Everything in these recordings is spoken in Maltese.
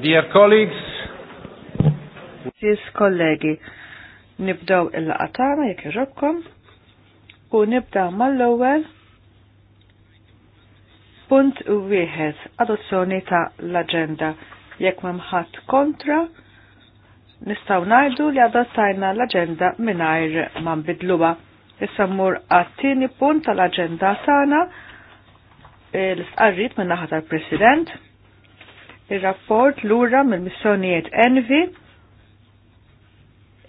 Dear colleagues, Sis kollegi, nibdaw il-qatana jek jirrobkom u nibdaw mal-ewwel punt wieħed adozzjoni ta' l-aġenda. Jekk m'hemm kontra, nistgħu ngħidu li adottajna l-aġenda mingħajr ma nbidluha. Issa mmur għat-tieni punt tal-aġenda tagħna l-sqarrit minn naħa tal-President il-rapport lura mill-missjonijiet Envi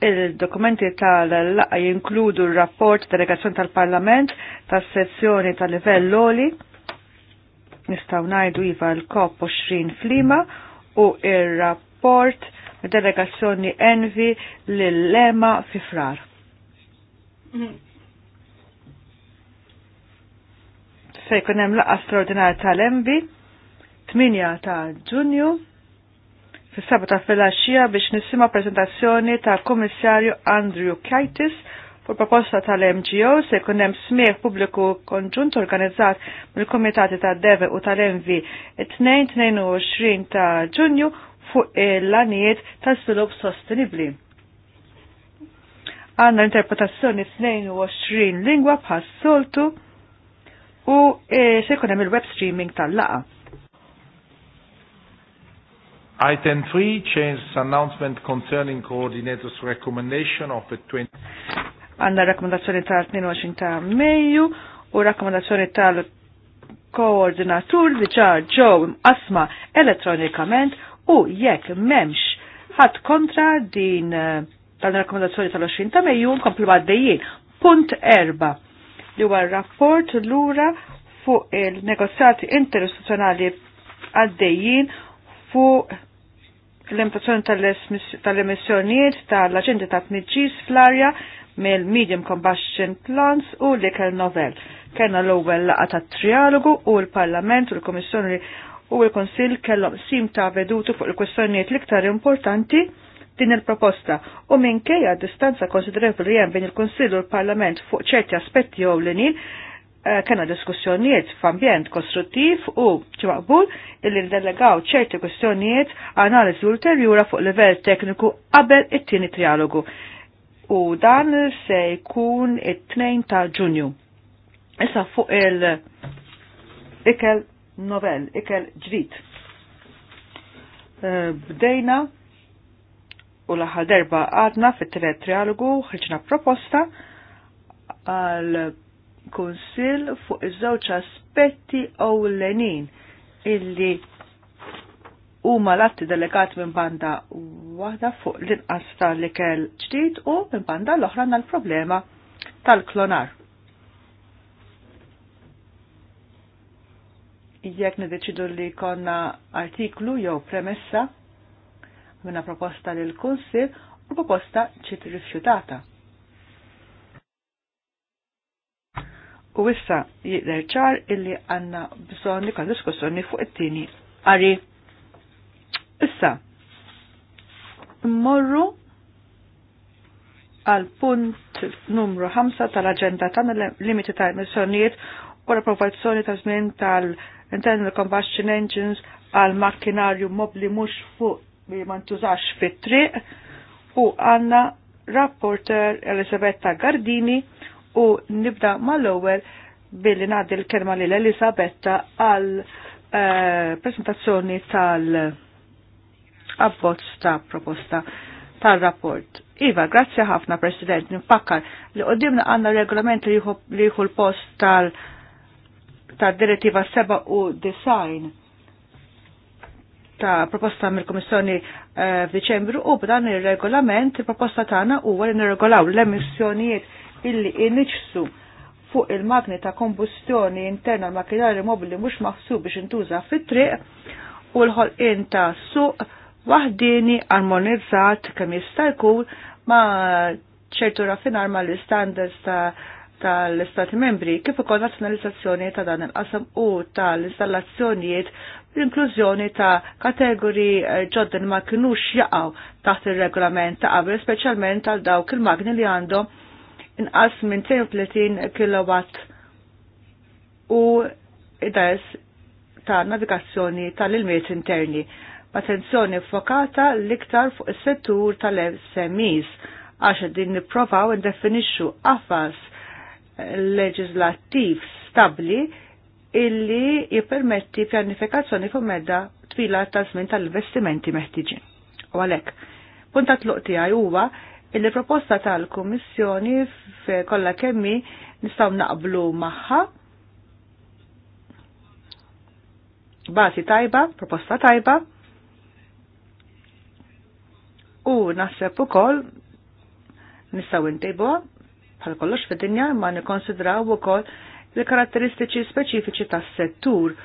Il-dokumenti tal laqqa jinkludu il-rapport delegazzjoni tal-Parlament tas-sezzjoni tal-livell loli nistaw najdu iva l-COP 20 flima u il-rapport delegazzjoni Envi l-lema fi frar. Se jkun hemm tal-Envi 8 ta' ġunju fis-saba ta' filgħaxija biex nisima prezentazzjoni ta' Kummissarju Andrew Kaitis fuq proposta tal-MGO se jkun hemm smieħ pubbliku konġunt organizzat mill-Kumitati ta' Deve u tal-Envi 22 ta' Ġunju fuq il-lanijiet ta' svilupp sostenibbli. Għanna interpretazzjoni 22 lingwa bħas soltu u eh, se jkun hemm il-web streaming tal-laqa. Item 3 change announcement concerning coordinators recommendation of the 20 Għanna rakkomandazzjoni tal-22 ta' Mejju u rakkomandazzjoni tal-koordinatur ġar ġew asma elettronikament u jekk memx ħadd kontra din tal-rakkomandazzjoni eh, tal-20 ta' Mejju nkomplu għaddejjin. Punt erba' li huwa rapport lura fuq il-negozjati interistituzzjonali għaddejjin fuq l-imitazzjoni tal-emissjonijiet tal-aġenti ta' tniġġis fl-arja mill-Medium Combustion Plants u l-Ikel Novel. Kenna l-ewwel laqa ta' trialogu u l-Parlament u l-Komissjoni u l-Konsil kellhom sim ta' vedutu fuq il-kwestjonijiet l-iktar importanti din il-proposta u minkejja distanza konsiderevoli hemm bejn il-Konsill u l-Parlament fuq ċerti aspetti ewlenin, Eh, kena diskussjonijiet f'ambjent kostruttiv u ġmaqbul illi ndelegaw ċerti kwistjonijiet analiżi ulterjura fuq livell tekniku qabel it-tieni trialogu. U dan se jkun it-2 ta' Ġunju. Issa fuq il- ikel novel, ikel ġrid. Eh, bdejna u l-aħħar darba għadna fit-tret trialogu ħriġna proposta għal kunsil fuq iż-żewġ aspetti ewlenin illi huma l-atti delegat minn banda waħda fuq l-inqas tal-ikel ġdid u minn banda l-oħra l-problema tal-klonar. Jekk nideċidu li konna artiklu jew premessa minna proposta lill kunsil u proposta ċiet rifjutata U issa jidher ċar illi għanna bżonn li kan diskussjoni fuq it-tieni Għari, Issa mmorru għal punt numru 5 tal-aġenda tagħna limiti ta' emissjonijiet u l-approvazzjoni ta' żmien tal-internal combustion engines għal makkinarju mobli mhux fuq li ma ntużax fit-triq u għanna rapporter Elisabetta Gardini u nibda mal-ewwel billi ngħaddi l-kelma lil Elisabetta għal eh, presentazzjoni tal-abbozz ta' proposta tal-rapport. Iva, grazzi ħafna, President, nipakkar li qoddimna għanna regolament li jħu l-post tal- direttiva seba' u design ta' proposta mill-Komissjoni eh, f'Diċembru u b'dan ir regolament il-proposta tagħna huwa li nirregolaw l-emissjonijiet illi iniċsu fuq il-magni ta' kombustjoni interna l-makinari mobili mhux maħsub biex intuża fit-triq u l-ħolqien ta' suq wahdini armonizzat kemm jista' jkun ma' ċertu raffinar ma' l-standards ta' tal-Istati membri kif ukoll nazzjonalizzazzjoni ta' dan il-qasam u tal-installazzjonijiet l-inklużjoni ta' kategori eh, ġodden ma kinux jaqgħu taħt ir regolament ta' qabel, speċjalment għal dawk il-magni li għandhom inqas minn 32 kW u id-dajs ta' navigazzjoni tal-ilmiet interni. Attenzjoni fokata l-iktar fuq is-settur tal-SMEs għax din nipprovaw indefinixxu qafas leġislattiv stabli illi jippermetti pjanifikazzjoni fuq medda twila ta' żmien tal-investimenti meħtieġin. U għalhekk, punta tluq tiegħi huwa il-proposta tal-Kummissjoni f'kollha kemmi nistgħu naqblu magħha bażi tajba, proposta tajba. U naħseb ukoll nistgħu ntejbuha bħal kollox fid-dinja ma nikkonsidraw ukoll il-karatteristiċi speċifiċi tas-settur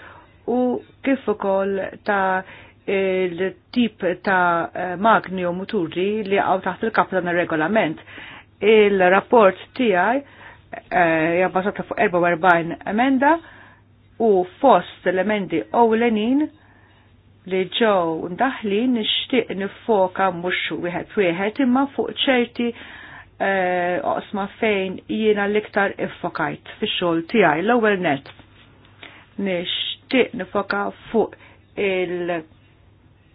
u kif ukoll ta' il-tip ta' magni u muturi li għaw taħt il-kapla na' regolament. Il-rapport tijaj eh, fuq 44 emenda u fost l-emendi ewlenin li ġew ndaħli nixtieq nifoka mhux wieħed wieħed imma fuq ċerti eh, oqsma fejn jiena l-iktar iffokajt fix-xogħol tiegħi l-ewwel net. Nixtieq nifoka fuq il-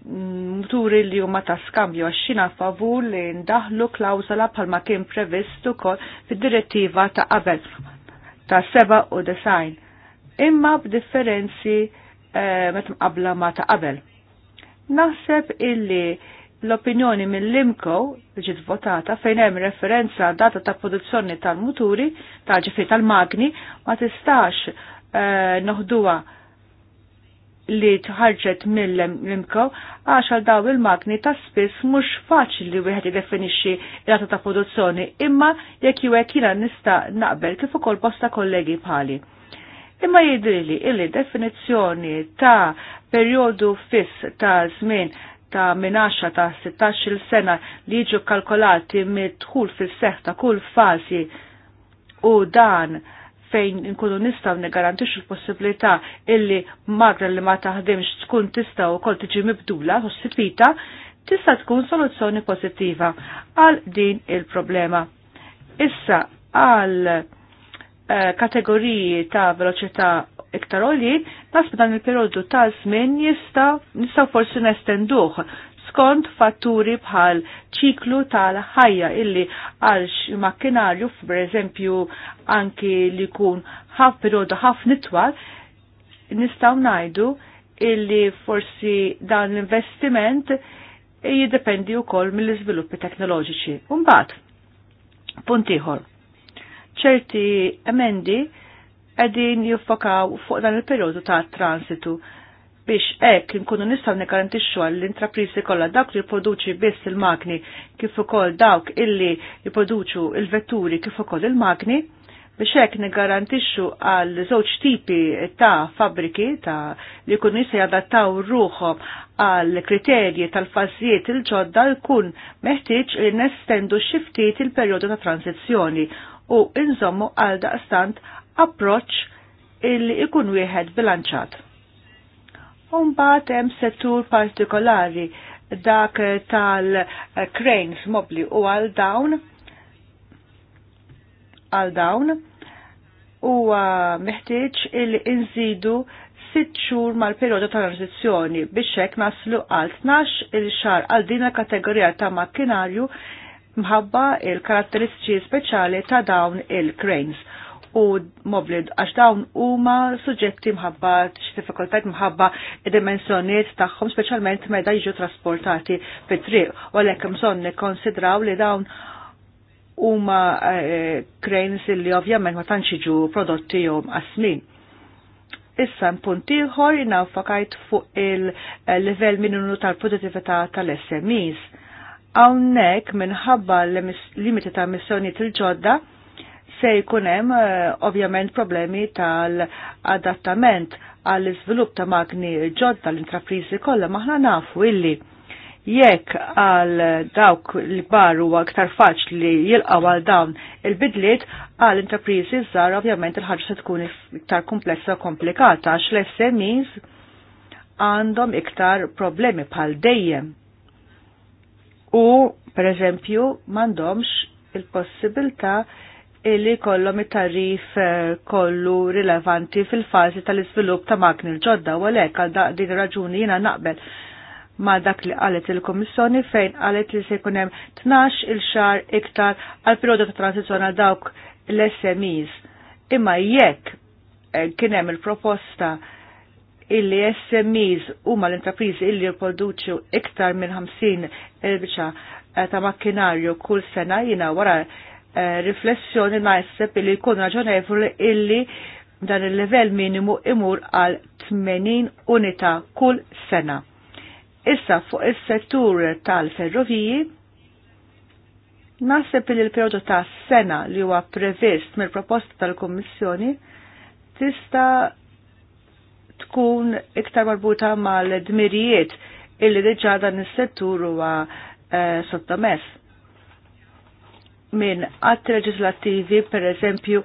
muturi li huma ta' skambju għax xina favur li ndaħlu klawzola bħalma kien previstu kol fid-direttiva ta' qabel ta' seba u design. Imma b'differenzi eh, metum qabla ma ta' qabel. Naħseb illi l-opinjoni mill limko ġiet votata fejn hemm referenza data ta' produzzjoni tal-muturi, ta' ġifi tal-magni, ma tistax eh, noħduwa li tħarġet mill-imko għax għal daw il-magni ta' spiss mhux faċli li wieħed jiddefinixxi rata ta' produzzjoni imma jekk jew kina nista' naqbel kif ukoll bosta kollegi bħali. Imma jidrili illi definizzjoni ta' perjodu fiss ta' żmien ta' minn 10 ta' 16 sena li jiġu kalkolati mid-dħul fis-seħħ ta' kull fazi u dan fejn nkunu nistaw negarantix il-possibilità illi magra li ma taħdimx tkun tista u kol tiġi mibdula, sostituita, tista tkun soluzzjoni pozittiva għal din il-problema. Issa għal eh, kategoriji ta' veloċità iktar olji, nasbidan il-periodu ta' żmien jista' nistgħu forsi nestenduh skont fatturi bħal ċiklu tal-ħajja illi għal makkinarju eżempju, anki li jkun ħaf periodu ħafna twal nistgħu ngħidu illi forsi dan l-investiment jiddependi wkoll mill-iżviluppi teknoloġiċi. Mbagħad, punt ieħor. ċerti emendi qegħdin jiffokaw fuq dan il-perjodu ta' transitu biex hekk nkunu nistgħu nigarantixxu għall intrapriżi kollha dawk li jipproduċi biss il-magni kif ukoll dawk illi jipproduċu il-vetturi kif ukoll il-magni biex hekk niggarantixxu għal żewġ tipi ta' fabbriki ta' li jkunu jista' jadattaw ruħhom għal kriterji tal-fażijiet il-ġodda jkun meħtieġ li nestendu xiftit il-perjodu ta' tranzizzjoni u inżommu għal daqstant approċċ illi jkun wieħed bilanċat. Umbat hemm settur partikolari dak tal-cranes mobli u għal dawn għal dawn u meħtieġ il inżidu sitt xhur mal-perjodu ta' tranzizzjoni biex hekk naslu għal 12 il xar għal din il-kategorija ta' makkinarju mħabba il-karatteristiċi speċjali ta' dawn il-cranes u moblid għax dawn huma suġġetti mħabba x'diffikultajt mħabba dimensjonijiet tagħhom speċjalment meta jiġu trasportati fit-triq u għalhekk bżonn nikkonsidraw li dawn huma eh, cranes li ovvjament ma tantx jiġu prodotti jew qasmin. Issa punt ieħor fakajt fuq il-livell minnu tal-produttività tal-SMEs. Hawnhekk minħabba l-limiti ta' missjoni til-ġodda se jkun hemm eh, ovvjament problemi tal-adattament għall iżvilupp ta' magni ġodda tal-intrapriżi kollha maħna nafu illi jekk għal dawk li baru aktar faċ li jilqaw għal dawn il-bidliet għal intrapriżi żgħar ovvjament il-ħarġa se tkun iktar komplessa u komplikata għax l-SMEs għandhom iktar problemi bħal dejjem. U, per eżempju, m'għandhomx il-possibilità illi kollom it-tarif eh, kollu rilevanti fil-fazi tal-izvilup ta' magni l-ġodda u għalek għal din raġuni jina naqbel ma dak li għalet il-Komissjoni fejn għalet li se 12 il-xar iktar għal periodu ta' transizjon għal dawk l-SMEs. Imma jekk eh, kienem il-proposta illi SMEs huma l-intrapriżi illi jipproduċu iktar minn 50 il-biċa eh, ta' makkinarju kull sena jina wara Eh, riflessjoni naħseb li jkun raġonevoli illi dan il-level minimu imur għal 80 unità kull sena. Issa fuq is-settur tal-ferroviji naħseb li l periodu ta' sena li huwa previst mill-proposta tal-Kummissjoni tista' tkun iktar marbuta mal-dmirijiet illi diġà dan is-settur huwa eh, sottomess minn att leġislattivi, per eżempju,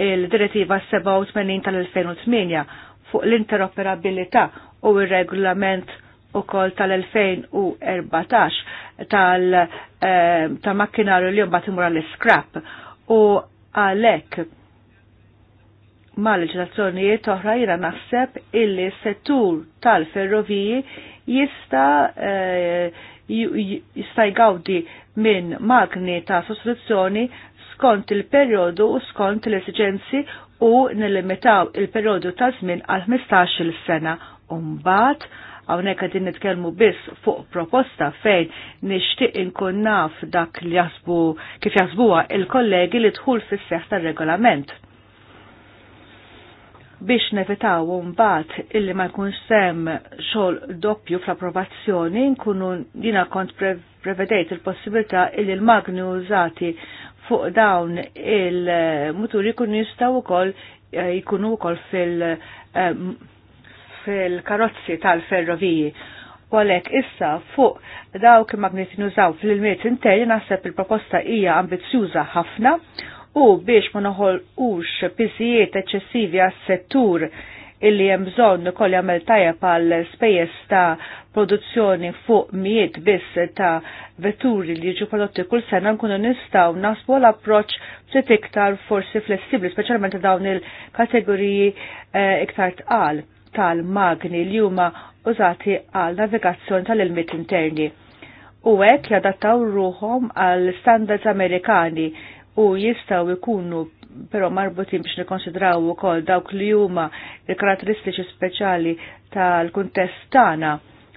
il-direttiva 87 tal-2008 fuq l-interoperabilità u il-regolament u kol tal-2014 tal-makkinarju eh, li jombat imura l-scrap u għalek ma' leġislazzjonijiet oħra jira naħseb illi settur tal-ferroviji jista eh, jista jgawdi minn magni ta' sostituzzjoni skont il-perjodu u skont l-esigenzi u nilimitaw il-perjodu ta' żmien għal 15-il sena. Umbat, hawnhekk qegħdin nitkellmu biss fuq proposta fejn nixtieq inkun naf dak li jasbu kif jasbuwa il-kollegi li tħul fis-seħħ tar-regolament biex nevitaw mbagħad illi ma jkunx sem xogħol doppju fl-approvazzjoni nkunu dina kont prevedejt il-possibilità illi l-magni użati fuq dawn il-muturi jkunu jistgħu wkoll eh, jkunu wkoll fil- eh, fil-karozzi tal-ferroviji. U għalek issa fuq dawk il magni nużaw fil-ilmiet interni naħseb il-proposta hija ambizzjuża ħafna u biex ma noħolqux pizijiet eċċessivi għas-settur illi hemm bżonn ukoll jagħmel tajjeb għal spejjeż ta' produzzjoni fuq mijiet biss ta' vetturi li jiġu prodotti kull sena nkunu nistgħu nasbu l-approċċ ftit iktar forsi flessibbli, speċjalment dawn il-kategoriji eh, iktar tqal tal-magni li huma użati għal navigazzjoni tal-ilmiet interni. U hekk jadattaw ruhom għal standards Amerikani u jistaw ikunu pero marbutin biex nikonsidraw u kol dawk li huma il-karatteristiċi speċjali tal-kuntest tagħna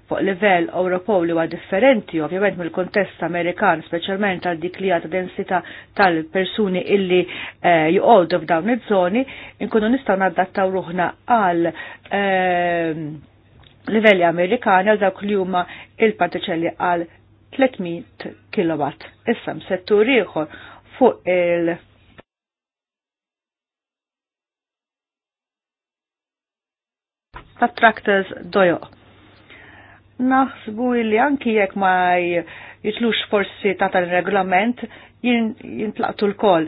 fuq livell Ewropew li huwa differenti ovvjament mill-kuntest Amerikan, speċjalment għal dik li għad densità tal-persuni illi eh, joqogħdu f'dawn iż-żoni, inkunu nistgħu nadattaw ruħna għal eh, livelli Amerikani għal dawk li huma il-partiċelli għal 300 kW. Issa settur ieħor fuq il- ta' tractors dojo. Naħsbu li anki jekk ma jitlux forsi ta' tal-reglament jintlaqtu l-kol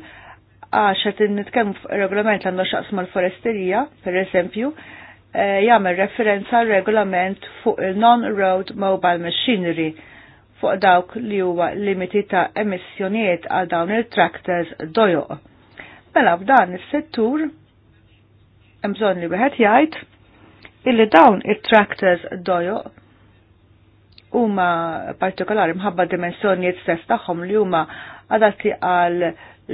għax qed nitkellmu regolament għandu xaqsma l-foresterija, per eżempju, eh, jagħmel referenza regolament fuq il-non-road mobile machinery fuq dawk li huwa limiti ta' emissjonijiet għal dawn il-tractors dojo. Mela f'dan is-settur hemm bżonn li wieħed jgħid illi dawn it-tractors dojo huma partikolari mħabba dimensjonijiet stess tagħhom li huma adatti għal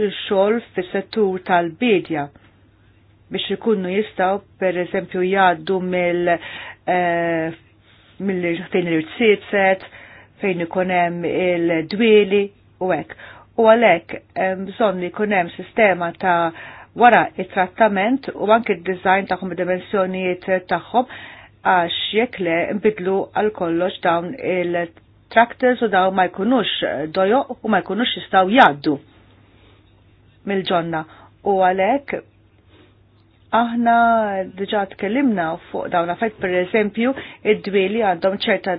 xogħol fis-settur tal-bidja biex ikunu jistaw per eżempju jgħaddu mill e, mill-ħtejn li rtsiet fejn ikun hemm il dwili u hekk. U għalhekk bżonn li jkun hemm sistema ta' wara il trattament u anke d-design tagħhom id-dimensjonijiet tagħhom għax jekk le nbidlu għal kollox dawn il-tractors u dawn ma jkunux dojo u ma jkunux jistgħu jgħaddu mill-ġonna. U għalhekk Aħna diġa tkellimna fuq dawn affett per eżempju id-dwieli għandhom ċerta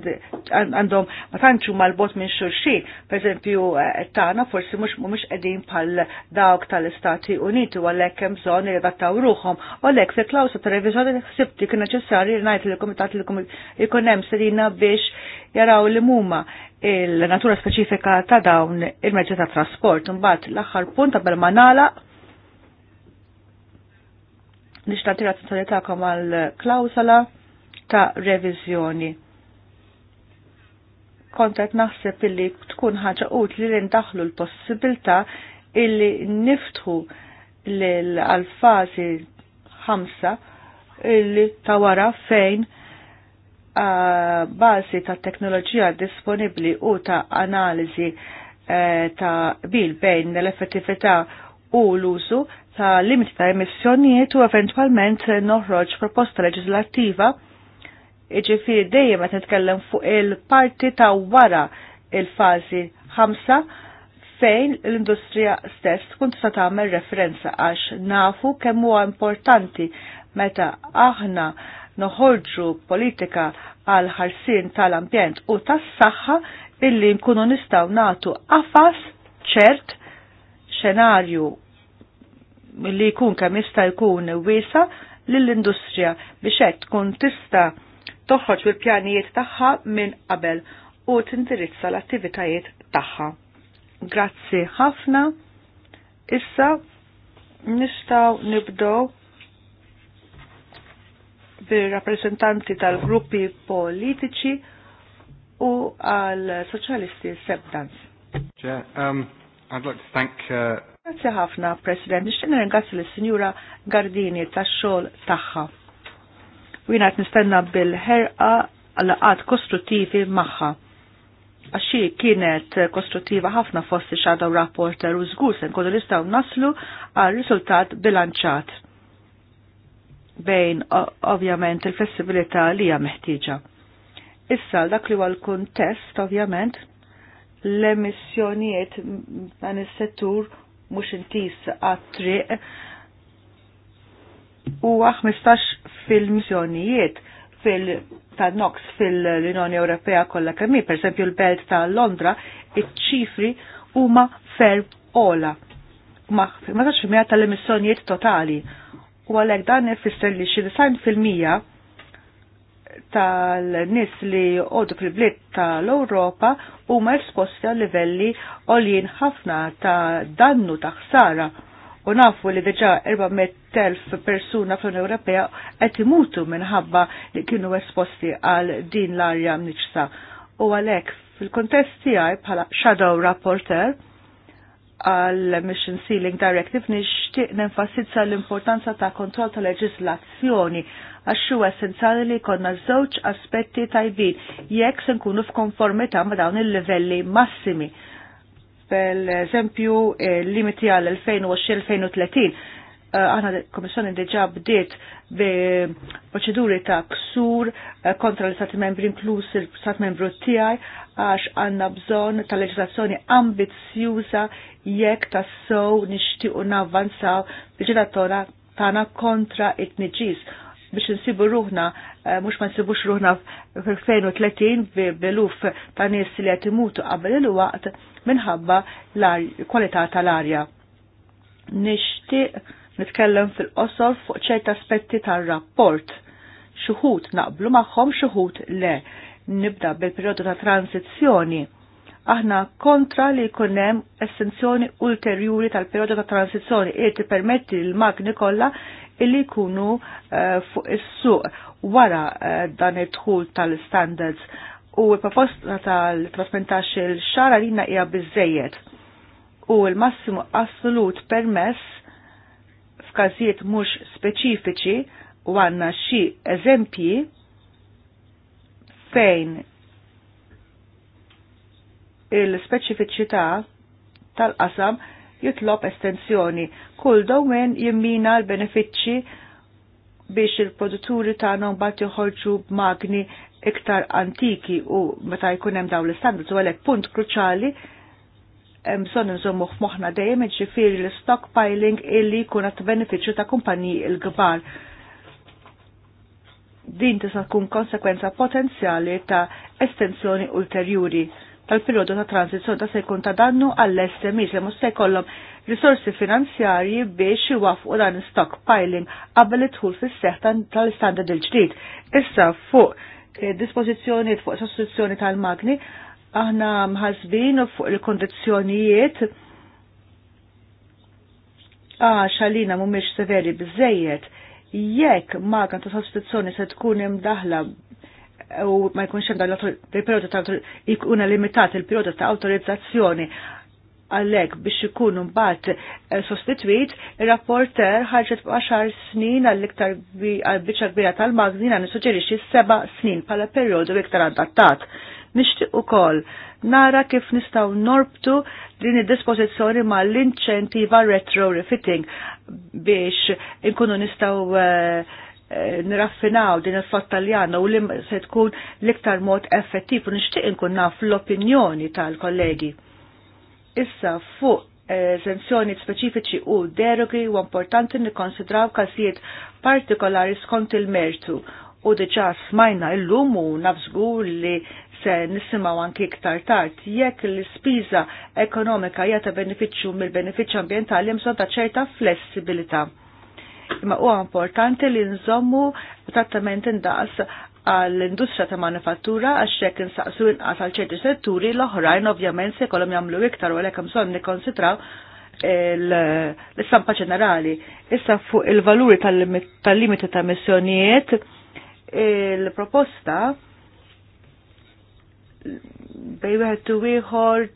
għandhom ma tantxu mal-bot minn xulxin, per eżempju eh, tagħna forsi mhux mhumiex qegħdin bħal dawk tal-Istati Uniti u għalhekk hemm bżonn iradattaw ruħhom u għalhekk se klawsa ta' reviżjoni ħsibti kien neċessarji li ngħid il-kumitat li jkun hemm serina biex jaraw li huma il-natura speċifika ta' dawn il-mezzi ta' trasport. Mbagħad l-aħħar punt qabel ma nagħlaq nixtan tira t għal klausala ta' revizjoni. Kontet naħseb illi tkun ħaġa utli li ndaħlu l-possibilta illi niftħu l-alfazi ħamsa illi ta' wara fejn bazi ta' teknoloġija disponibli u ta' analizi eh, ta' bil bejn l-effettività u l-użu ta' limiti ta' emissjonijiet u eventwalment noħroġ proposta leġislattiva iġifiri dejjem qed nitkellem fuq il-parti ta' wara il-fażi 5 fejn l-industrija stess tkun tista' tagħmel referenza għax nafu kemm huwa importanti meta aħna noħorġu politika għal ħarsien tal-ambjent u tas-saħħa illi nkunu nistgħu nagħtu qafas ċert xenarju li jkun kemm jista' jkun wiesa lill-industrija biex qed tkun tista' toħroġ bil-pjanijiet tagħha minn qabel u tindirizza l-attivitajiet tagħha. Grazzi ħafna. Issa nistgħu nibdew bir-rappreżentanti tal-gruppi politiċi u għal soċjalisti Sebdans. Yeah, um, I'd like to thank uh, Grazie ħafna, President. Nixtieq ringrazzi lis-Sinjura Gardini tax-xogħol tagħha. Wina nistenna bil-ħerqa għal-għad kostruttivi magħha għaxi kienet kostruttiva ħafna fosti xadaw rapporter u zgur sen kodu listaw naslu għal risultat bilanċat bejn ovvjament il-flessibilità li hija meħtieġa. Issa dak li huwa l-kuntest ovvjament l-emissjonijiet dan is-settur mhux intis għat-triq huwa 15 fil-missjonijiet fil ta' Nox fil-Unjoni Ewropea kollha kemm per esempio l-Belt ta' Londra, iċ-ċifri huma ferm ola. Ma tax mija tal-emissjonijiet totali. U għalhekk dan ifisser li xi design fil-mija tal-nis li għodu fil-bliet tal-Europa u ma esposti għal livelli għoljien ħafna ta' dannu ta' ħsara. U nafu li deġa 400.000 persuna fl-Unjoni Ewropea qed imutu minħabba li kienu esposti għal din l-arja mniċsa. U għalhekk fil-kontest tiegħi bħala shadow rapporter għal Mission Sealing Directive nixtieq nenfasizza l-importanza ta' kontroll ta' leġislazzjoni għax huwa essenzjali li jkollna żewġ aspetti tajbin jekk se nkunu f'konformità ma' dawn il-livelli massimi. Per eżempju, limiti għal 2020-2030 eh, aħna l-Komissjoni diġà bdiet bi proċeduri ta' ksur eh, kontra l-Stati membri inkluż il-Stat membru tiegħi għax għandna bżonn ta' leġislazzjoni ambizzjuża jekk tassew nixtiequ navvanzaw biġilatora tagħna kontra it tniġis biex nsibu ruħna, eh, mux ma nsibux ruħna fil-2030 beluf ta' nis li għet imutu qabel il-waqt minħabba l kualità tal-arja. Nishti nitkellem fil-qosor fuq ċerta aspetti tal-rapport. Xuħut naqblu maħħom, xuħut le. Nibda bil-periodu ta' transizjoni aħna kontra li jkunem estensjoni ulterjuri tal-periodu ta' transizjoni li permetti l-magni kollha illi jkunu eh, fuq is-suq wara eh, dan il dħul tal-standards u l-proposta tal-trasmentax il-xara li hija bizzejiet u l-massimu assolut permess f'każijiet mhux speċifiċi u għanna xi eżempji fejn il-speċifiċità tal-qasam jitlob estensjoni. Kull domen jimmina l-benefiċċi biex il-produtturi tagħna mbagħad joħorġu b'magni iktar antiki u meta jkun hemm dawn l-istandards u għalhekk punt kruċali hemm bżonn nżommu f'moħħna dejjem ġifieri l-stockpiling illi jkun għat benefiċċju ta' kumpaniji l-kbar. Din tista' tkun konsekwenza potenzjali ta' estensjoni ulterjuri tal-periodu ta' transizzjoni ta' se jkun ta' dannu għall smi li mhux se jkollhom risorsi finanzjarji biex iwafqu dan stockpiling qabel idħul fis-seħħ tal standard il-ġdid. Issa fuq eh, dispożizzjonijiet fuq sostituzzjoni tal-magni aħna mħasbin fuq il-kondizzjonijiet għax għalina mhumiex severi biżejjed jekk magna ta' sostituzzjoni se tkun imdaħla u ma jkunx hemm il-perjodu ta' jkun limitat il-perjodu ta' awtorizzazzjoni għalek biex ikun mbagħad eh, sostitwit, ir-rapporter ħarġet b'għaxar snin għall-iktar biċċa kbira tal-magżin għan suġġerixxi seba' snin bħala perjodu iktar adattat. Nixtieq ukoll nara kif nistgħu norbtu din id-dispożizzjoni mal-inċentiva retro refitting biex inkunu nistgħu uh, Eh, niraffinaw din il fat li u li se tkun l-iktar mod effettiv u nishtiq nkun naf l-opinjoni tal-kollegi. Issa fuq esenzjoni speċifiċi u derogi u importanti nikonsidraw każijiet partikolari skont il-mertu u diġa smajna il-lum u nafżgur li se nisimaw anki iktar tard jekk l spiza ekonomika jata beneficju mill-beneficju ambientali mżon ta' ċerta flessibilità imma huwa importanti li nżommu trattament indaqs għall-industrija ta' manifattura għax hekk insaqsu inqas għal ċerti setturi l-oħrajn ovvjament se jkollhom jagħmlu iktar u għalhekk hemm bżonn nikkonsidraw l-istampa ġenerali. Issa fuq il-valuri tal-limiti ta' missjonijiet il-proposta bej wieħed u ieħor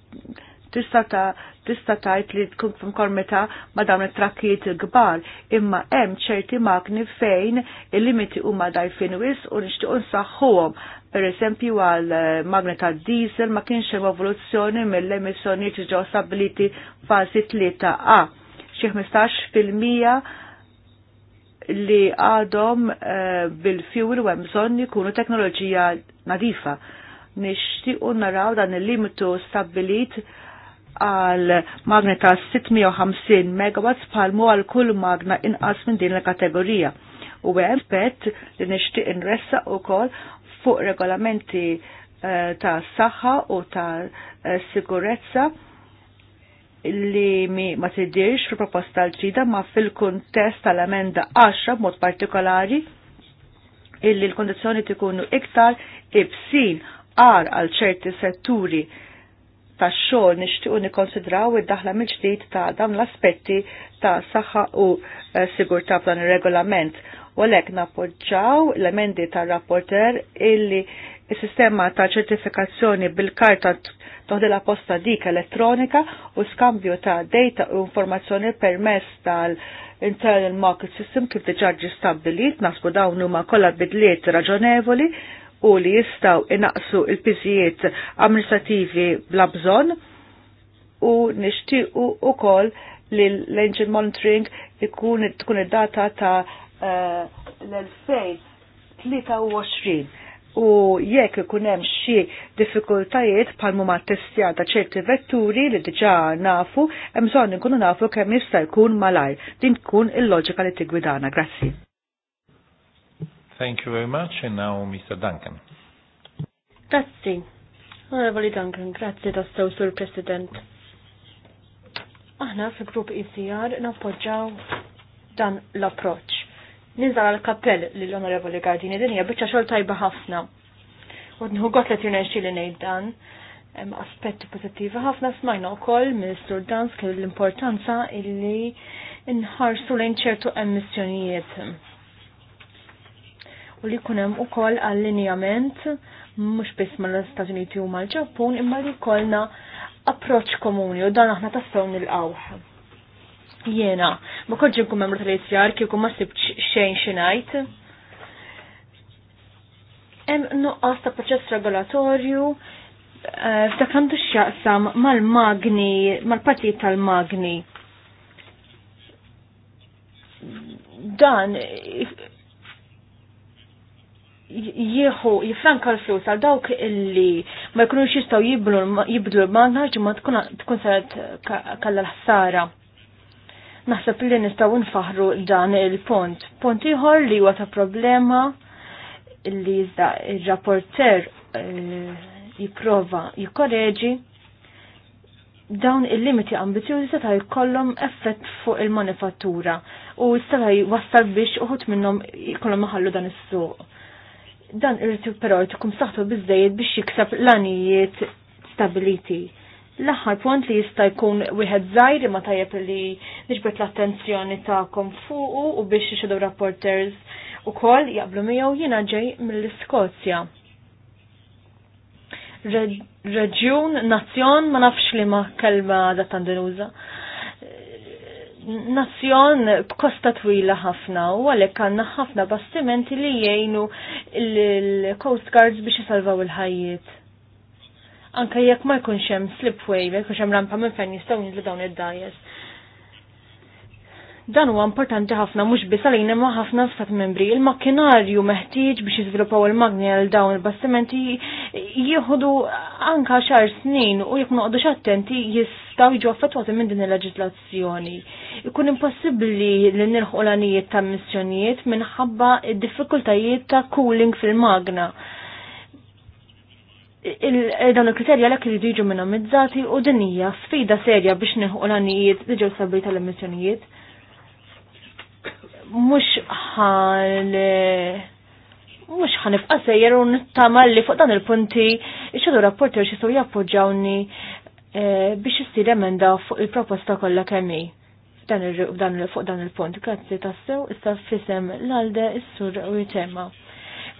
tista' tista' tajt li tkun f'konformità ma' dawn it-trakkijiet il-kbar, imma hemm ċerti magni fejn il-limiti huma dajfin wis u nixtiequ nsaħħuhom. Per eżempju għal eh, magni ta' diesel ma kienx hemm evoluzzjoni mill-emissjonijiet ġew stabiliti fażi tlieta a Xi 15 fil-mija li għadhom eh, bil fjuwil u hemm bżonn ikunu teknoloġija nadifa. Nixtiequ naraw dan il-limitu stabbilit għal magna ta' 650 megawatts palmu għal kull magna inqas minn din l-kategorija. U għem pet li nishtiq inressa u kol fuq regolamenti eh, ta' saħħa u ta' eh, sigurezza li mi ma tidirx fil proposta l-ġida ma fil-kontest tal-amenda 10 mod partikolari illi l-kondizjoni tikunu iktar ibsin għar għal ċerti setturi tax-xogħol nixtiequ nikkonsidraw id-daħla mill-ġdid ta' dawn l-aspetti ta' saħħa u eh, sigurtà f'dan ir-regolament. U għalhekk nappoġġaw l-emendi tar-rapporter illi il sistema ta' ċertifikazzjoni bil-karta la posta dik elettronika u skambju ta' data u informazzjoni permess tal- Internal Market System kif diġa ġi stabbilit, nasbu dawn huma kollha bidliet raġonevoli u li jistaw inaqsu il pizijiet amministrativi bla bżon u nixtiequ kol li l-engine monitoring ikun tkun id-data ta' eh, l-2023 u jekk ikun hemm xi diffikultajiet bħal huma testjar ta' ċerti vetturi li diġà nafu, hemm bżonn inkunu nafu kemm jista' jkun malaj. Din tkun il-loġika li tigwidana. Grazzi. Thank you very much, and now Mr. Duncan. Grazzi. Onorevoli Duncan, grazzi da sew sur President. Aħna fi grupp ICR e nappoġġaw dan l-approċ. Ninżal l kappell li l-Onorevoli Gardini dinja bieċa xol tajba ħafna. U nħu għot li t-jirnexi li dan aspetti pozittivi ħafna smajna u koll Ministru Dansk l-importanza illi nħarsu lejn ċertu emissjonijiet u li kunem u kol allinjament mux biss mal stati Uniti u mal-ġappun imma li kolna approċ komuni u dan aħna tassaw nil-qawħ. Jena, ma konġi nkun membru tal-ICR kieku ma sibx xejn xinajt. Hemm nuqqas ta' proċess regolatorju eh, f'dak għandu x'jaqsam mal-magni, mal-partit tal-magni. Dan jieħu jifranka l-flus għal dawk illi ma jkunux jistaw jibdlu l-manna ma tkun saret kalla l-ħsara. Naħseb li nistaw nfaħru dan il-pont. Pont ieħor li huwa ta' problema li jizda il-rapporter eh, jiprova jikkoreġi dawn il-limiti ambizjoni seta' jkollhom effett fuq il-manifattura u seta' jwassal biex uħut minnhom jkollhom maħallu dan is-suq dan irritu però tkun saħtu bizzejed biex jiksab l-anijiet stabiliti. L-aħħar punt li jista' jkun wieħed zaħir ma tajjeb li nġbet l-attenzjoni tagħkom fuqu u biex ixedu rapporters ukoll jaqblu miegħu jina ġej mill-Iskozja. Reġjun, nazzjon, ma nafx li ma kelma dat tandenuza nazzjon b'kosta twila ħafna u għalhekk għandna ħafna bastimenti li jgħinu l-Coast Guards biex isalvaw il-ħajjiet. Anka jekk ma jkunx hemm slipway, jekk hemm rampa minn fejn jistgħu jinżlu dawn id-dajes. Dan huwa importanti ħafna mhux biss għalina ma' ħafna stat membri. Il-makkinarju meħtieġ biex jiżviluppaw il-magni għal dawn il-bastimenti jieħdu anka xar snin u jekk noqgħodux attenti jistgħu jiġu affettwati minn din il-leġislazzjoni. Ikun impossibbli li nirħu l għanijiet ta' missjonijiet minħabba id-diffikultajiet ta' cooling fil-magna Dan il-kriterja l-ek li jiġu minimizzati u dinija sfida serja biex neħu l-għanijiet li ġew sabri tal-emissjonijiet mux ħan mux ħan ifqasa sejjer nittamal li fuq dan il-punti iċċadu rapporter xisaw jappoġġawni eh, biex jistir emenda fuq il-proposta kollha kemmi fuq dan il-punt. Grazzi tassew, issa fisem l-alde is-sur u jitema.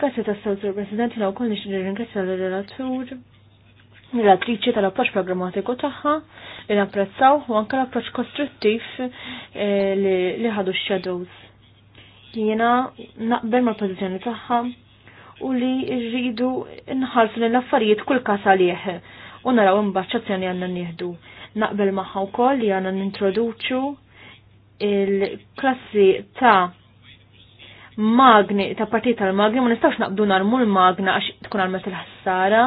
Grazzi tassew, sur President, jina u koll nix nirringrazzja l-relatur, l relatrici tal-approċ programmatiku taħħa, li napprezzaw u anka l-approċ kostruttiv eh, li ħadu x-shadows jiena naqbel mal pożizzjoni tagħha u li rridu nħalsu lil affarijiet kull każ għalih u naraw imbagħad x'azzjoni għandna nieħdu. Naqbel magħha wkoll li għandna nintroduċu il-klassi ta' magni, ta' partita tal-magni, ma nistax naqbdu narmu l-magna għax tkun għalmet il-ħassara,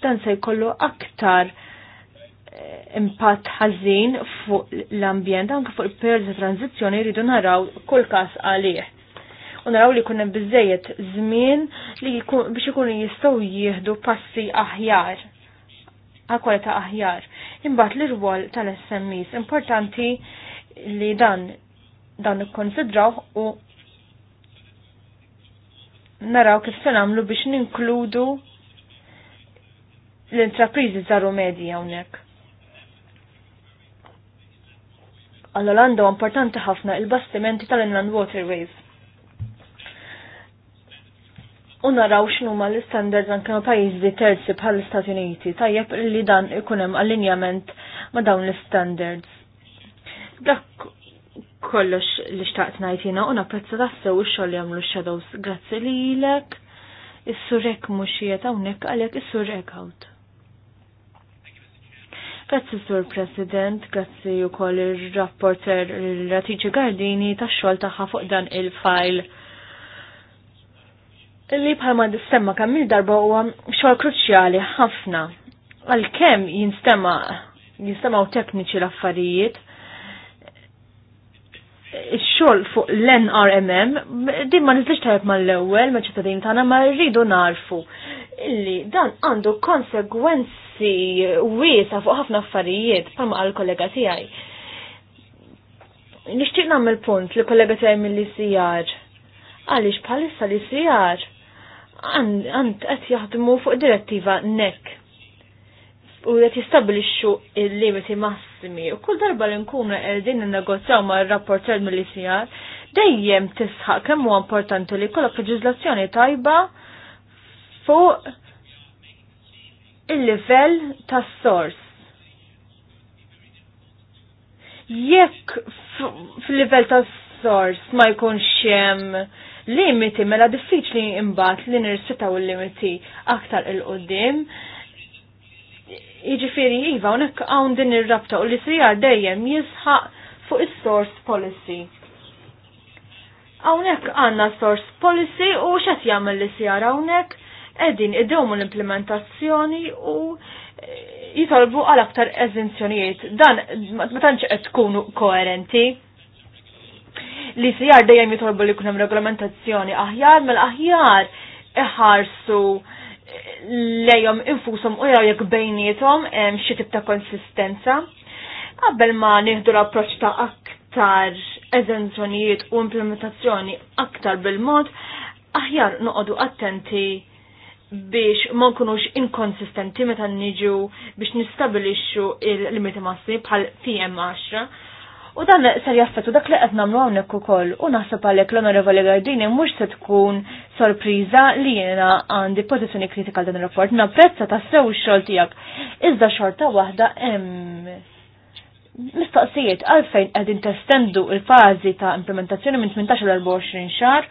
dan se jkollu aktar eh, impatt ħażin fuq l-ambjent anke fuq il-periodu ta' tranzizzjoni jridu naraw kull każ għalih u naraw li kunem bizzejiet żmien li biex ikunu jistgħu jieħdu passi aħjar ta' aħjar. Imbagħad l rwol tal-SMEs importanti li dan dan ikkonsidraw u naraw kif se nagħmlu biex ninkludu l-intrapriżi żaru medji hawnhekk. għall għandu importanti ħafna il-bastimenti tal-Inland Waterways u naraw x'nu ma l istandards anke ma' pajjiżi terzi bħal l-Istati Uniti. Tajjeb li dan ikun hemm allinjament ma' dawn l-standards. Dak kollox li xtaqt ngħidina u napprezza tassew ix-xogħol jagħmlu shadows. Grazzi lilek. Is-surek mhux qiegħed hawnhekk għalhekk is-surek out. Grazzi Sur President, grazzi wkoll ir-rapporter Ratiċi Gardini tax-xogħol tagħha fuq dan il-file li bħalma dissemma kemm il-darba huwa xogħol kruċjali ħafna għal kemm jinstema jinstemaw tekniċi l-affarijiet ix-xogħol fuq l-NRMM din ma nizlix tajb mal-ewwel ma' ċittadin tagħna ma rridu narfu illi dan għandu konsegwenzi wiesa fuq ħafna affarijiet bħalma għal kollega tiegħi. Nixtieq nagħmel punt li kollega tiegħi mill-ICR għaliex bħalissa l-ICR għand qed jaħdmu fuq direttiva nek u qed jistabilixxu il-limiti massimi u kull darba li nkunu qegħdin innegozjaw ma' r-rapport tal icr dejjem tisħaq kemm huwa importanti li jkollok leġiżlazzjoni tajba fuq il-livell tas-sors. Jekk fil-livell tas-sors ma jkunx hemm limiti mela diffiċli imbat li nirsita il-limiti aktar il-qoddim. Jiġifieri iva hawnhekk hawn din ir-rabta u li sijar dejjem jisħaq fuq is-source policy. Hawnhekk għandna source policy u xat jagħmel li sijar hawnhekk qegħdin idewmu l-implementazzjoni u eh, jitolbu għal aktar eżenzjonijiet. Dan ma tantx qed tkunu koerenti li sijar dejjem jitolbu li kunem regolamentazzjoni aħjar mal mela aħjar iħarsu lejom infushom u jew jekk bejnietom hemm xi tip ta' konsistenza. Qabel ma nieħdu l-approċċ ta' aktar eżenzjonijiet u implementazzjoni aktar bil-mod, aħjar noqogħdu attenti biex ma nkunux inkonsistenti meta niġu biex nistabilixxu il-limiti massi bħal PM10 U dan ser u dak li qed nagħmlu hawnhekk ukoll u naħseb għalhekk l-Onorevoli Gardini mhux se tkun sorpriża li jiena għandi pożizzjoni kritika dan ir-rapport. Napprezza ta' sew xogħol tiegħek. Iżda xorta waħda hemm mistoqsijiet għalfejn qegħdin testendu l-fażi ta' implementazzjoni minn 18 l 24 xahar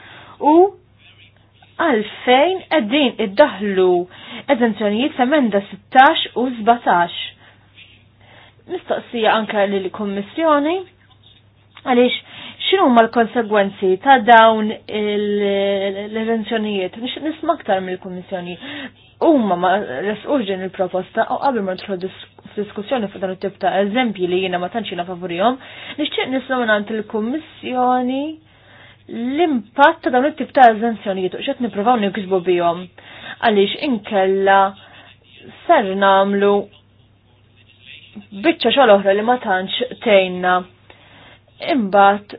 u għalfejn qegħdin iddaħlu eżenzjonijiet f'emenda 16 u 17 mistoqsija anka lill-Kummissjoni għaliex xinu ma l-konsegwenzi ta' dawn l-evenzjonijiet? Nix nisma ktar mill-Kommissjoni. Umma ma resqurġen il-proposta u qabel ma nidħlu diskussjoni fuq dan it-tip ta' eżempji li jiena ma tantxina favorijom nixtieq nisma' minn il-Kummissjoni l-impatt ta' dawn it-tip ta' eżenzjonijiet u xed niprofaw nikisbu bihom. Għaliex inkella sar namlu biċċa xogħol oħra li ma tantx tgħinna. Imbagħad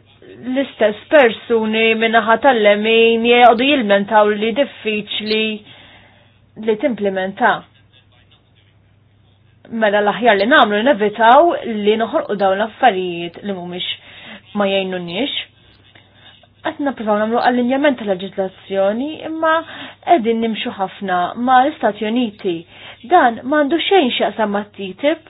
l-istess persuni minnaħa tal-lemin jgħadu jilmentaw li diffiċli li timplementa. Mela l-aħjar li namlu nevitaw li noħolqu dawn l-affarijiet li mhumiex ma jgħinunniex. Qed nippruvaw nagħmlu allinjament tal-leġiżlazzjoni imma qegħdin nimxu ħafna ma l-Istati Uniti. Dan m'għandu xejn x'jaqsam t ttip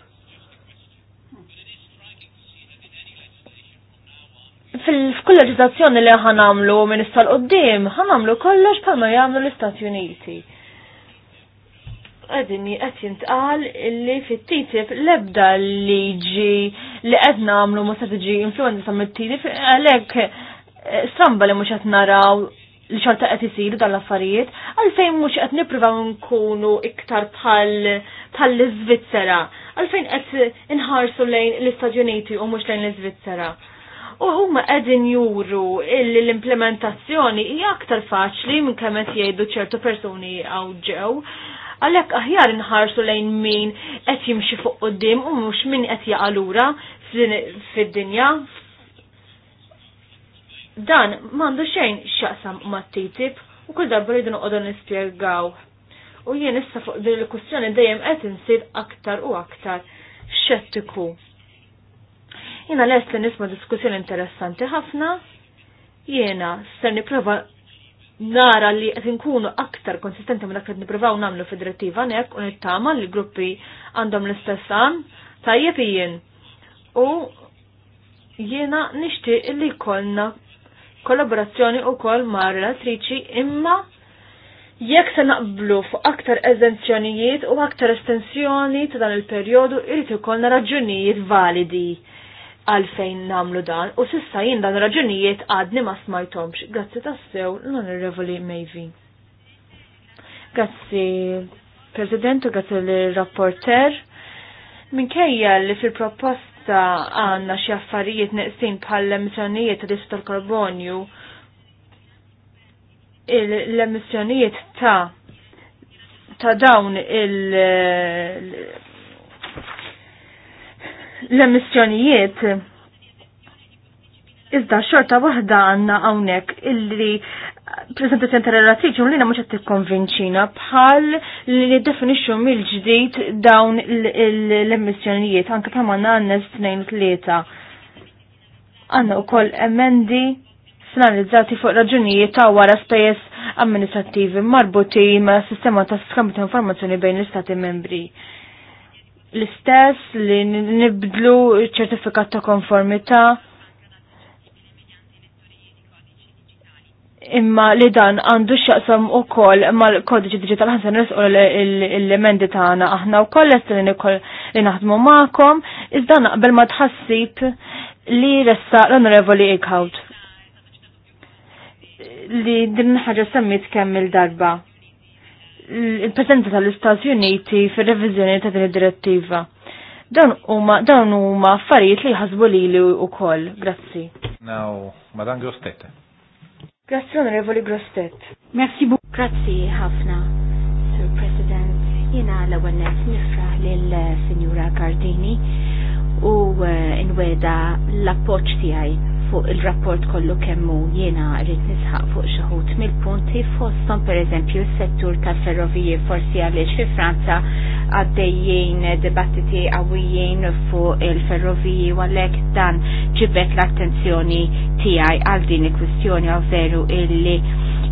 fil-kolleġizzazzjoni li ħan għamlu minn istal qoddim, ħan għamlu kollox palma jgħamlu l-Istati Uniti. Għedini, għed jintqal li fit-TTIP lebda liġi li għed għamlu ma strateġi influenza mit-TTIP, għalek eh, stramba li mux għet naraw li xorta qed isiru dan l-affarijiet, għalfejn mhux qed nippruvaw nkunu iktar bħal bħal l-Iżvizzera, għalfejn qed inħarsu lejn l-Istati Uniti u mhux lejn l-Iżvizzera. U huma qegħdin juru l-implementazzjoni hija aktar faċli minn kemm qed jgħidu ċertu persuni għaw ġew. Għalhekk aħjar inħarsu lejn min qed jimxi fuq quddiem u mhux min qed jaqalura fid-dinja. Dan m'għandu xejn x'jaqsam mat-TTIP u kull darba rridu noqogħdu nispjegaw. U jien issa fuq din il-kwistjoni dejjem qed insir aktar u aktar xettiku Jena lest li nisma diskussjoni interessanti ħafna, jena ser niprofa nara li qed inkunu aktar konsistenti minn dak li nippruvaw nagħmlu fid-direttiva nek u nittama li gruppi għandhom l-istess għan tajjeb jien. U jiena nixtieq li jkollna kollaborazzjoni wkoll ma' relatriċi imma jekk se naqblu fuq aktar eżenzjonijiet u aktar estensjoni ta' dan il-perjodu irid ikollna raġunijiet validi għalfejn namlu dan u sissa jien dan raġunijiet għadni ma smajtomx. Grazzi tassew l-onorevoli Mejvi. Grazzi President u grazzi l-rapporter. Minkejja li fil-proposta għanna xi affarijiet neqsin bħal emissjonijiet ta' dissu karbonju l-emissjonijiet ta' ta' dawn il- l-emissjonijiet. Iżda xorta waħda għanna għawnek illi prezentazzjoni tal un li mhux qed tikkonvinċina bħal li definixxu mill-ġdid dawn l-emissjonijiet anke bħal għandna għandna tnejn tlieta. Għandna wkoll emendi finalizzati fuq raġunijiet ta' wara spejjeż amministrattivi marbuti ma' sistema ta' skambju ta' informazzjoni bejn l-istati membri l-istess li nibdlu ċertifikat ta' konformità imma li dan għandu xaqsam u koll mal kodiċi digital ħansan nisqo l-elementi tagħna aħna u koll li nikol li naħdmu magħkom iżda naqbel ma tħassib li ressa l-onorevoli Eichhout li din ħaġa semmit kemm il-darba il-presenza tal-Istati Uniti fir-reviżjoni ta' din id-direttiva. Dawn huma huma affarijiet li jħasbu lili wkoll. Grazzi. Now, Madam Grostet. Grazzi Onorevoli Grostet. Merci beaucoup. Grazzi ħafna, Sir President. Jiena l-ewwel nett nifraħ lill-Sinjura eh, Gardini u eh, nweda l-appoġġ tiegħi fuq il-rapport kollu kemmu jiena rrit nisħaq fuq xaħut mill-punti fostom per eżempju settur tal-ferrovije forsi għaliex fi Franza għaddejjien dibattiti għawijjien fuq il-ferrovije għalek dan ġibet l-attenzjoni tijaj għal din il-kwistjoni għaw illi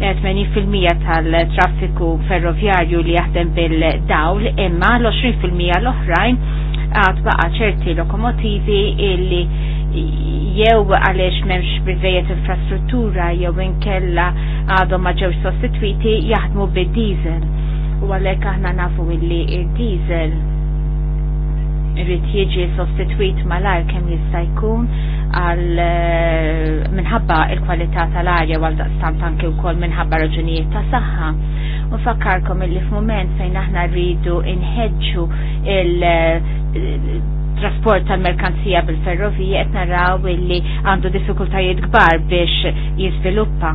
80% tal-traffiku ferroviarju li jaħdem bil-dawl imma l-20% l-oħrajn għad baqa ċerti lokomotivi illi jew għaliex m'hemmx biżejjed infrastruttura jew inkella għadhom ma ġewx sostitwiti jaħdmu bil diesel U għalek aħna nafu illi il diesel rrit jiġi sostitwit mal-ar kemm jista' jkun għal eh, minħabba il-kwalità tal-arja għal daqstant u wkoll minħabba raġunijiet ta' saħħa. U fakkarkom illi f'mument fejn aħna rridu inħedġu il- trasport tal-merkanzija bil-ferrovija qed naraw illi għandu diffikultajiet kbar biex jiżviluppa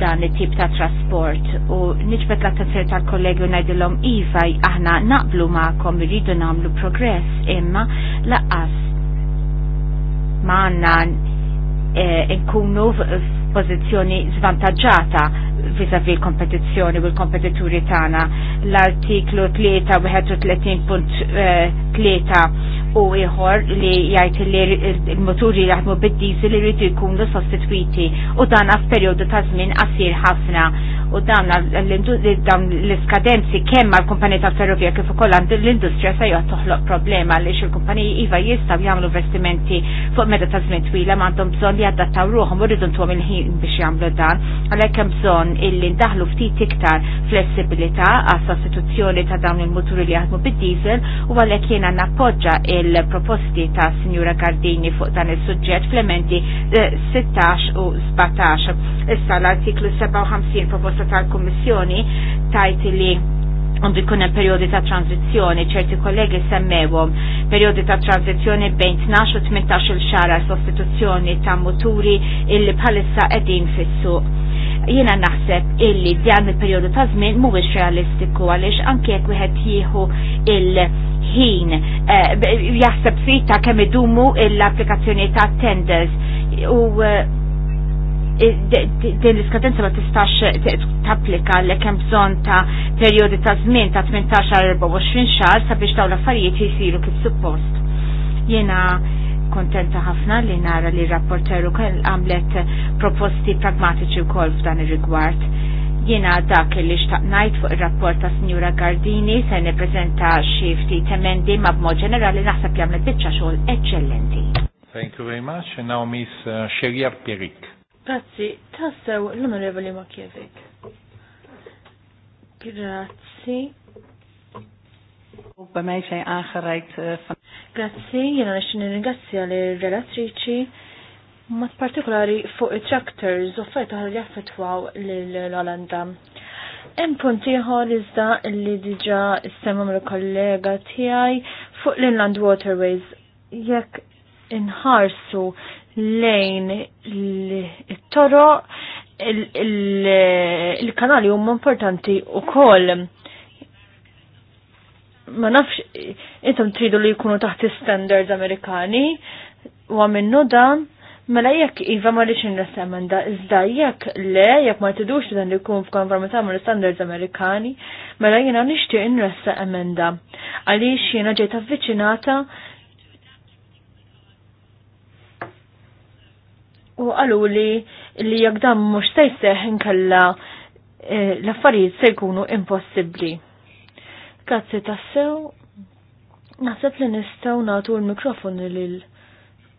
dan it-tip ta' trasport u niġbet l-attenzjoni tal-kollegi u ngħidilhom iva aħna naqblu magħkom irridu nagħmlu progress imma laqas ma għandna eh, nkunu pożizzjoni zvantaġġata vis-a-vis kompetizzjoni u l-kompetituri tagħna. L-artiklu 3 31.3 u ieħor li jajt li il moturi jaħmu bid-diesel rridu jkunu sostitwiti u dan f'perjodu ta' żmien qasir ħafna u dan l-iskadenzi kemm għal kumpanija tal ferrovija kif ukoll għand l-industrija se jgħat toħloq problema li il kumpaniji iva jistgħu jagħmlu investimenti fuq meta ta' żmien twila ma għandhom bżonn li jaddattaw ruħhom u rridu ntuhom il-ħin biex jagħmlu dan għalhekk hemm bżonn illi ndaħlu ftit iktar flessibilità għas sostituzzjoni ta' dawn il-muturi li jaħdmu bid-diesel u għalhekk jiena nappoġġa il il-proposti ta' Signora Gardini fuq dan il-sujġet fl 16 eh, u 17. Issa l-artiklu 57 proposta tal-Kommissjoni tajt li un jkun hemm perjodi ta' tranzizzjoni, ċerti kollegi semmewhom perjodi ta' tranzizzjoni bejn 12 u 18 il xara sostituzzjoni ta' muturi illi palissa qegħdin fissu jiena naħseb illi dan il-perjodu ta' żmien mhuwiex realistiku għaliex anke jekk wieħed jieħu il-ħin eh, jaħseb ftit ta' kemm idumu l-applikazzjoni ta' tenders u eh, din l-iskadenza ma tistax tapplika li kemm bżonn ta' perjodi ta' żmien ta' 18 24 xahar sabiex dawn l-affarijiet jisiru kif suppost. Jiena kontenta ħafna li nara li rapporteru kell għamlet proposti pragmatiċi u kol f'dan ir-rigward. Jiena dak li xtaqnajt fuq il-rapport ta' Signora Gardini se neprezenta xi ftit emendi ma' b'mod ġenerali naħseb li għamlet biċċa xogħol eċċellenti. Thank you very much. And now Miss Xerjar uh, Pierik. Grazzi, tassew l-Onorevoli Makjevik. Grazzi. Ook bij mij zijn aangereikt eh, van Grazzi, jena nixin ringrazzja li relatriċi mat partikolari fuq il-tractors u fejta li jaffetwaw l-Olanda. Hemm punt ieħor iżda li diġà issemma mill-kollega tiegħi fuq l-Inland Waterways jekk inħarsu lejn it-toro il-kanali huma importanti u koll ma nafx intom tridu li jkunu taħt standards Amerikani u għamennu dan mela jekk iva ma rix nirresemenda iżda jekk le jekk ma tidux dan li jkun f'konformità ma' standards Amerikani mela jiena nixtieq inressa emenda għaliex jiena ġejt avviċinata u għalu li li jekk dan mhux se jseħ inkella eh, l-affarijiet se jkunu impossibbli. Grazzi tassew. Naħseb li nistgħu nagħtu l-mikrofon lill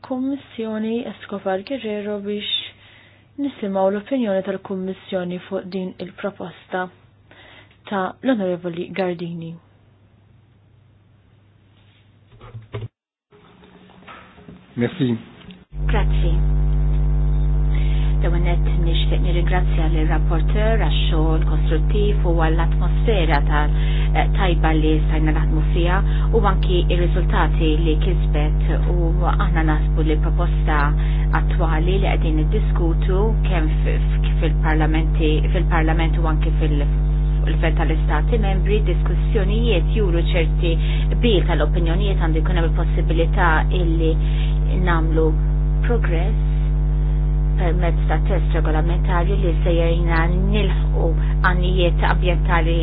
Kummissjoni Escobar Guerrero biex nisimaw l-opinjoni tal-Kummissjoni fuq din il-proposta ta' l-Onorevoli Gardini. Merci. Grazie. L-għonet nishtiq nirringrazzja l-rapporter għax-xogħol kostruttiv u għall-atmosfera ta' eh, tajba li stajna naħdmu fija u anki ir-riżultati li kisbet u aħna nasbu li proposta attwali li qegħdin iddiskutu kemm fil-parlamenti fil-parlament u anki fil l-fen tal-istati membri diskussjonijiet juru ċerti bil tal-opinjonijiet għandu jkun hemm il-possibilità illi namlu progress permezz ta' test regolamentari li sejjerina nilħu għannijiet ambientali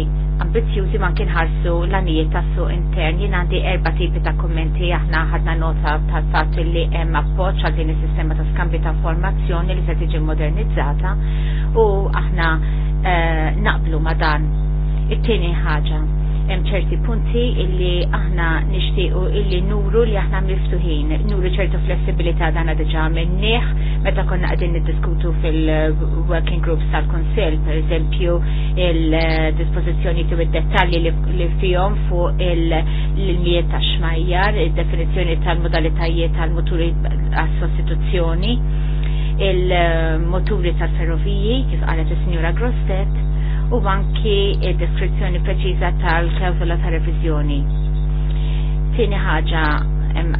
ambizjuzi ma kien ħarsu l-għannijiet ta' suq intern. Jien għandi erba tipi ta' kommenti aħna ħadna nota ta' fatt li hemm appoġġ għal din is-sistema ta' skambju ta' formazzjoni li se tiġi modernizzata u aħna eh, naqblu ma' dan. It-tieni ħaġa hemm ċerti punti illi aħna nixtiequ illi nuru li aħna miftuħin, nuru ċertu flessibilità dana diġà minnih meta konna qegħdin niddiskutu fil-working groups tal-Kunsill, pereżempju il-dispożizzjoni tu id-dettalji li fihom fuq il-miet ta' xmajjar, id-definizzjoni tal-modalitajiet tal-muturi għas-sostituzzjoni il-moturi tal-ferroviji, kif qalet is-Sinjura Grostet, u anki id-deskrizzjoni preċiża tal-klawzola ta' revizjoni. Tini ħaġa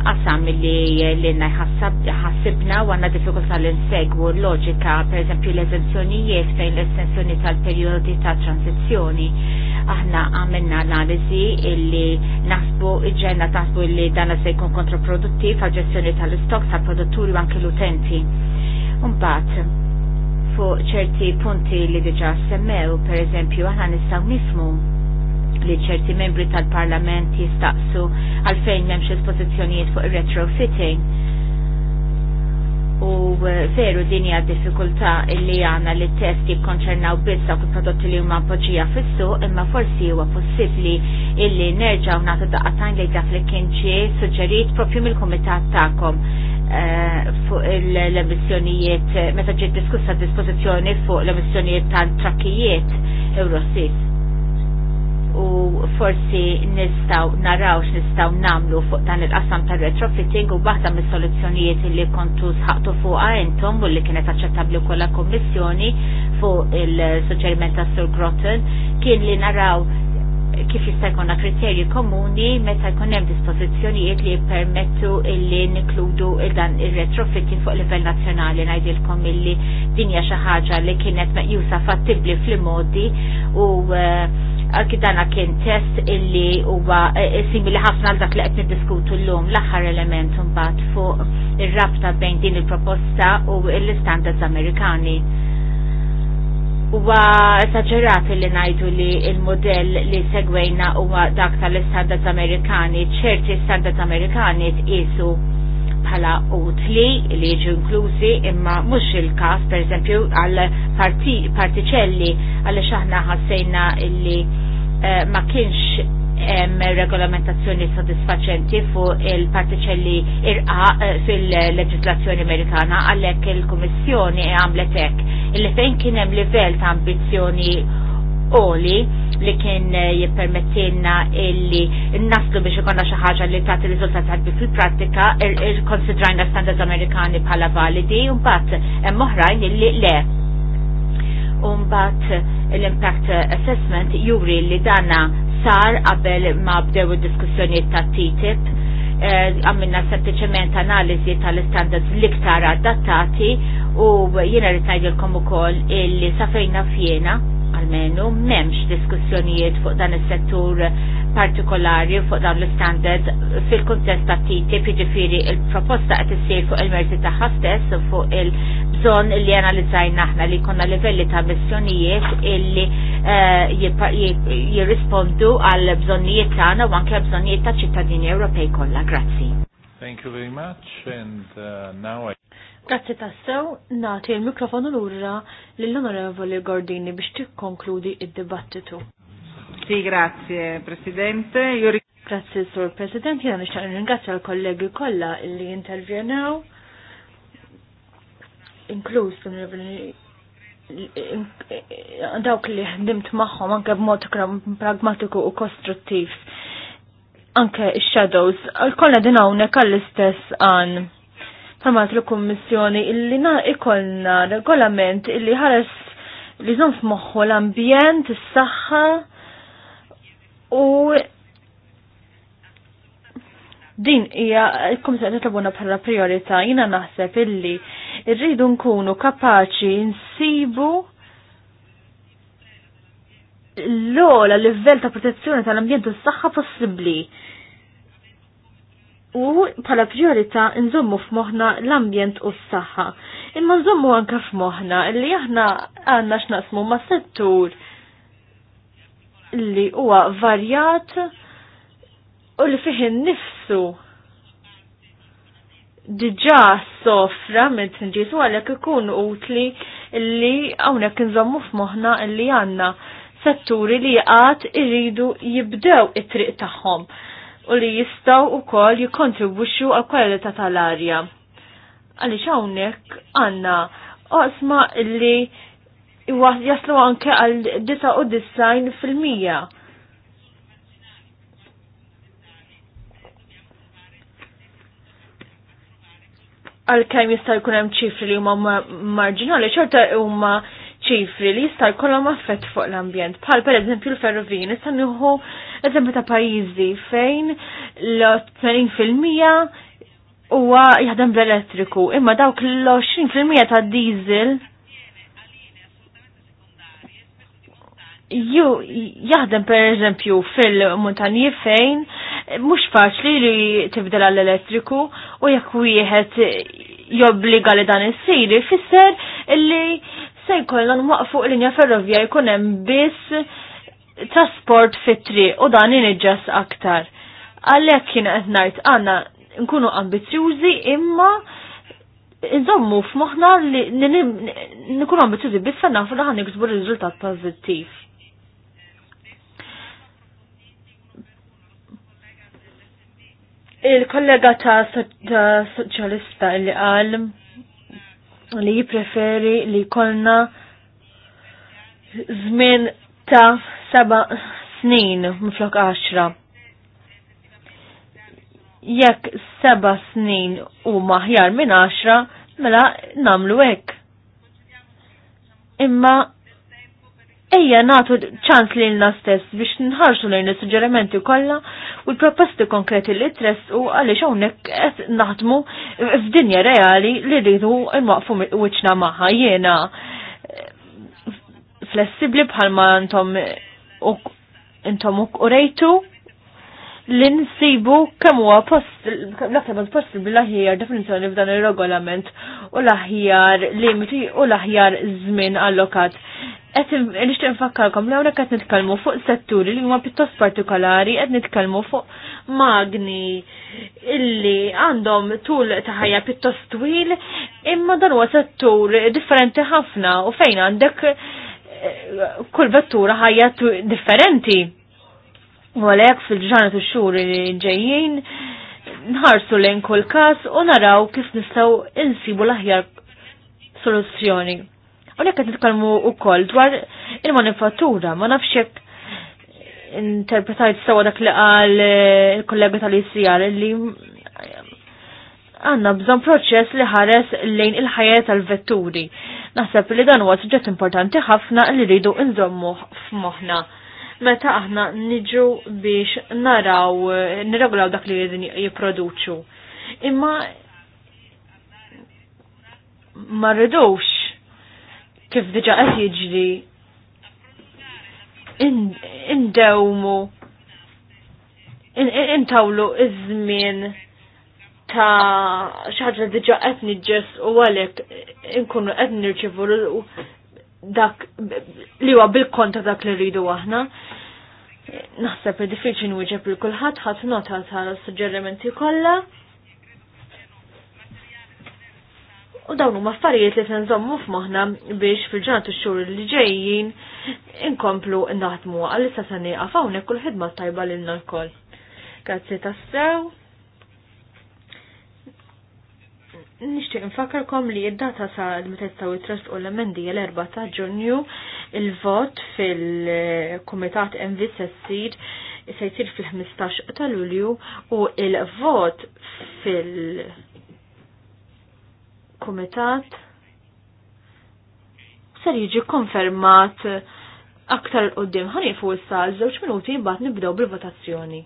qasam li li ħassibna u għanna diffikultà li nsegwu l-loġika, per eżempju l-eżenzjonijiet fejn l-estensjoni tal-periodi ta' transizzjoni. Aħna għamilna analizi illi nasbu iġenna tasbu illi dana se jkun kontraproduttiv għal ġestjoni tal-istok tal-produtturi u anke l-utenti. Umbat, fuq ċerti punti li diġa semmew, per eżempju, aħna nistaw nifmu li ċerti membri tal-parlament jistaqsu għalfejn memx il-pozizjoniet fuq il-retrofitting u eh, veru din hija diffikultà li għana li test jikkonċernaw biss u il-prodotti li huma poġija fis-suq imma forsi huwa possibbli illi nerġgħu nagħtu daqatajn li dak li kien ġie suġġerit propju mill-kumitat tagħkom eh, fuq l-emissjonijiet meta ġiet diskussa dispożizzjoni fuq l-emissjonijiet tal-trakkijiet Eurosis u forsi nistaw naraw x'nistgħu namlu fuq dan il-qasam tar-retrofitting u waħda mis-soluzzjonijiet li kontu sħaqtu fuqha intom u li kienet aċċettabbli wkoll kommissjoni fuq il-suġġeriment ta' Sur Grotten kien li naraw kif jista' jkollna kriterji komuni meta jkun hemm dispożizzjonijiet li jippermettu illi nikludu dan ir-retrofitting fuq livell nazzjonali ngħidilkom illi din hija xi ħaġa li kienet meqjusa fattibbli fl-modi u uh, Anki dana kien test illi huwa eh, simili ħafna għal dak li qed niddiskutu llum l-aħħar element imbagħad fuq ir-rabta bejn din il-proposta u l-istandards Amerikani. Huwa esaġerat li ngħidu li l-modell li segwejna huwa dak tal-istandards Amerikani, ċerti standards Amerikani tqisu bħala utli li jiġu inklużi imma mhux il-każ pereżempju għal partiċelli għal xaħna ħassejna illi Eh, ma kienx hemm regolamentazzjoni sodisfaċenti fuq il-partiċelli irqa eh, fil-leġislazzjoni Amerikana għalhekk il-Kummissjoni għamlet hekk illi fejn kien hemm livell ta' ambizzjoni oli li kien eh, jippermettilna illi naslu biex ikonna xi ħaġa li tagħti riżultat ħarbi fil-prattika konsidrajna standards Amerikani bħala validi u mbagħad hemm oħrajn illi le Umbat l-impact assessment juri li danna sar qabel ma bdew id-diskussjonijiet ta' TTIP eh, għamminna e, sempliciment analizi tal-standards liktar adattati u jiena rritajdilkom ukoll li safejna fjena almenu memx diskussjonijiet fuq dan is-settur partikolari fuq dawn l standard fil-kuntest ta' TTIP jiġifieri il-proposta qed issir fuq il-merzi tagħha stess u fuq il-bżonn li analizzajna aħna li konna livelli ta' missjonijiet illi eh, jirrispondu għal bżonnijiet tagħna u anke bżonnijiet ta' ċittadini Ewropej kollha. Grazzi. Thank you very much and uh, now I Grazzi tassew, nati il-mikrofonu l-urra l-Onorevoli Gordini biex tikkonkludi id-dibattitu. Sì, grazie Presidente. Io... Grazie Sur President, jena nixtaq ringrazzja l-kollegi kollha li intervjenew, inkluż dawk li ħdimt magħhom anke b'mod pragmatiku u kostruttiv. Anke x-shadows, Kolla din hawnhekk għall-istess għan tamat l-Kommissjoni illi na ikolna regolament illi ħares li zon f'moħħu l-ambjent, is-saħħa u din hija l-Kummissjoni tlabuna bħala priorità jiena naħseb illi rridu nkunu kapaċi nsibu l-ola livell ta' protezzjoni tal-ambjent u s-saħħa possibbli u bħala priorita nżommu f'moħħna l-ambjent u s-saħħa. Imma nżommu anke f'moħħna li aħna għandna x'naqsmu ma' settur li huwa varjat u li fih innifsu s sofra minn tinġis għalhekk ikun utli li hawnhekk nżommu f'moħħna li għandna setturi li għad iridu jibdew it-triq tagħhom u li jistaw u kol jikontribuxu għal kwalità tal-arja. Għalli hawnhekk għandna osma li jaslu anke għal disa u design fil-mija. Għal kem jista' jkun hemm ċifri li huma marġinali, ċerta huma ċifri li jista' jkollhom affett fuq l-ambjent. per pereżempju l ferrovin nista' nieħu eżempju ta' pajjiżi fejn l-80% huwa jaħdem bl-elettriku, imma dawk l-20% ta' diesel ju jaħdem per eżempju fil-montanji fejn mhux faċli li tibdel għall-elettriku u jekk wieħed jobbliga li dan issir fisser li se jkollhom waqfu linja ferrovja jkun hemm biss trasport fit-triq u dan iniġġas aktar. Għalhekk kien qed ngħid għandna nkunu ambizjużi imma nżommu f'moħħna li nkunu ambizjużi bis nafu li ħan niksbu riżultat pożittiv. Il-kollega ta' soċjalista li qal li jipreferi li kolna żmien ta' seba' snin miflok għaxra. jekk seba snin u maħjar minn 10, mela namlu hekk. Imma ejja natu ċans li l stess biex nħarġu lejn il-suġġerimenti kollha u l-proposti konkreti li tress u għaliex hawnhekk qed naħdmu f'dinja reali li rridu nwaqfu wiċċna magħha jiena eh, flessibbli bħalma intom intom u rejtu li nsibu kemm huwa l-aktar possibbli l-aħjar definizjoni f'dan ir-regolament u l-aħjar limiti u l-aħjar żmien allokat. Qed nixtieq infakkarkom li hawnhekk qed nitkellmu fuq setturi li huma pjuttost partikolari qed nitkellmu fuq magni illi għandhom tul ta' ħajja pjuttost twil imma dan huwa settur differenti ħafna u fejn għandek eh, kull vettura ħajja differenti U għalhekk fil ġanet u xur li ġejjin nħarsu lejn kull każ u naraw kif nistgħu insibu l-aħjar soluzzjoni. għet qed u wkoll dwar il-manifattura, ma nafx interpretajt sewa dak li qal il-kollega tal-ICR li għanna bżon proċess li ħares lejn il-ħajja tal-vetturi. Naħseb li dan huwa suġġett importanti ħafna li rridu nżommu f'moħħna meta aħna niġu biex naraw, nirregolaw dak li jedin jiproduċu. Imma ma rridux kif diġa qed jiġri indewmu intawlu iż-żmien ta' xaġa diġa qed niġġess u għalhekk inkunu qed nirċivu dak li huwa bil-kontra dak li rridu aħna. Naħseb li diffiċli nwieġeb li kulħadd ħadd nota tal suġġerimenti kollha. U dawn huma affarijiet li se nżommu f'moħħna biex fil-ġurnata x-xhur li ġejjin inkomplu naħdmu għal-issa se nieqaf hawnhekk kulħidma ħidma tajba lilna wkoll. Grazzi tassew. Nishtiq nfakarkom li id-data sa l-metestaw it-trest u l-emendi l-4 ta' ġunju il-vot fil-Komitat MV Sessid se jisir fil-15 ta' Lulju u il-vot fil-Komitat ser jiġi konfermat aktar l-qoddim ħanifu issa l-żewġ minuti mbagħad nibdew bil-votazzjoni.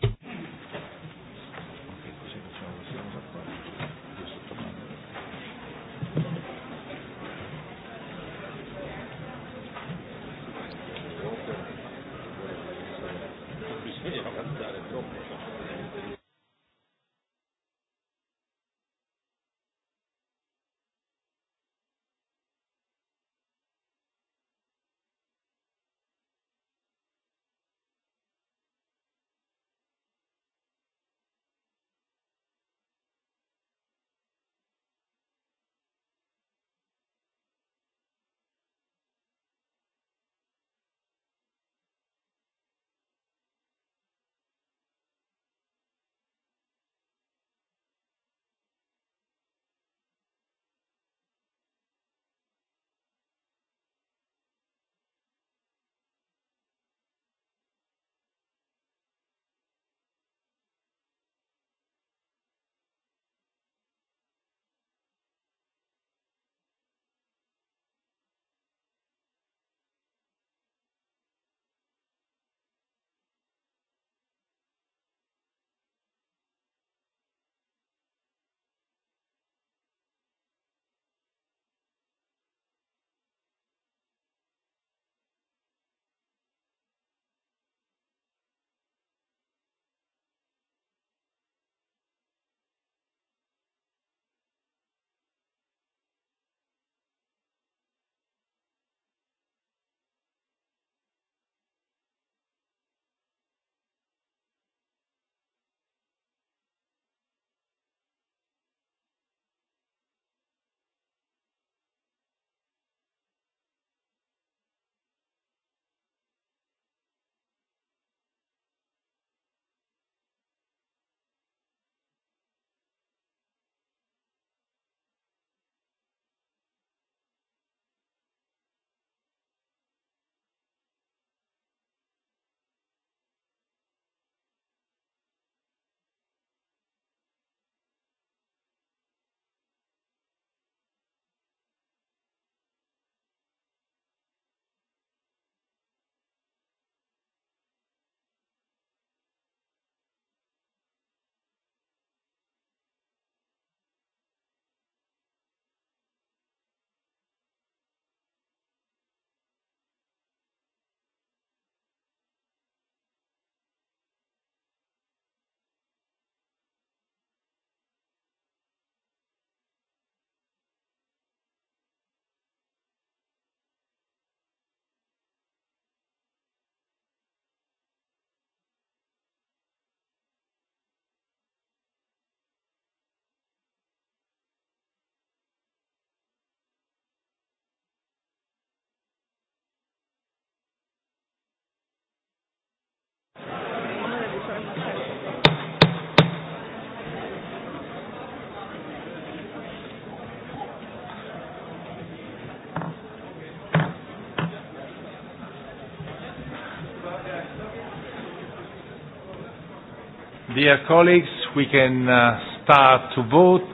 Dear colleagues, we can uh, start to vote.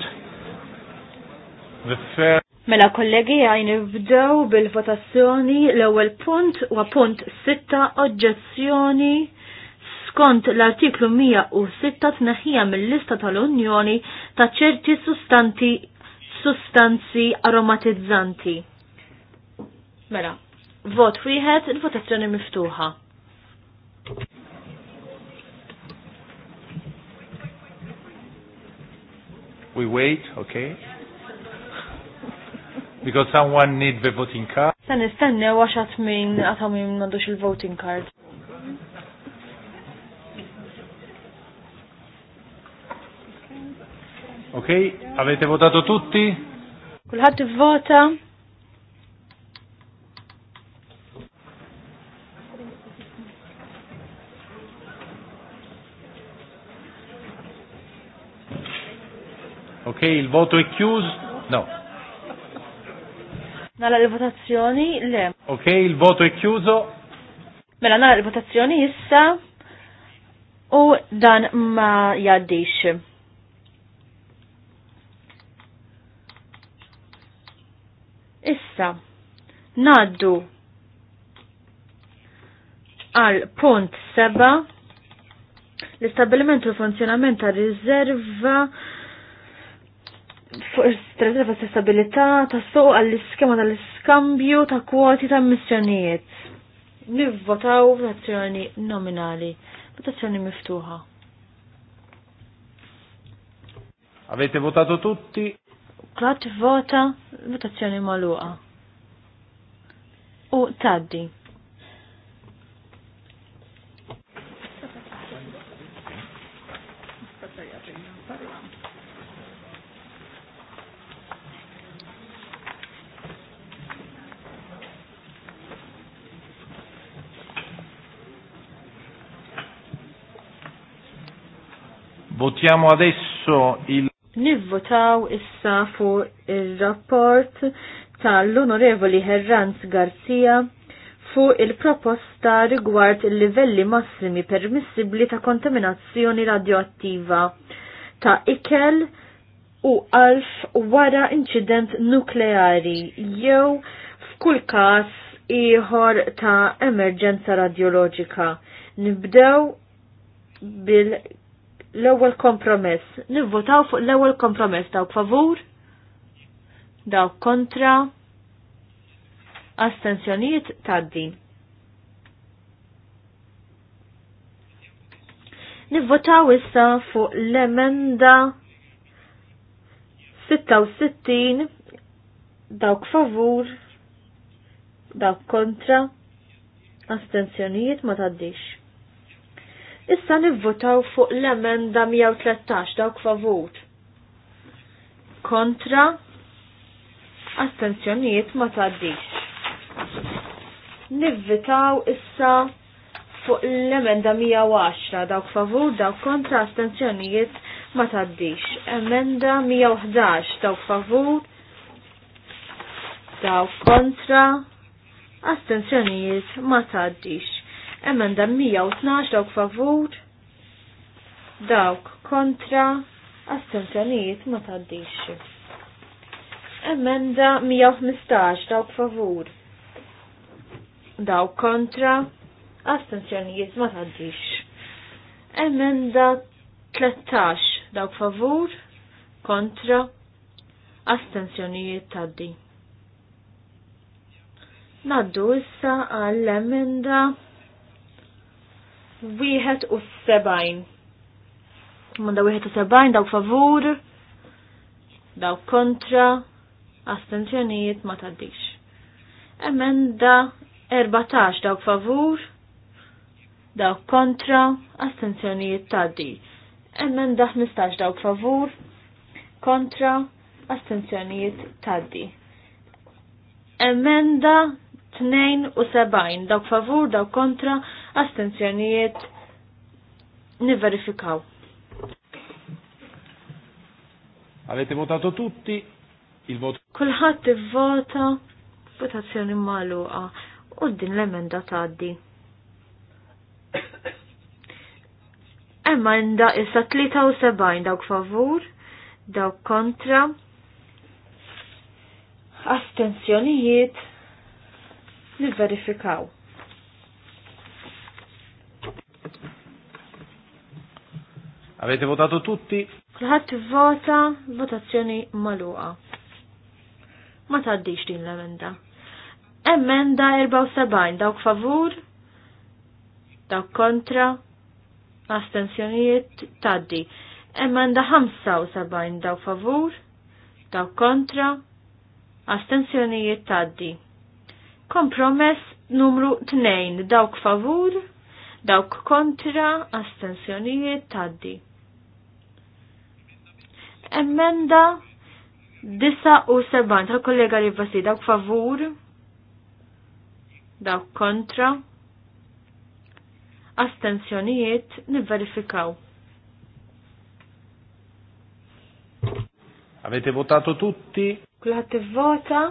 The first Mela kollegi għajn nibdew bil-votazzjoni l-ewwel punt u punt sitta, oġġezzjoni skont l-artiklu 106 tneħħija mill-lista tal-Unjoni ta' ċerti sustanti sustanzi aromatizzanti. Mela, vot wieħed il-votazzjoni miftuħa. We wait, okay? Because someone needs the voting card. Sen istenne għax għatmin għatamin mandux il-voting card. Ok, avete votato tutti? Kulħat vota. Ok, il voto è chiuso? No. Nala le votazioni, le. Ok, il voto è chiuso. Mela nala le votazioni issa u dan ma jaddix. Issa, naddu għal punt seba' l-istabbiliment u l riserva fuq ta' stabilità ta' suq għall-iskema tal-iskambju ta' kwoti ta' missjonijiet. Nivvotaw votazzjoni nominali, votazzjoni miftuħa. Avete votato tutti? Klat vota, votazzjoni maluqa. U taddi. Votiamo adesso il... Nivvotaw issa fu il-rapport tal-Onorevoli Herranz Garzia fu il-proposta rigward il-livelli massimi permissibli ta' kontaminazzjoni radioattiva ta' ikel u alf wara incident nukleari jew f'kull każ ieħor ta' emerġenza radioloġika Nibdew bil l-ewwel kompromess. Nivvotaw fuq l-ewwel kompromess dawk favur, dawk kontra, astensjonijiet tgħaddi. Nivvotaw issa fuq l-emenda 66 dawk favur, dawk kontra, astensjonijiet ma tgħaddix. Issa nivvotaw fuq l-emenda 113 dawk favur. Kontra astenzjoniet ma taddix. Nivvitaw issa fuq l-emenda 110 dawk favur dawk kontra astenzjonijiet ma taddix. Emenda 111 dawk favur dawk kontra astenzjoniet ma taddix. Emenda 112 dawk favur, dawk kontra, astenzjonijiet ma taddix. Emenda 115 dawk favur, dawk kontra, astenzjonijiet ma taddix. Emenda 13 dawk favur, kontra, astenzjonijiet taddi. Naddu issa għall-emenda wieħed u sebajn. Manda wieħed u sebajn dawk favur, daw kontra, astenzjonijiet ma taddix. Emenda 14 daw favur, daw kontra, astenzjonijiet taddi. Emenda 15 daw favur, kontra, astenzjonijiet taddi. Emenda 72 dawk favur, daw kontra, astenzjonijiet niverifikaw. Avete votato tutti il voto? Kulħadd ivvota votazzjoni magħluqa u din l-emenda tgħaddi. Emenda issa 73 dawk favur, dawk kontra, astenzjonijiet niverifikaw. verifikaw Avete votato tutti? Kulħadd vota votazzjoni magħluqa. Ma tgħaddix din l-emenda. Emenda 74 dawk favur, dawk kontra, astensjonijiet taddi. Emenda 75 dawk favur, dawk kontra, astensjonijiet taddi. Kompromess numru 2 dawk favur, dawk kontra astensjonijiet taddi. Emmenda 79 tal-kollega li vasi dawk favur, dawk kontra, astensjonijiet nivverifikaw. Avete votato tutti? Kulħat vota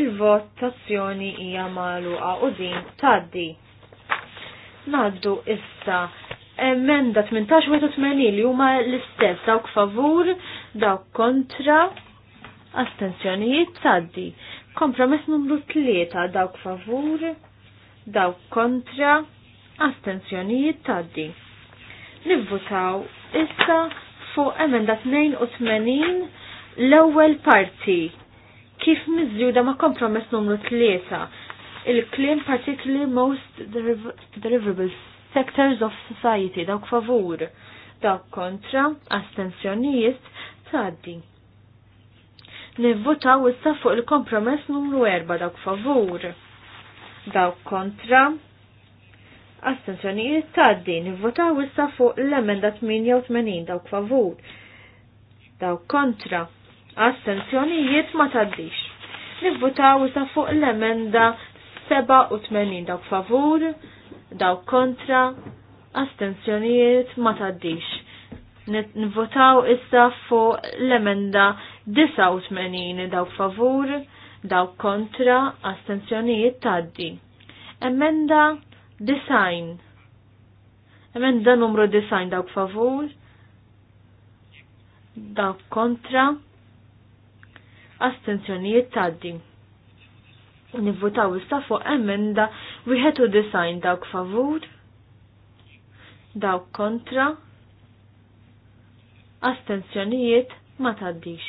il-votazzjoni hija magħluqa u din Naddu issa emenda 18 li huma l-istess dawk favur, dawk kontra, astensjonijiet taddi. Kompromess numru 3 dawk favur, dawk kontra, astensjonijiet taddi. Nivvutaw issa fuq emenda 82 l-ewwel parti kif miżjuda ma' kompromess numru 3 il-klim particularly most derivables sectors of society, dawk favur, dawk kontra, astensjonijiet, taddi. Nivvotaw issa fuq il-kompromess numru 4 dawk favur, dawk kontra, astensjonijiet taddi. Nivvotaw issa fuq l-emenda 88 dawk favur, dawk kontra, astensjonijiet ma taddix. Nivvotaw issa fuq l-emenda 87 dawk favur, daw kontra, astenzjonijiet ma taddix. Nivvotaw issa fuq l-emenda 89 daw favur, daw kontra, astenzjonijiet taddi. Emenda design. Emenda numru design daw favur, daw kontra, astenzjonijiet taddi. Nivvotaw issa fuq emenda Wieħed u design dawk favur, dawk kontra, astenzjonijiet ma taddix.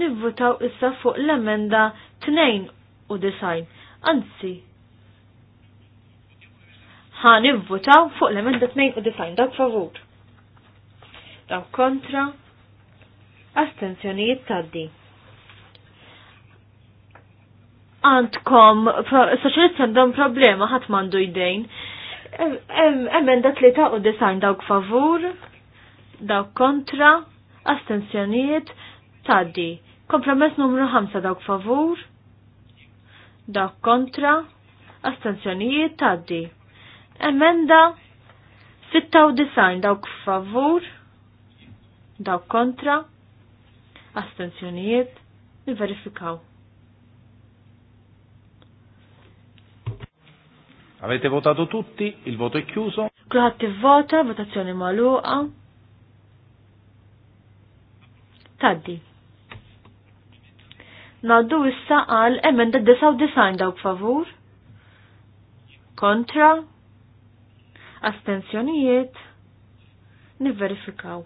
Nivvutaw issa fuq l-emenda tnejn u design, anzi, ħa nivvutaw fuq l-emenda tnejn u design dawk favur, dawk kontra, astenzjonijiet taddix għandkom, soċjalisti għandhom problema ħadd m'għandu jdejn. Emenda ta' u design dawk favur, dawk kontra, astensjonijiet, taddi. Kompromess numru 5 dawk favur, dawk kontra, astensjonijiet, taddi. Emenda 96 dawk favur, dawk kontra, astensjonijiet, niverifikaw. Avete votato tutti? Il voto è chiuso. Kulħadd tivvota, votazzjoni magħluqa. Taddi. Naddu issa għal emenda 99 dawk favur. Kontra. Astenzjonijiet. Nivverifikaw.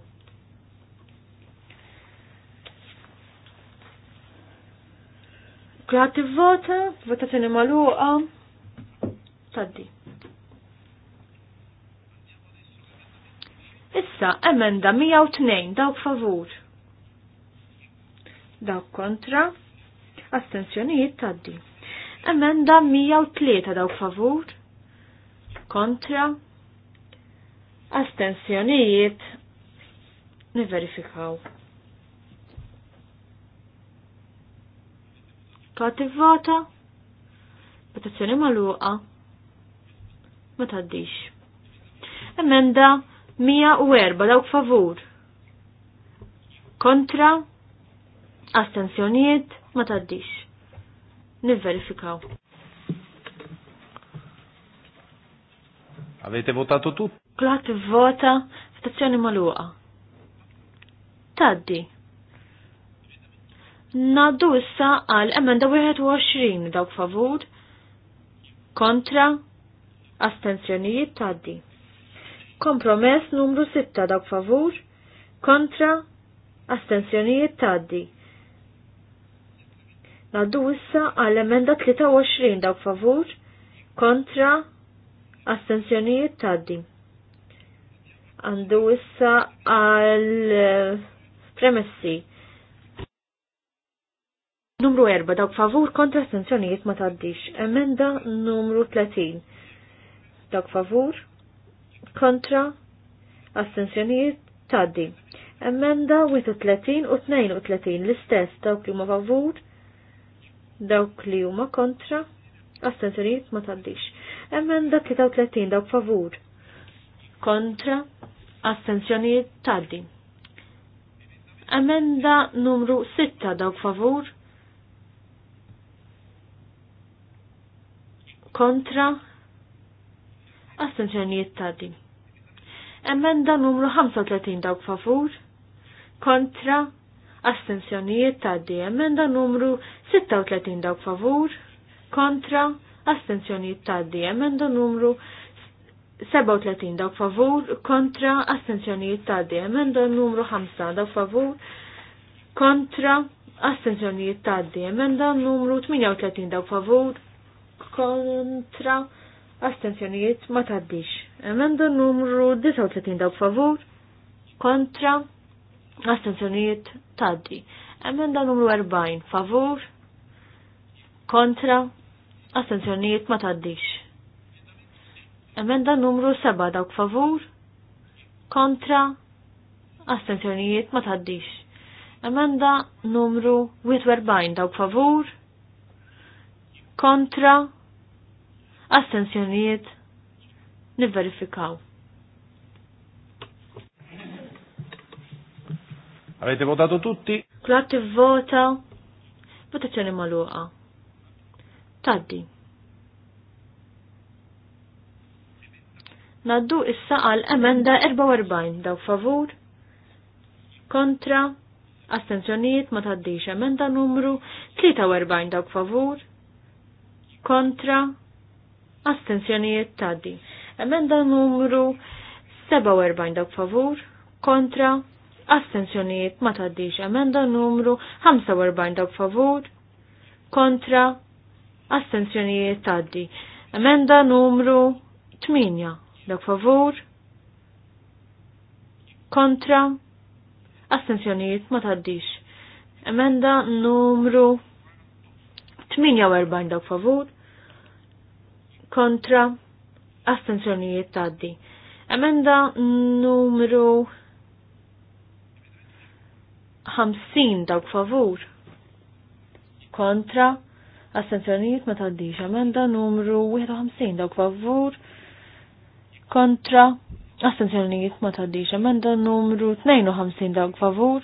Kulħadd tivvota, votazzjoni magħluqa taddi. Issa, emenda 102, dawk favur. Dawk kontra, astenzjonijiet taddi. Emenda 103, dawk favur. Kontra, astenzjonijiet niverifikaw. Kati vota, votazzjoni maluqa ma taddix. Emenda 104 dawk favur. Kontra, astensjonijiet, ma taddix. Nivverifikaw. Avete votato tu? Klat vota, stazzjoni maluqa. Taddi. Naddu issa għal emenda 21 dawk favur. Kontra, astenzjonijiet taddi. Kompromess numru 6 dawk favur, kontra, astenzjonijiet taddi. Naddu issa għall emenda 23 dawk favur, kontra, astenzjonijiet taddi. Għandu issa għal eh, premessi. Numru 4 dawk favur kontra astenzjonijiet ma taddix. Emenda numru 30 Dak favur, kontra, astensjoniet, taddi. Emenda 31 u 32 l-istess dawk li huma favur, dawk li huma kontra, astensjoniet ma taddix. Emenda 33 dawk favur, kontra, astensjoniet taddi. Emenda numru 6 dawk favur, kontra, astenzjonijiet taddi. Emenda numru 35 dawk favur, kontra, astenzjonijiet taddi. Emenda numru 36 dawk favur, kontra, astenzjonijiet taddi. Emenda numru 37 dawk favur, kontra, astenzjonijiet taddi. Emenda numru 5 dawk favur, kontra, astenzjonijiet taddi. Emenda numru 38 dawk favur, kontra, astenzjonijiet ma taddix. Emenda numru 39 dawk favur, kontra, astenzjonijiet taddi. Emenda numru 40 favur, kontra, astenzjonijiet ma taddix. Emenda numru 7 dawk favur, kontra, astenzjonijiet ma taddix. Emenda numru 41 dawk favur, kontra, astensjonijiet nivverifikaw. Avete votato tutti? Kulħadd vota. votazzjoni magħluqa. Taddi. Naddu issa għal emenda 44 daw favur kontra astenzjonijiet ma taddix emenda numru 43 dawk favur kontra astenzjonijiet taddi. Emenda numru 47 dawk favur, kontra, astenzjonijiet ma taddix. Emenda numru 45 dawk favur, kontra, astenzjonijiet taddi. Emenda numru 8 dawk favur, kontra, astenzjonijiet ma taddix. Emenda numru 48 dawk favur, kontra astenzjonijiet taddi. Emenda numru 50 dawk favur kontra astenzjonijiet ma taddix. Emenda numru 51 dawk favur kontra astenzjonijiet ma taddix. Emenda numru 52 dawk favur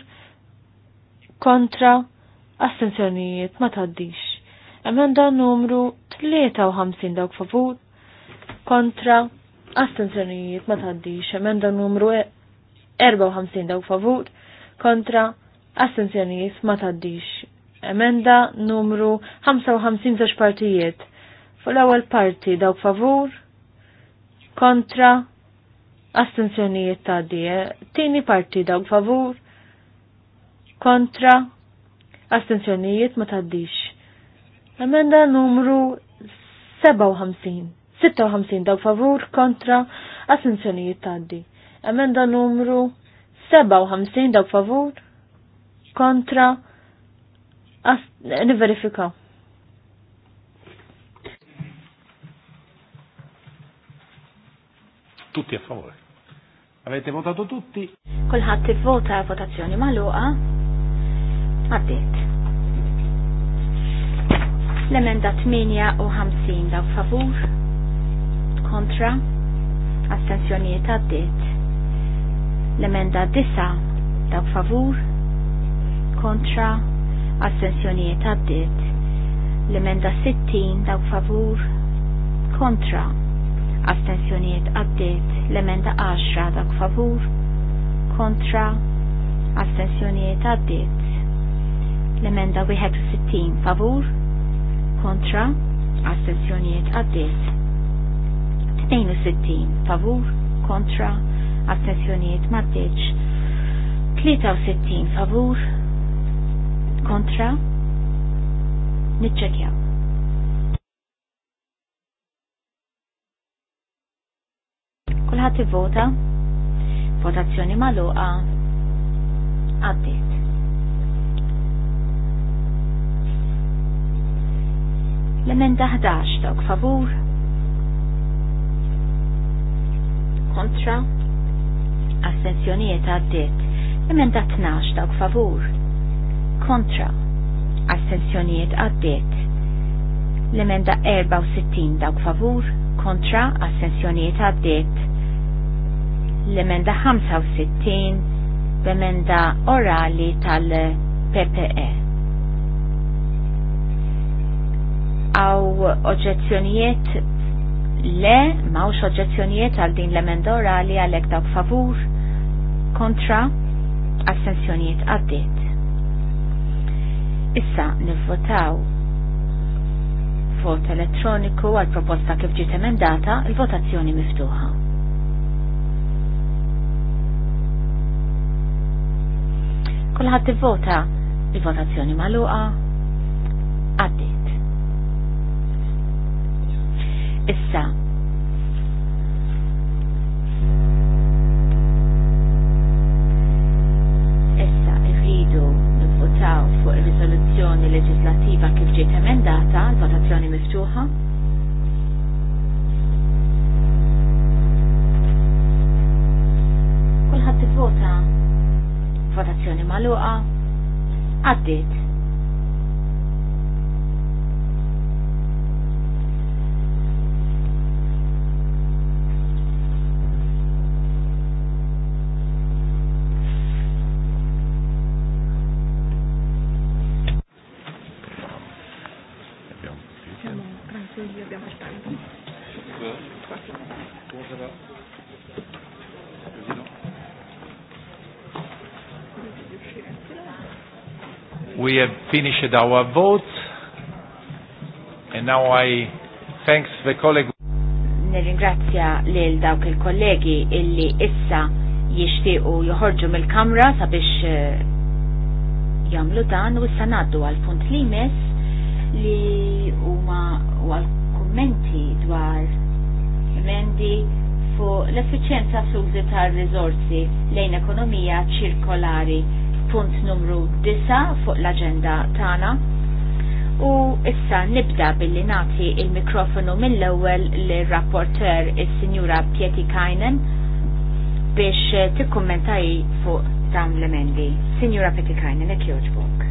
kontra astenzjonijiet ma taddix. Emenda numru 53 dawk favur kontra astenzjonijiet ma taddix emenda numru 54 e- dawk favur kontra astenzjonijiet ma taddix emenda numru 55 żewġ partijiet fuq l-ewwel parti dawk favur kontra astenzjonijiet taddi tieni parti dawk favur kontra astenzjonijiet ma taddix Emenda numru 57, 56 daw favur kontra assenzjonijiet taddi. Emenda numru 57 daw favur kontra niverifika. Tutti a favore. Avete votato tutti? Kulħadd ivvota votazzjoni magħluqa. Għaddiet. L-emenda 58 daw favur kontra astensjonijiet għaddit. L-emenda 9 daw favur kontra astensjonijiet għaddit. L-emenda 60 daw favur kontra astensjonijiet għaddit. L-emenda 10 daw favur kontra astensjonijiet għaddit. L-emenda 61 favur kontra astensjonijiet għaddiet. 62 favur kontra astensjonijiet maddiċ. 63 favur kontra nitċekja. Kulħadd ivvota votazzjoni magħluqa għaddis. L-emenda 11 dawk favur. Kontra. Astenzjonijiet għaddiet. Emenda 12 dawk favur. Kontra. Astenzjonijiet għaddiet. L-emenda 64 dawk favur. Kontra. Astenzjonijiet għaddiet. L-emenda 65 b'emenda orali tal-PPE Għaw oġġezzjonijiet le, mawx oġġezzjonijiet għal din l-emenda orali għalek dawk favur, kontra, assenzjonijiet għaddit. Issa nivvotaw vot elettroniku għal proposta kif ġiet emendata il-votazzjoni miftuħa. Kulħadd ivvota il-votazzjoni magħluqa. issa. finished our vote. And now I thanks the colleague. Nirringrazzja lil dawk il-kollegi illi issa jixtiequ joħorġu mill-kamra sabiex eh, jagħmlu dan u issa ngħaddu għal punt li limes li huma għal kummenti dwar emendi fuq l-effiċjenza fl tar-riżorsi lejn ekonomija ċirkolari punt numru 9 fuq l-agenda tagħna. U issa nibda billi nagħti il-mikrofonu mill-ewwel l rapporter il sinjura Pieti Kajnen biex t-kommentaj fuq dawn l-emendi. Sinjura Pieti Kajnen, ek joġbok.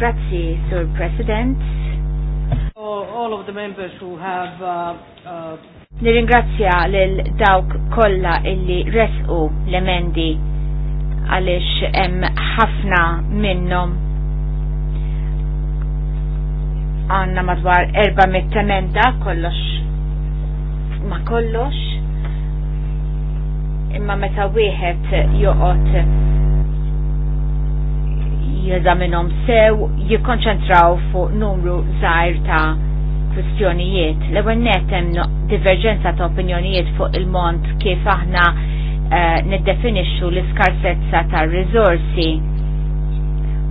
Grazzi, Sur President. All of the members who have uh, uh, Nirringrazzja lil dawk kollha illi resqu l-emendi għaliex hemm ħafna minnhom għanna madwar erba mittemenda kollox ma kollox imma meta wieħed joqgħod jeżaminhom sew jikkonċentraw fuq numru zaħir ta' kwistjonijiet. L-ewwel net hemm divergenza ta' opinjonijiet fuq il-mont kif aħna Eh, niddefinixxu l-iskarsezza tar-riżorsi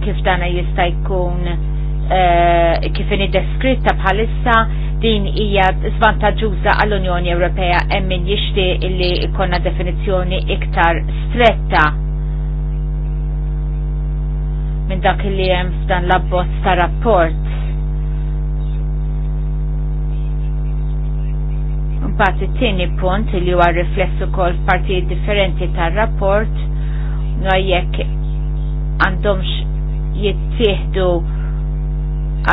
kif dana jista' jkun eh, kif ini deskritta bħalissa din hija svantaġġuża għall-Unjoni Ewropea hemm min jixtieq li jkollna definizzjoni iktar stretta minn dak li hemm f'dan l-abbozz ta' rapport Mbagħad it-tieni punt li huwa riflessu ukoll f'partijiet differenti tar-rapport no jekk għandhomx jittieħdu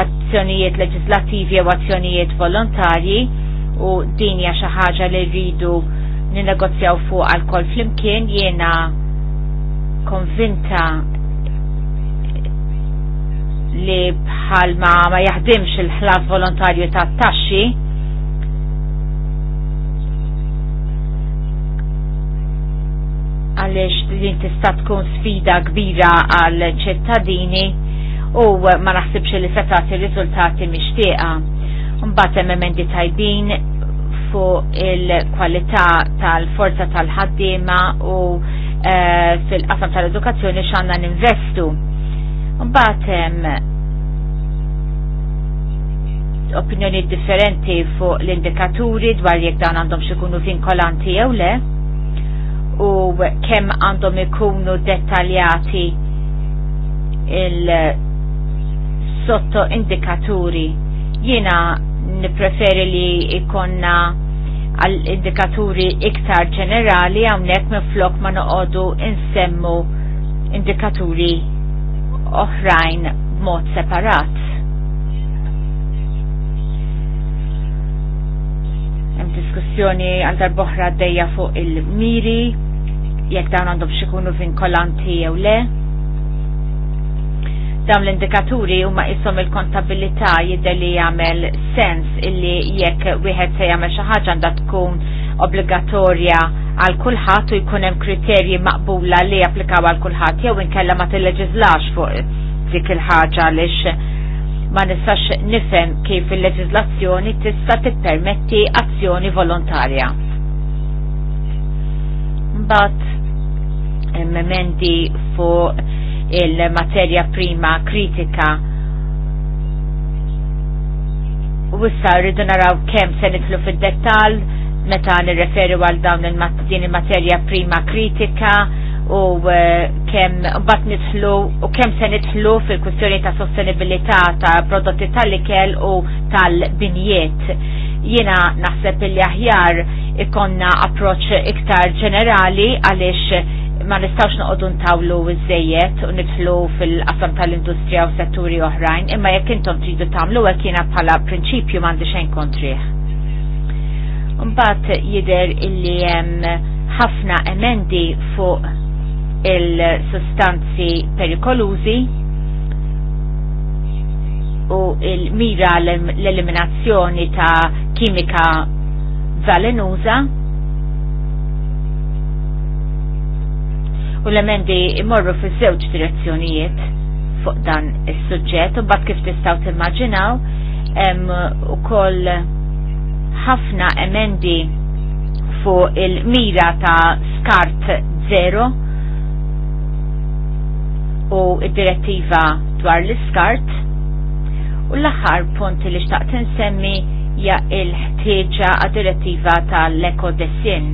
azzjonijiet leġislattivi jew azzjonijiet volontarji u din hija xi ħaġa li rridu ninegozjaw fuq għal flimkien jiena konvinta li bħal ma, ma jaħdimx il-ħlas volontarju ta' taxxi għaliex din tista' tkun sfida kbira għal ċittadini u ma naħsibx li se tagħti riżultati mixtieqa. Mbagħad hemm emendi tajbin fuq il-kwalità tal-forza tal-ħaddiema u e, fil-qasam tal-edukazzjoni x'għandna ninvestu. Mbagħad hemm opinjoni differenti fuq l-indikaturi dwar jekk dan għandhom xikunu vinkolanti jew le u kemm għandhom ikunu dettaljati il-sotto indikaturi. Jina nipreferi li ikonna għal-indikaturi iktar ġenerali għamnek minn flok ma noqodu insemmu indikaturi oħrajn mod separat. Hemm diskussjoni għal darboħra dejja fuq il-miri, jekk dawn għandhom xikunu vinkolanti jew le. Dawn l-indikaturi huma isom il-kontabilità jidher li jagħmel sens illi jekk wieħed se jagħmel xi ħaġa għandha tkun obbligatorja għal kulħadd u jkun hemm kriterji maqbula li japplikaw għal kulħadd jew inkella ma tilleġislax fuq dik il-ħaġa għaliex ma nistax nifhem kif il-leġiżlazzjoni tista' tippermetti azzjoni volontarja. Mbagħad memendi fuq il-materja prima kritika u issa rridu naraw kemm se nitlu fid-dettall meta nirreferi għal dawn il-materja prima kritika u eh, kem bat nitlu u kem se nitlu fil-kwestjoni ta' sostenibilità ta' prodotti tal-ikel u tal-binjiet. jiena naħseb li aħjar ikonna approċ iktar ġenerali għaliex ma nistawx noqogħdu ntawlu iż u nitlu fil-qasam tal-industrija u setturi oħrajn, imma jekk intom tridu tagħmlu hekk jiena bħala prinċipju m'għandi xejn kontrih. Mbagħad jidher illi hemm ħafna emendi fuq il-sustanzi perikolużi u il-mira l-eliminazzjoni ta' kimika valenuza u l-emendi imorru fi żewġ direzzjonijiet fuq dan is-suġġett u bat kif tistgħu timmaġinaw u ukoll ħafna emendi fuq il-mira ta' skart zero u id-direttiva dwar l-iskart u l-aħħar punt li xtaqt insemmi hija l-ħtieġa għad-direttiva tal-ekodesin.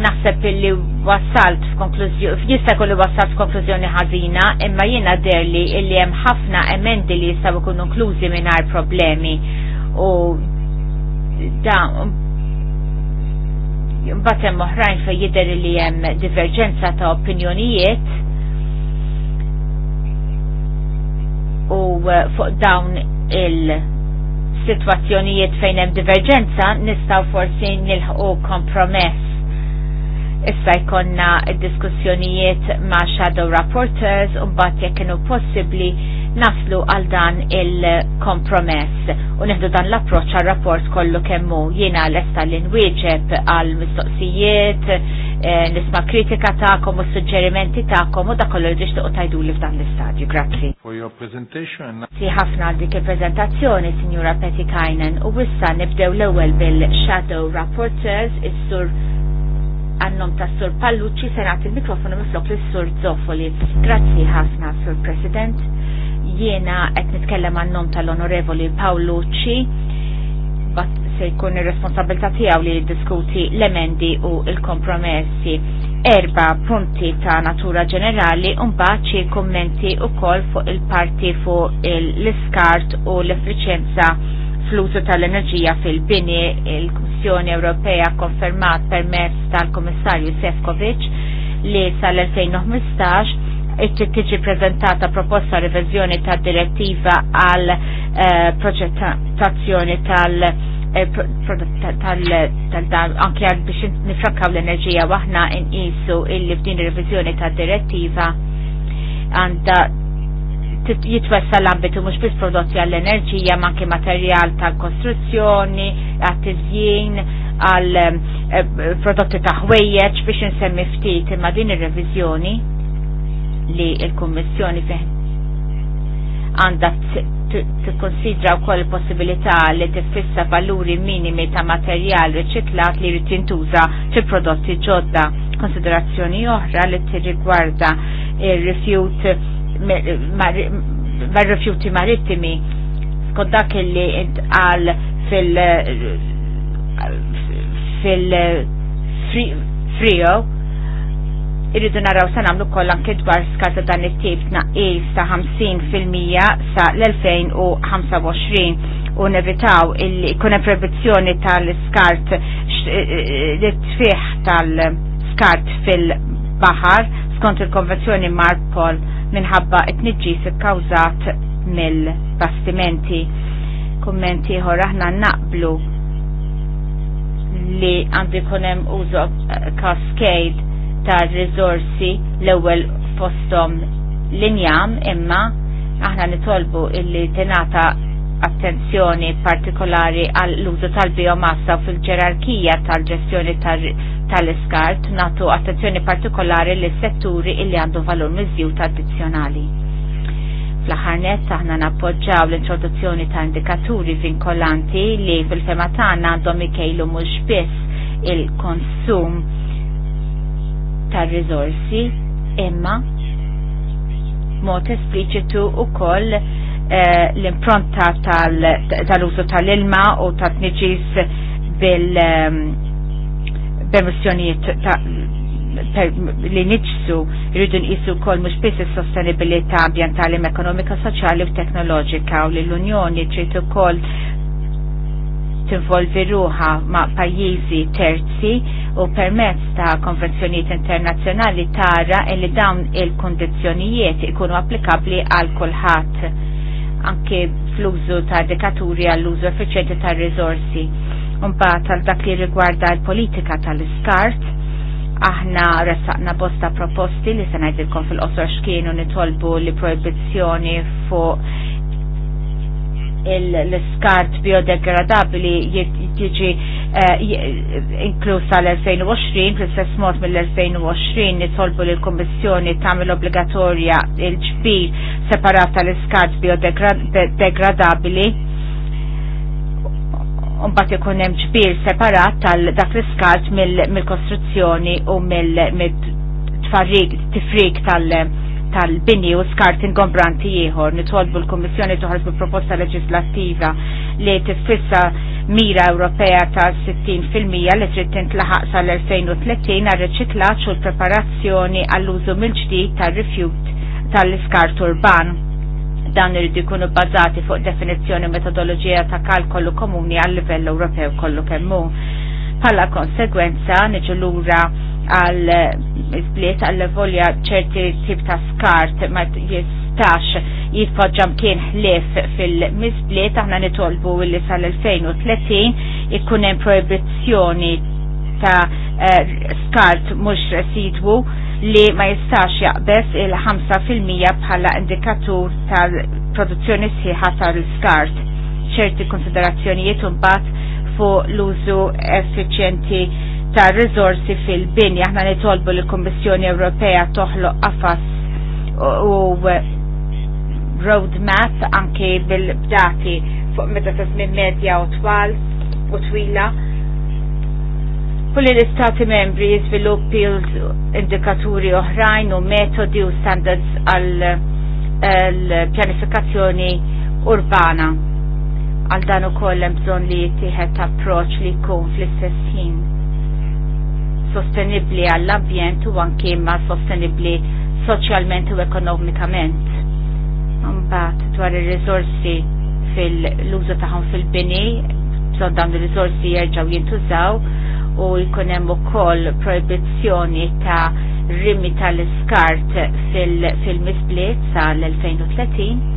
Naħseb illi wasalt f'konklużjoni, jista' kollu wasalt f'konklużjoni ħażina, imma jiena derli illi hemm ħafna emendi li jistgħu jkunu inklużi mingħajr problemi u da jimbatem oħrajn fej jider li jem diverġenza ta' opinjonijiet u uh, fuq dawn il-situazzjonijiet fejn hemm diverġenza nistgħu forsi nilħu kompromess Issa jkonna diskussjonijiet ma' shadow rapporters un bat jek kienu possibli naslu għal dan il-kompromess u neħdu dan l-approċ għal rapport kollu kemmu jiena l-esta l-inwieġeb għal mistoqsijiet, eh, nisma kritika ta'kom u suġġerimenti ta'kom u da kollu l-ġiġtu u tajdu li f'dan l-istadju. Grazzi. For your presentation. Si ħafna għal dik il-prezentazzjoni, Signora Petty Kajnen, u wissa nibdew l-ewel bil-Shadow Rapporteurs, is-Sur għannom ta' Sur Pallucci senat il-mikrofonu miflok l Sur Zofoli. Grazzi ħafna Sur President. Jiena qed nitkellem għannom tal-Onorevoli Pallucci bat se jkun ir responsabilta tiegħu li jiddiskuti l-emendi u l-kompromessi. Erba punti ta' natura ġenerali u mbagħad xi u wkoll fuq il-parti fuq l-iskart u l-effiċjenza il parti fuq l iskart u l efficienza fl-użu tal-enerġija fil-bini il-Kummissjoni Ewropea konfermat permezz tal-Komissarju Sefkovic li sal-2015 tiġi prezentata proposta revizjoni ta' direttiva għal eh, proġettazzjoni eh, tal- anke għal biex nifrakkaw l-enerġija waħna nqisu li f'din revizjoni ta' direttiva għanda jitwessa l-ambitu mux bis prodotti għall-enerġija, ma anke materjal tal-kostruzzjoni, għat-tizjien, għal eh, prodotti ta' ħwejjeġ biex nsemmi ftit imma din ir revizjoni li l-Kummissjoni fih għandha tikkonsidra wkoll il-possibilità li t-fissa valuri minimi ta' materjal riċiklat li jrid jintuża fil-prodotti ġodda. Konsiderazzjoni oħra li tirrigwarda il rifjut mar-rifjuti marittimi skont dak li intqal fil fil frio irridu naraw sa nagħmlu koll anke dwar skarta dan it-tip tnaqqis ta' 50% sa l-2025 u nevitaw il-kuna proibizzjoni tal-skart li eh, eh, eh, tfiħ tal-skart fil-bahar skont il-konvenzjoni Marpol minħabba it-nġis ikkawżat mill-bastimenti. Kummenti ħor aħna naqblu li għandu jkunem użu kaskade eh, ta' rizorsi l-ewwel fostom linjam imma aħna nitolbu illi tenata attenzjoni partikolari għall-użu tal-biomassa fil-ġerarkija tal-ġestjoni tal-iskart tal natu attenzjoni partikolari li setturi illi għandu valur miżjut addizzjonali. Fl-ħarnet taħna nappoġġaw l-introduzzjoni ta' indikaturi vinkolanti li fil-fema tagħna għandhom ikejlu mhux biss il-konsum tar rizorsi imma mod espliċitu u koll Eh, l-impronta tal-użu tal-ilma u ta' tniġis bil-permissjonijiet ehm, li nġsu rridu nqisu kol mhux biss is-sostenibilità ambjentali, ekonomika, soċjali u teknoloġika u li l-Unjoni trid ukoll tinvolvi ruħa ma' pajjiżi terzi u permezz ta' konvenzjonijiet internazzjonali tara li dawn il kondizjonijiet ikunu applikabbli għal kulħadd anke fl-użu ta' dekaturi għall-użu effiċenti ta' risorsi. Unpa tal dak li rigwarda l-politika tal-iskart, aħna ressaqna bosta proposti li se ngħidilkom fil-qosor x'kienu nitolbu li proibizzjoni fuq l-skart biodegradabili jiġi eh, inklusa l 2020 fl-istess mod mill-2020 nitolbu l kommissjoni tagħmel obbligatorja il-ġbir separat tal skart biodegradabili Unbat ikun hemm ġbir separat tal dak l-iskart mill-kostruzzjoni u mill-tfarrik tifrik tal-, tal tal-bini u skart ingombranti ieħor. Nitolbu l-Kummissjoni toħarġ bi proposta leġislattiva li tiffissa mira Ewropea ta' 60% li trid tintlaħaq sal-2030 għal riċiklaġġ u l-preparazzjoni għall-użu mill-ġdid tar-rifjut tal-iskart urban dan irid jkunu bbażati fuq definizzjoni metodoloġija ta' kalkolu komuni għal livell Ewropew kollu kemm hu. Bħala konsegwenza niġu lura għal izbliet eh, għal volja ċerti tip ta' skart ma jistax jitpoġġam kien ħlif fil-misbliet aħna nitolbu li sal-2030 ikun hemm proibizzjoni ta' eh, skart mhux residwu li ma jistax jaqbess il-5% bħala indikatur tal-produzzjoni sħiħa tal-skart ċerti konsiderazzjonijiet un fuq l-użu effiċjenti ta' rizorsi fil-bini. Aħna nitolbu li l-Kommissjoni Ewropea toħloq qafas u roadmap anke bil-bdati fuq meta tasmin medja u twal u twila. Kulli l-Istati membri jizviluppi indikaturi oħrajn u metodi u standards għal-pjanifikazzjoni urbana għal dan u koll bżon li jittieħed approċ li jkun fl-istess ħin sostenibli għall-ambjent u anke ma sostenibli soċjalment u ekonomikament. Mbagħad dwar ir-riżorsi fil-użu tagħhom fil-bini, bżonn dawn ir-riżorsi jerġgħu jintużaw u jkun hemm ukoll proibizzjoni ta' rimi tal-iskart fil-misbliet fil misbliet sal 2030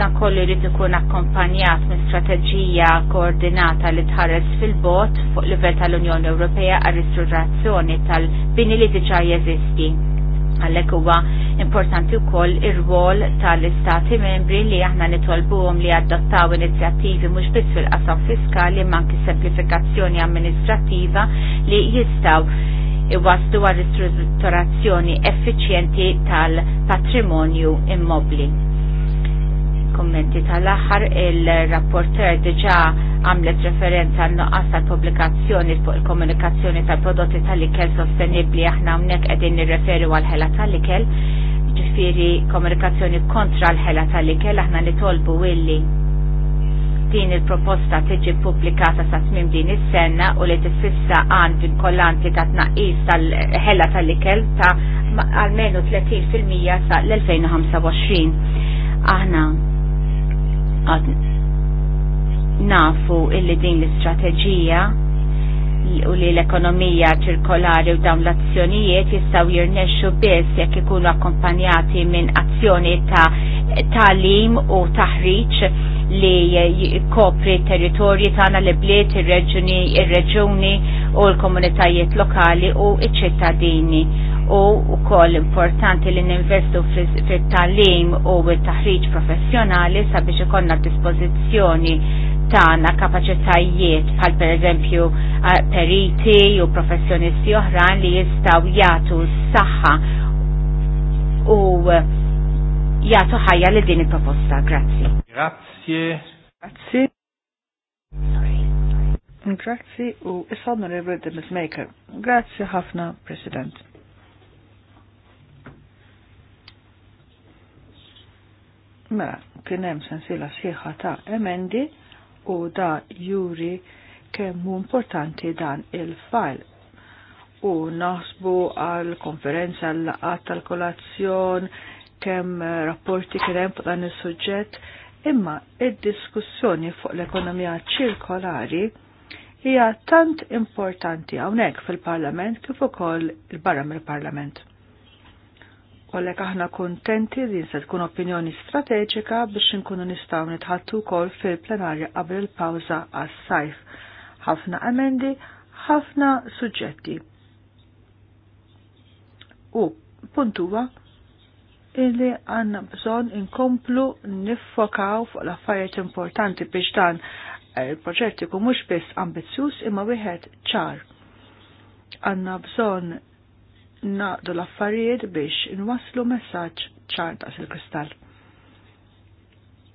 dan kollu jrid ikun akkompanjat minn strateġija koordinata li tħares fil-bot fuq livell tal-Unjoni Ewropea għal ristrurazzjoni tal-bini li diġà jeżisti għallek huwa importanti wkoll ir-rwol tal-istati membri li aħna nitolbuhom li adottaw inizjattivi mhux biss fil-qasam fiskali ma anki semplifikazzjoni amministrattiva li jistgħu iwaslu għal ristrutturazzjoni effiċjenti tal-patrimonju immobli kommenti tal-aħħar il-rapporter diġa għamlet referenza għal nuqqas publikazzjoni fuq il-komunikazzjoni tal-prodotti tal-ikel sostenibli aħna hawnhekk qegħdin nirreferi għal ħela tal-ikel, ġifiri komunikazzjoni kontra l-ħela tal-ikel aħna nitolbu illi din il-proposta tiġi publikata sa tmim din is sena u li tifissa għan kollanti ta' tnaqqis tal-ħela tal-ikel ta' almenu 30% sa l-2025. Aħna nafu illi din l-istrateġija u li l-ekonomija ċirkolari u dawn l-azzjonijiet jistaw jirnexxu biss jekk ikunu akkompanjati minn azzjoni ta' talim u taħriġ li kopri territorji tagħna li bliet ir-reġuni ir-reġuni u l-komunitajiet lokali u iċ-ċittadini u wkoll importanti li ninvestu fit-talim u t-taħriġ professjonali sabiex ikollna dispożizzjoni kapacitajiet kapaċitajiet per pereżempju periti u professjonisti oħrajn li jistgħu jagħtu s-saħħa u e, jagħtu ħajja li din il-proposta. Grazzi. Grazie. Grazie. Grazzi u issa onorevole Demis Maker. Grazie ħafna, President. Mela, kienem sensila sensiela ta' emendi u da juri kemm importanti dan il file U naħsbu għal konferenza l laqat tal-kolazzjon, kemm eh, rapporti kien hemm fuq dan is-suġġett, imma id-diskussjoni fuq l-ekonomija ċirkolari hija tant importanti hawnhekk fil-Parlament kif ukoll il-barra mill-Parlament. Kollek aħna kontenti li se tkun opinjoni strateġika biex nkunu nistaw nitħattu kol fil-plenarja qabel il-pawza għas-sajf. Ħafna emendi, ħafna suġġetti. U puntuwa illi għanna bżon inkomplu niffokaw fuq l-affarijiet importanti biex dan il-proġett ikun mhux biss ambizzjuż imma wieħed ċar. Għanna bżon naqdu l-affarijiet biex nwaslu messaġġ ċarta sil-kristall.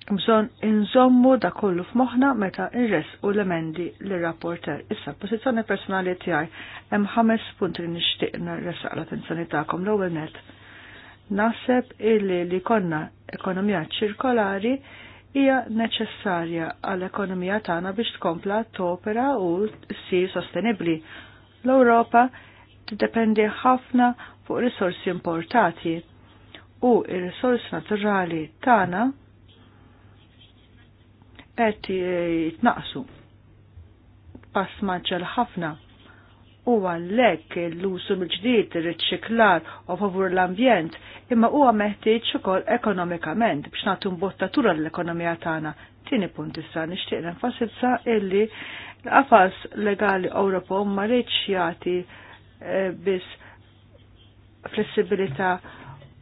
Bżon inżommu da kollu f'moħna meta nres u l-emendi l-rapporter. Issa, pozizjoni personali tijaj, hemm ħames punti li nixtieq nresaq l-attenzjoni tagħkom l-ewwel net. Naseb illi li konna ekonomija ċirkolari hija neċessarja għall ekonomija tagħna biex tkompla topera u ssir sostenibbli. L-Ewropa tiddependi ħafna fuq risorsi importati u il risorsi naturali tagħna qed jitnaqsu pass maġġel ħafna u għallek l-usu mil-ġdid ir u favur l-ambjent imma huwa meħtieġ ukoll ekonomikament biex nagħtu mbottatura l-ekonomija tagħna. Tieni punt issa nixtieq nenfasizza illi l-qafas legali Ewropew ma rridx jagħti Eh, biss flessibilità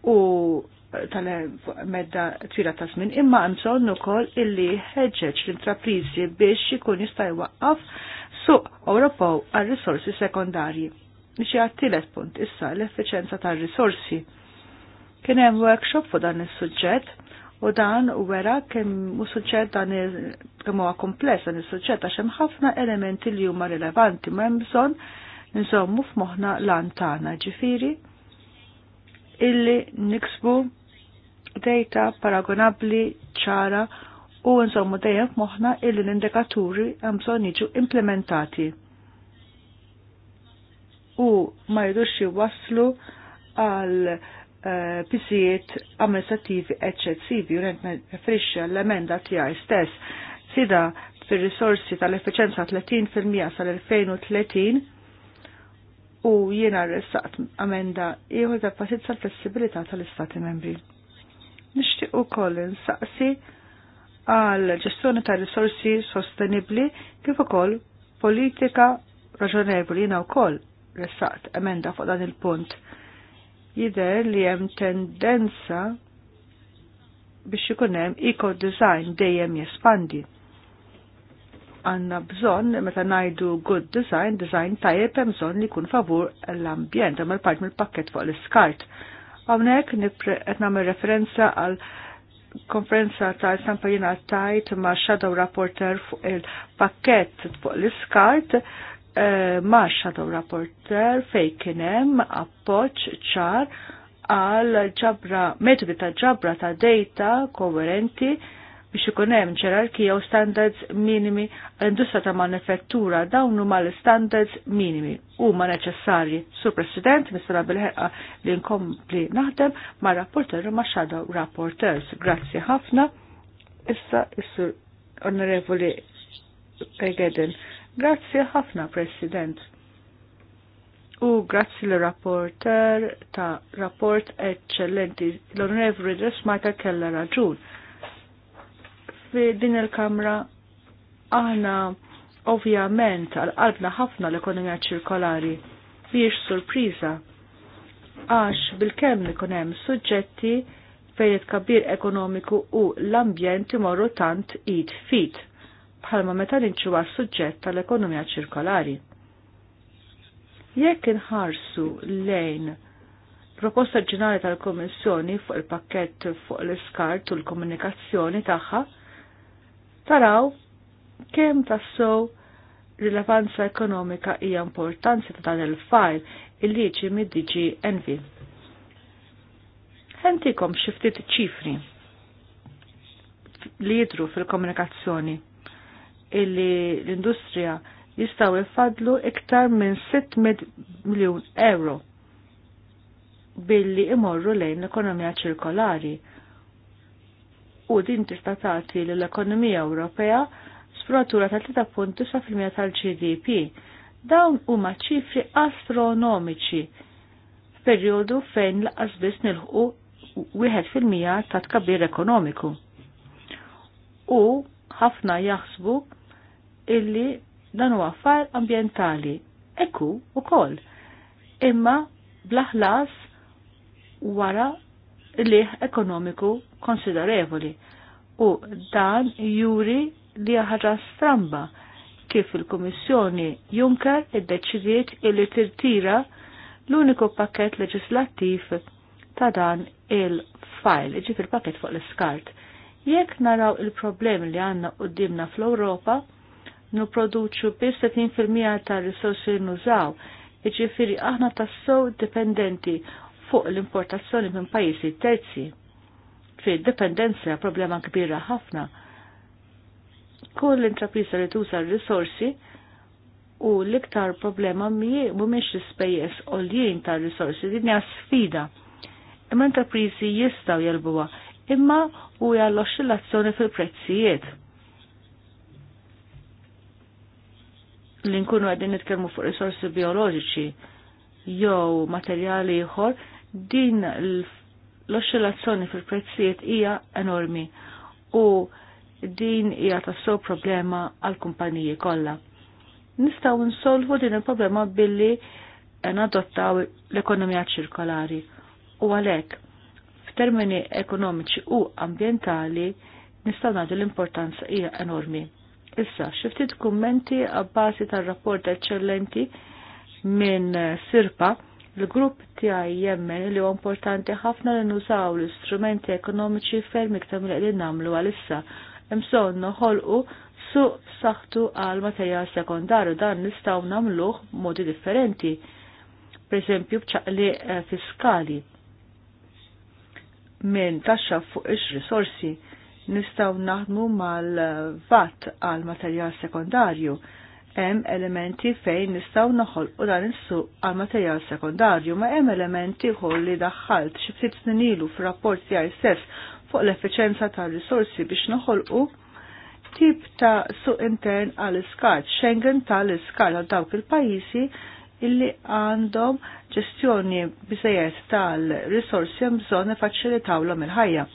u eh, tal-medda twila ta' żmien, imma hemm bżonn ukoll illi ħeġġeġ l-intrapriżi biex ikun jista' jwaqqaf suq Ewropew għal risorsi sekondarji. Nixi għattilet punt issa l-effiċenza tal-risorsi. Kien hemm workshop fuq dan is-suġġett u dan wera kemm hu suġġett dan kemm huwa kompless dan is-suġġett għax hemm ħafna elementi li huma rilevanti ma hemm bżonn nżommu f'moħna lan tagħna ġifiri illi niksbu data paragonabli ċara u nżommu dejjem f'moħħna illi l-indikaturi hemm bżonn jiġu implementati. U ma jridux waslu għal eh, pisijiet amministrativi eċċessivi, u rent referixxi għall-emenda tiegħi stess. Sida fir-risorsi tal-effiċenza 30% sal-2030 u jiena ressaqt amenda ieħor ta' pasit tal flessibilità tal-Istati membri. u ukoll saqsi għal ġestjoni ta' risorsi sostenibbli kif ukoll politika raġonevoli jiena wkoll ressaqt emenda fuq dan il-punt. Jider li hemm tendenza biex ikun hemm eco design dejjem jespandi għanna bżon, meta najdu good design, design tajjeb hemm bżon li jkun favur l-ambjent, għamil part mill-pakket fuq l skart Hawnhekk qed nagħmel referenza għal konferenza ta' stampa jiena tajt ma' shadow rapporter fuq il-pakket fuq l-iskart eh, ma' shadow rapporter fej kien hemm appoġġ ċar għal ġabra metodi ta' ġabra ta' data koherenti biex ikun hemm ġerarkija u standards minimi għall-industrija ta' manifettura dawn huma l-standards minimi huma neċessarji. Sur President, nistara bil ħeqqa li nkompli naħdem ma' rapporter ma' shadow rapporters. Grazzi ħafna. Issa is-Sur onorevoli Pegedin. Grazzi ħafna, President. U grazzi l-rapporter ta' rapport eccellenti. L-onorevoli Dresmata kella raġun fi din il-kamra aħna ovvjament għal-qalbna ħafna l-ekonomija ċirkolari biex surpriża għax bil kem ikun hemm suġġetti fejn it ekonomiku u l-ambjent imorru tant id fit bħalma meta ninċu għas suġġett tal-ekonomija ċirkolari. Jekk inħarsu lejn proposta ġenerali tal-Komissjoni fuq il-pakket fuq l-iskart u l-komunikazzjoni tagħha, taraw kemm tassow rilevanza ekonomika hija importanza ta' dan il-fajl il-liġi mid Envi. Envy. Hentikom xiftit ċifri li jidru fil-komunikazzjoni illi l-industrija jistaw ifadlu iktar minn 600 miljon euro billi imorru lejn l-ekonomija ċirkolari u din tista' tagħti lill-ekonomija Ewropea sfruttura ta' 3.9% tal-GDP. Dawn huma ċifri astronomiċi f'perjodu fejn laqas biss nilħu 1% ta' tkabbir ekonomiku. U ħafna jaħsbu illi dan huwa affar ambjentali eku u koll. Imma blaħlas wara liħ ekonomiku konsiderevoli u dan juri li ħaġa stramba kif il-Kummissjoni Juncker iddeċidiet illi tirtira l-uniku pakket leġislattiv ta' dan il-fajl, ġif il-pakket fuq l skart Jekk naraw il-problemi li għanna dimna fl-Europa, produċu bis 30% ta' risorsi nużaw, iġifiri aħna tassow dipendenti fuq l-importazzjoni minn pajjiżi terzi. fi dependenza problema kbira ħafna. Kull intrapriża li tuża r-risorsi u l-iktar problema mhumiex l-ispejjeż għoljien tar-risorsi, din hija sfida. Imma intrapriżi jistgħu jelbuha, imma u l-oxxillazzjoni fil-prezzijiet. li nkunu għedin nitkellmu fuq risorsi bioloġiċi jew materjali ieħor Din l-oscillazzjoni fil-prezzijiet hija enormi u din hija tassew problema għal kumpaniji kollha. Nistgħu nsolvu din il-problema billi nadottaw l-ekonomija ċirkolari u għalhekk f'termini ekonomiċi u ambientali nistgħu nagħdu l-importanza hija enormi. Issa, xiftit kummenti għabbażi tar-rapport eċċellenti minn Sirpa l-grupp tiegħi jemmen li huwa importanti ħafna li nużaw l-istrumenti ekonomiċi ferm iktar li qegħdin nagħmlu għalissa. Hemm sonn noħolqu suq saħtu għal materjal sekondarju dan nistgħu nagħmluh b'modi differenti. Pereżempju b'ċaqli eh, fiskali minn taxxa fuq ix-risorsi nistgħu naħdmu mal-vat għal materjal sekondarju hemm elementi fejn nistgħu noħolqu dan is-suq għal materjal sekondarju, ma hemm elementi ħol li daħħalt xi ftit snin ilu fir tiegħi stess fuq l-effiċenza tar-risorsi biex noħolqu tip ta' suq intern għal-iskat, Schengen tal-iskat għal dawk il-pajjiżi illi għandhom ġestjoni biżejjed tal-risorsi hemm bżonn ifaċilitawlhom il-ħajja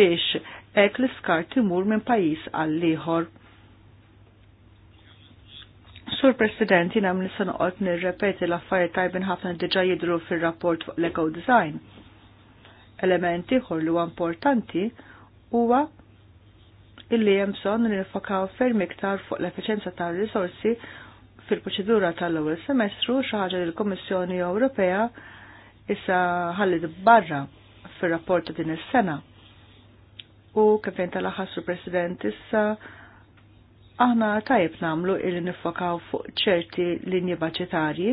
biex hekk l-iskart imur minn pajjiż għal ieħor Sur President, jina mni sanqot nirrepeti l-affarijiet tajbin ħafna diġa jidru fil-rapport fuq l-eco design. Elementi ħor li huwa importanti huwa illi hemm bżonn li nifakaw ferm iktar fuq l-efficienza tar-risorsi fil-proċedura tal-ewwel semestru xi ħaġa li l-Kummissjoni Ewropea issa ħallit barra fir-rapport ta' din is-sena. U kif tal-aħħar Sur President issa Aħna tajb namlu illi nifokaw fuq ċerti linji budgetarji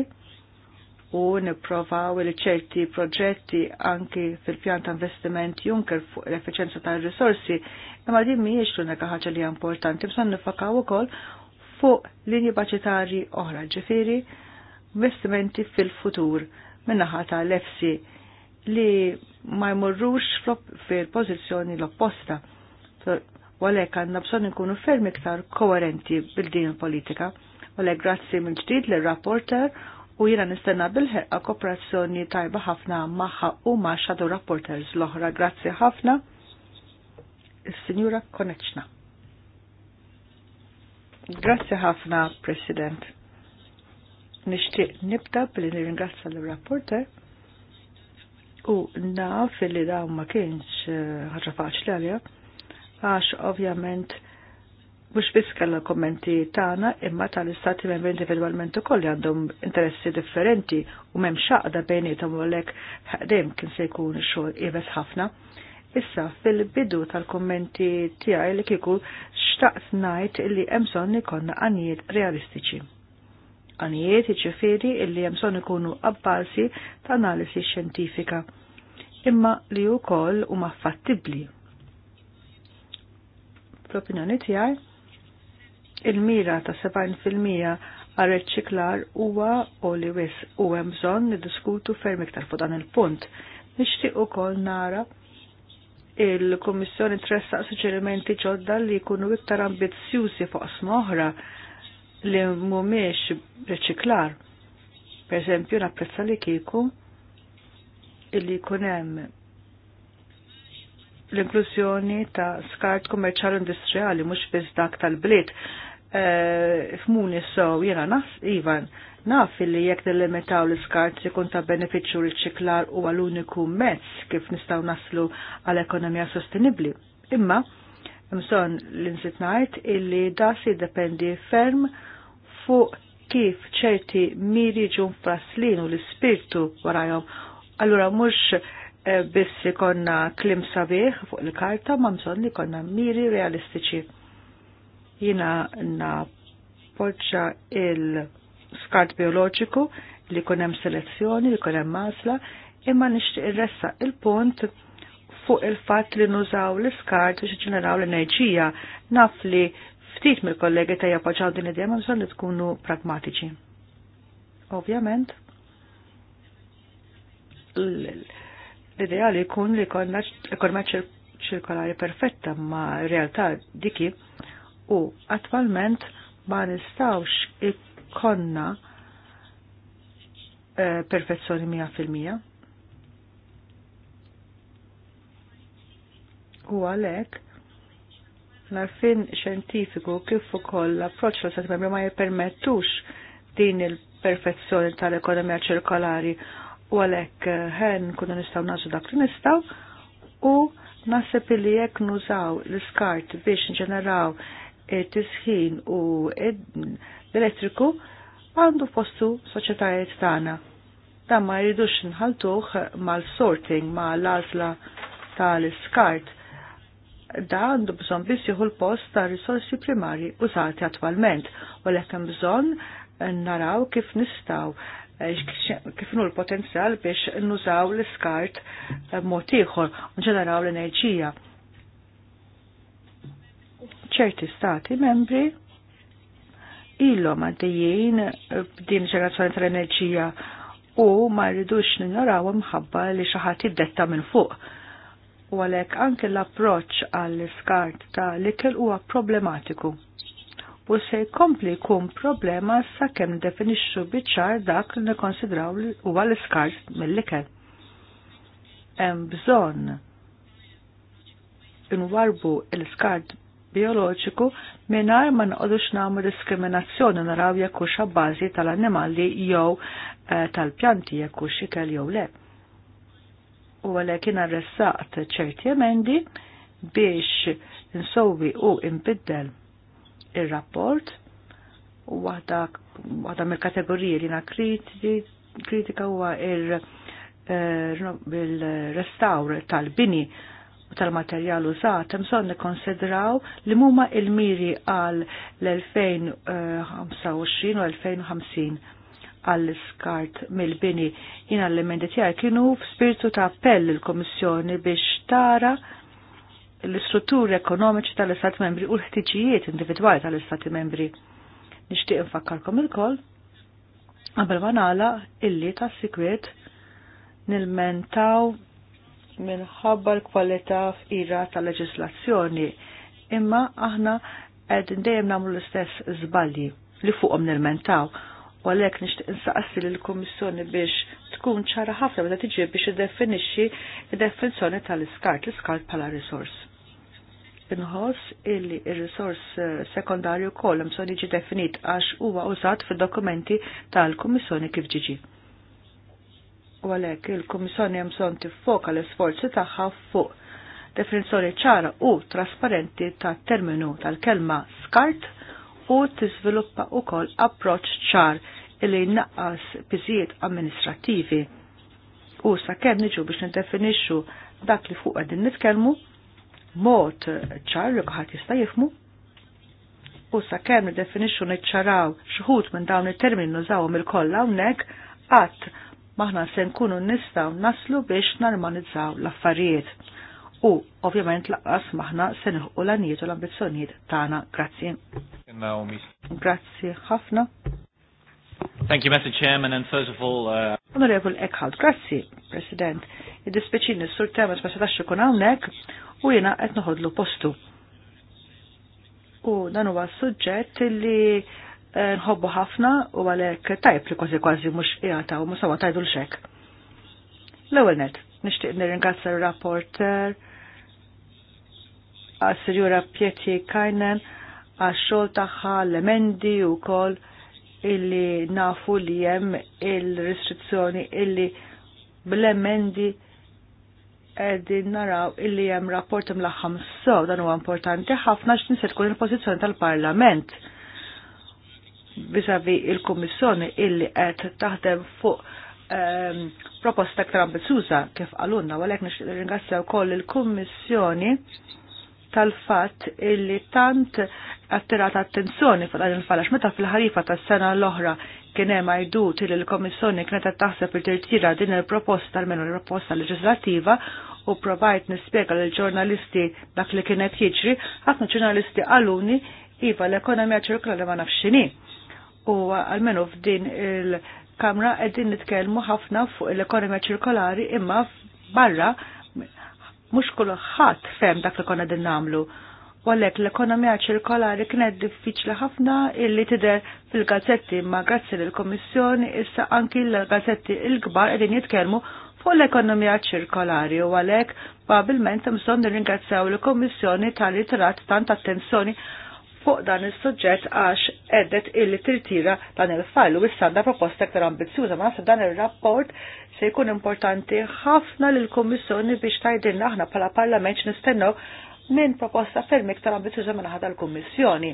u nipprovaw li ċerti proġetti anki fil-pjan ta' investiment junker fuq l-efficienza tal risorsi imma din mhijiex l-unika ħaġa li importanti b'san nifakaw ukoll fuq linji budgetarji oħra ġifiri investimenti fil-futur minnaħa l efsi li ma jmurrux fil-pożizzjoni l-opposta u għalhekk għandna bżonn inkunu ferm iktar koerenti bil-din il-politika. U grazzi mill-ġdid l rapporter u jiena nistenna bil-ħerqa kooperazzjoni tajba ħafna magħha u ma' shadow rapporters l-oħra. Grazzi ħafna. Is-Sinjura Koneċna. Grazzi ħafna, President. Nixtieq nibda billi nirringrazza l-rapporter u naf li da ma kienx eh, ħaġa faċli għalija għax ovvjament mhux biss kellha kommenti tagħna imma tal-istati membri individwalment ukoll għandhom interessi differenti u m'hemm xaqda bejnietom u għalhekk dejjem kien se jkun xogħol qiebes ħafna. Issa fil-bidu tal-kommenti tiegħi li kieku xtaqt ngħid li hemm bżonn ikollna għanijiet realistiċi għanijiet iċifiri illi jemson ikunu abbalsi ta' analisi xjentifika, imma li u koll u maffattibli fl-opinjoni tiegħi il-mira ta' 70% għal riċiklar huwa u li wis u hemm bżonn niddiskutu ferm iktar fuq dan il-punt. Nixtieq ukoll nara il-Kummissjoni tressaq suġġerimenti ġodda li jkunu iktar ambizzjużi fuq oħra li mhumiex reċiklar, Per esempio, napprezza li kieku illi jkun hemm l-inklużjoni ta' skart kommerċal industrijali mhux biss dak tal-bliet. E, f'muni so jena nas Ivan naf li jekk nillimitaw l-iskart ikun ta' benefiċċju riċiklar u għal uniku mezz kif nistgħu naslu għal ekonomija sostenibbli. Imma mson l-insit ngħid illi das jiddependi ferm fuq kif ċerti miri ġun fraslin u l-ispirtu warajhom. Allura mhux Eh, biss ikonna klim sabiħ fuq il-karta ma bżonn li konna miri realistiċi. Jina napoġġa il-skart bioloġiku li konem selezzjoni, li konem masla, imma nixtieq ressa il-punt fuq il-fatt li nużaw l skart biex ġeneraw l-enerġija naf li ftit mill-kollegi ta' japoċaw din id-dija ma li tkunu pragmatiċi. Ovvjament, l-ideali jkun li konna ekonomija ċirkolari perfetta ma realtà diki u attualment ma nistawx ikonna eh, perfezzjoni 100%. U għalek, narfin xentifiku kif ukoll l-approċċ l-sat ma jippermettux din il-perfezzjoni tal-ekonomija ċirkolari u għalek eh, ħen kuna nistaw nasu dak li nistaw u nasib li jek nużaw l-skart biex nġeneraw eh, tisħin u eh, l-elettriku għandu postu soċetajiet tagħna. Dan ma jridux nħaltuh mal-sorting ma l-għażla tal skart Da għandu bżonn biss jieħu l-post ta' risorsi primari użati attwalment, u l-hemm bżonn naraw kif nistaw kifnu l-potenzjal biex nużaw l-skart eh, mod ieħor u nġeneraw l-enerġija. ċerti stati membri ilhom għaddejjin eh, b'din ġenerazzjoni tal-enerġija u ma rridux ninjoraw mħabba li xi ħadd jiddetta minn fuq. U għalhekk anke l-approċċ għall-iskart ta' l-ikel huwa problematiku u se jkompli jkun problema sakemm definixxu biċar dak li nikkonsidraw li huwa l-iskart mill-ikel. Hemm bżonn inwarbu l-iskart bioloġiku mingħajr ma noqogħdux nagħmlu diskriminazzjoni naraw jekk hux abbażi tal-annimali jew eh, tal-pjanti jekk hux ikel jew le. U għalhekk jiena ressaqt ċerti emendi biex insowi u imbiddel il-rapport u waħda mill-kategoriji li na kritika huwa eh, il-restawr tal-bini u tal-materjal użat, imson nikkonsidraw li huma il-miri għal l-2025 eh, u 2050 għall-skart mill-bini jina l-emendi kienu kienu f'spiritu ta' appell il komissjoni biex tara l-istrutturi ekonomiċi tal-Istati membri u l-ħtiġijiet individwali tal-Istati membri. Nixtieq infakkarkom il-koll qabel ma nagħla illi ta' sikwiet nilmentaw minħabba l-kwalità f'ira tal-leġislazzjoni imma aħna qegħdin dejjem nagħmlu l-istess żbalji li fuqhom nilmentaw u għalhekk nixtieq insaqsi lill-Kummissjoni biex tkun ċara ħafna meta tiġi biex iddefinixxi id-definizzjoni tal-iskart, l-iskart bħala risors. Inħoss illi ir-risors eh, sekondarju wkoll hemm jiġi definit għax huwa użat fid-dokumenti tal-Kummissjoni kif ġiġi. U għalhekk il-Kummissjoni hemm bżonn tiffoka l-isforzi tagħha fuq definizzjoni ċara u trasparenti tat terminu tal-kelma skart u tiżviluppa wkoll approċċ ċar illi naqqas piżijiet amministrativi u sakemm niġu biex nindefinixxu dak li fuq qegħdin nitkellmu mod ċar li kulħadd jista' jifmu u sakemm niddefinixxu niċċaraw xħut minn dawn it-termini nużawhom il-kollha hawnhekk qatt maħna se nkunu nistgħu naslu biex normalizzaw l-affarijiet. U ovvjament laqqas maħna se nħuqqu l-anijiet u l-ambizzjonijiet tagħna. Grazzi. Grazzi ħafna. Thank you, Mr. Chairman, and first of all... Uh... Eckhart, grazie, President. id dispeċin sur temas ma setax kun hawnhekk u jiena qed noħodlu postu. U dan huwa suġġett li eh, nħobbu ħafna u għalhekk tajb li kważi kważi mhux qiegħata u mhux sawa tajdu l-xek. L-ewwel net, nixtieq nirringrazzja r-rapporter għas sirjura Pieti Kajnen għax xol tagħha l-emendi u koll illi nafu li jem il-restrizzjoni illi bl-emendi din naraw illi jem rapport mlaħħam so dan huwa importanti ħafna se tkun il-pożizzjoni tal-Parlament bisavi il-Kummissjoni illi qed taħdem fuq um, proposta aktar ambizjuża kif għalunna, għalek nix ringrazzja wkoll il-Kummissjoni tal-fatt illi tant attirat attenzjoni fuq dan il-falax meta fil-ħarifa tas-sena l-oħra kien hemm għajdut li l-Komissjoni kienet taħseb il-tirtira din il-proposta tal-menu l-proposta leġislattiva u provajt nispjega l ġurnalisti dak li kienet jiġri, ħafna ġurnalisti għaluni iva l-ekonomija ċirkulari ma nafxini. U almenu f'din il-Kamra qegħdin nitkellmu ħafna fuq l-ekonomija ċirkolari imma barra mhux ħadd fem dak li konna din nagħmlu. U għalhekk l-ekonomija ċirkolari kienet diffiċli ħafna illi tidher fil-gazzetti ma grazzi lill kummissjoni issa anki l-gazzetti l-kbar qegħdin jitkellmu fuq l-ekonomija ċirkolari u għalhekk probabbilment hemm nirringrazzjaw il-Kummissjoni tal-li tant attenzjoni fuq dan il-sujġett għax eddet illi tirtira dan il-fall u issanda proposta ktar ambizzjuża ma dan il-rapport se jkun importanti ħafna l kummissjoni biex tajdilna aħna bħala parlament nistennew minn proposta ferm ktar ambizzjuża minn ħadha l-kummissjoni.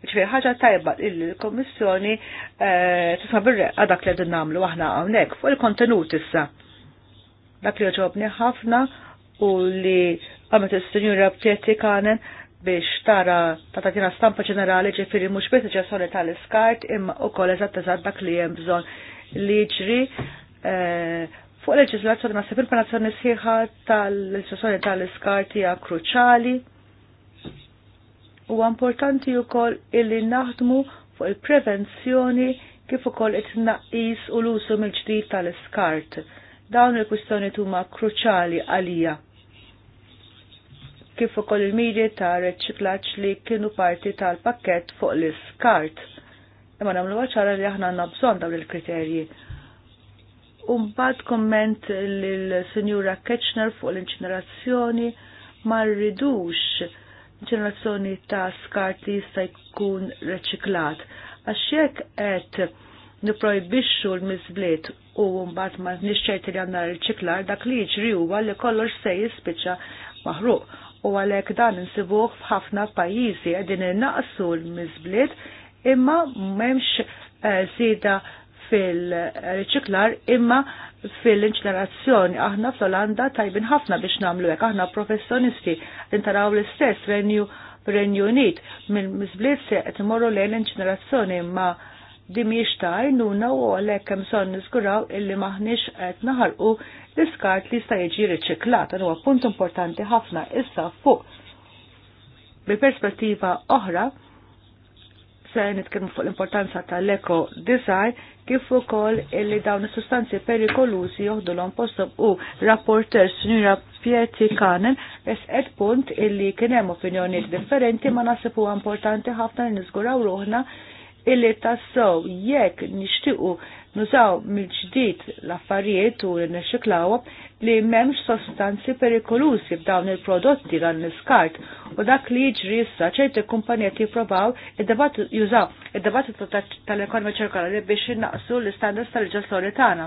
Ġifier ħaġa tajba il-Kommissjoni eh, tisma' birre dak li qegħdin nagħmlu aħna hawnhekk fuq il-kontenut issa. Dak li ħafna u li għamet il senjura Pjeti Kanen biex tara ta' tatina stampa ġenerali ġifiri mux biss ġessoni tal-iskart imma u kol eżat eżat dak li jem bżon li ġri eh, fuq leġislazzjoni ma' sepil panazzjoni sħiħa tal-leġislazzjoni tal-iskart hija kruċali u importanti u kol illi naħdmu fuq il-prevenzjoni kif ukoll it-tnaqqis u l-usu mill-ġdid tal-iskart. Dawn il-kwistjoni huma kruċali għalija kif ukoll il midja ta' reċiklaġġ li kienu parti tal-pakkett fuq l-iskart. Imma nagħmlu ċara li aħna għandna bżonn dawn il-kriterji. Umbad komment lill sinjura Ketchner fuq l-inċinerazzjoni ma rridux ġenerazzjoni ta' skart li jista' jkun reċiklat. Għax jekk qed niprojbixxu l-miżbliet u mbagħad ma nixċerti li għandna riċiklar dak li jiġri huwa li kollox se jispiċċa maħruq u għalhekk dan insibuh f'ħafna pajjiżi qegħdin innaqsu l mizblit imma m'hemmx zida eh, fil-riċiklar imma fil-inċinerazzjoni. Aħna fl-Olanda tajbin ħafna biex nagħmlu hekk, aħna professjonisti intaraw l-istess renju renju Unit mill mizblit se qed morru lejn l-inċinerazzjoni imma dimiex ta' għajnuna u għalek kemson son nizguraw illi maħnix għet naħarqu l-iskart li jista' jiġi riċiklat huwa punt importanti ħafna issa fuq bil-perspettiva oħra se nitkellmu fuq l-importanza tal-eko design kif ukoll illi dawn is-sustanzi perikolużi joħdulhom postom u rapporter Sinjura Pieti Kanen es ed punt illi kien hemm opinjonijiet differenti ma nasib huwa importanti ħafna li niżguraw ruħna illi tassew jekk nixtiequ nużaw mill-ġdid l-affarijiet u nixxiklawhom li m'hemmx sostanzi perikolużi f'dawn il-prodotti dan l skart u dak li jiġri issa ċerti kumpanijiet jiprobaw id-debat jużaw id debat tal-ekonomija ċirkolari biex innaqsu l-istandards tal-ġaslori tagħna.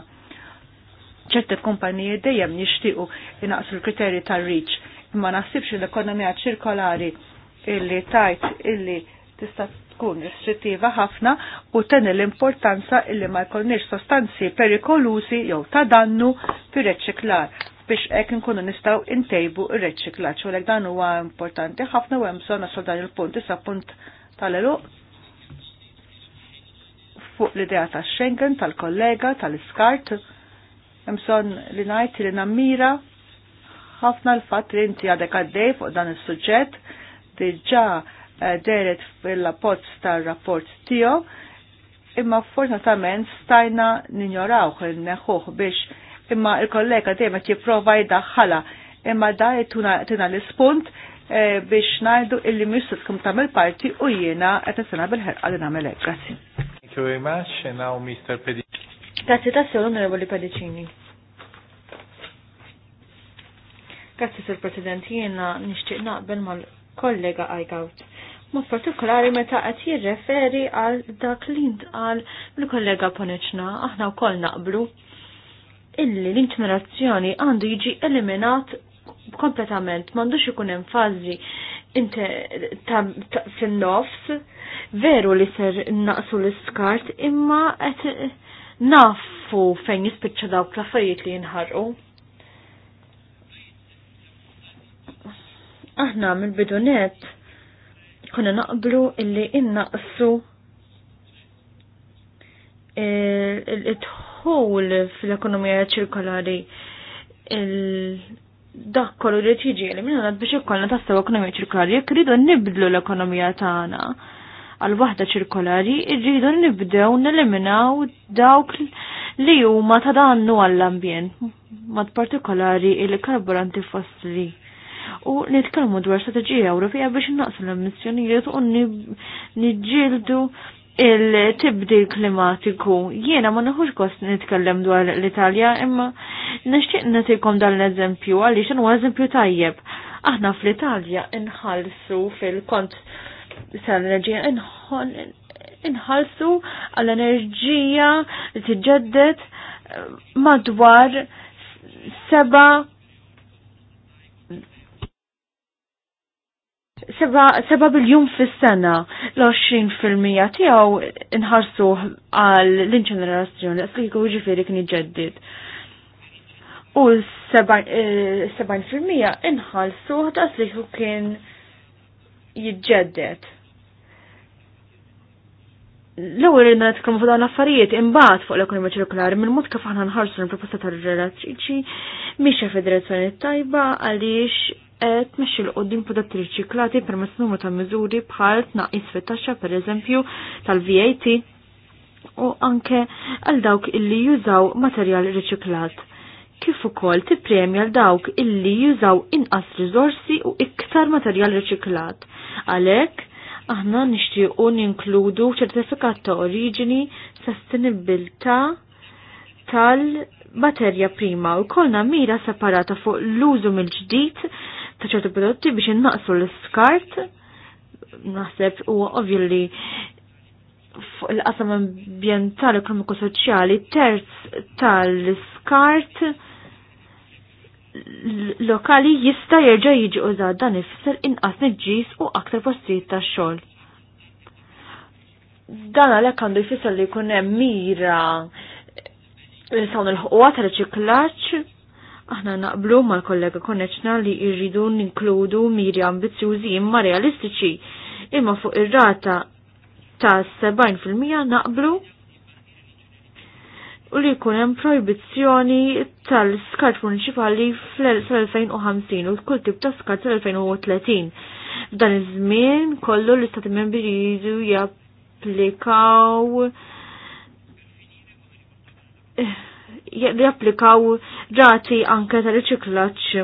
ċerti kumpanijiet dejjem jixtiequ innaqsu l-kriterji tar-riċ imma naħsibx l-ekonomija ċirkolari illi tajt illi tista' tkun restrittiva ħafna u ten l-importanza illi ma jkollniex sostanzi perikolużi jew ta' dannu fir reċiklar biex ek nkunu nistaw intejbu ir-reċiklaċ u dan huwa importanti ħafna u hemm bżonn nasol dan il-punt issa punt tal-eluq fuq l-idea ta' Schengen, tal-kollega, tal-iskart, imson li najt li nammira ħafna l-fat li inti għadek għaddej fuq dan il-sujġet, diġa Eh, deret fil-appoġġ tar-rapport tiegħu, imma fortunatament stajna ninjorawh neħuh biex imma il-kollega dejjem qed jipprova jdaħħala imma da tina l-ispunt eh, biex najdu illi mistut kum tagħmel parti u jiena qed sena bil-ħerqa li nagħmel hekk. Grazzi. Thank you very much and now Mr. Pedicini. Grazzi tassew l-Onorevoli Pedicini. Grazzi Sir President, jiena nixtieq naqbel mal-kollega Eichhout mod partikolari meta qed jirreferi għal dak li ntqal mill-kollega Poneċna, aħna wkoll naqblu illi l-intimidazzjoni għandu jiġi eliminat kompletament, m'għandux ikun hemm fażi fin-nofs, veru li ser naqsu l-iskart, imma qed nafu fejn jispiċċa dawk l-affarijiet li jinħarqu. Aħna mill-bidunet kuna naqblu illi innaqsu il-tħol fil-ekonomija ċirkolari dak kollu li tiġi eliminat biex ikkollna tassaw ekonomija ċirkolari jekk rridu nibdlu l-ekonomija tagħna għal waħda ċirkolari irridu nibdew neliminaw dawk li huma ta' dannu għall-ambjent, mad partikolari il-karburanti fossili u nitkellmu dwar strateġija Ewropea biex naqsu l-emissjonijiet u niġġieldu il-tibdil klimatiku. Jiena ma naħux kost nitkellem dwar l-Italja, imma nixtieq natikom dan l-eżempju għaliex huwa eżempju tajjeb. Aħna fl-Italja inħallsu fil-kont tal-enerġija inħallsu għall-enerġija li tiġġedded eh, madwar seba' 7 jum fis-sena l-20% tiegħu inħarsuh għal l-inċenerazzjoni li kieku ġifiri kien ġeddit. U s-70% eh, inħarsu għas li kien jiġġedded l-ewwel irid nitkellmu fuq dawn l-affarijiet imbagħad fuq l-ekonomija ċirkolari mill-mod kif aħna nħarsu l-proposta tal-relatriċi mhix fid-direzzjoni tajba għaliex tmexxi l qoddim prodotti riċiklati permezz numru ta' miżuri bħal tnaqqis fit-taxxa pereżempju tal-VAT u anke għal dawk illi jużaw materjal riċiklat. Kif ukoll tippremja għal dawk illi jużaw inqas riżorsi u iktar materjal riċiklat. Għalhekk aħna nixtiequ ninkludu ċertifikat ta' oriġini sostenibilità tal materja prima u kolna mira separata fuq l-użu mill-ġdid ta' ċertu prodotti biex innaqsu l-skart, naħseb u ovvju li fuq il-qasam ambientali, ekonomiku soċjali, terz tal-skart lokali jista' jerġa' jiġi użat dan ifisser inqas niġġis u aktar postijiet tax-xogħol. Dan għalhekk għandu jfisser li jkun hemm mira li sawn il-ħuqa tal-riċiklaġġ Aħna naqblu mal-kollega konneċna li irridu ninkludu miri ambizjużi imma realistiċi. Imma fuq ir-rata ta' 70% naqblu u li jkun hemm proibizzjoni tal-skart municipali fl-2050 u kull tip ta' skart tal-2030. F'dan iż-żmien kollu l-istati membri jridu japplikaw eh, japplikaw rati anke ta' riċiklaċ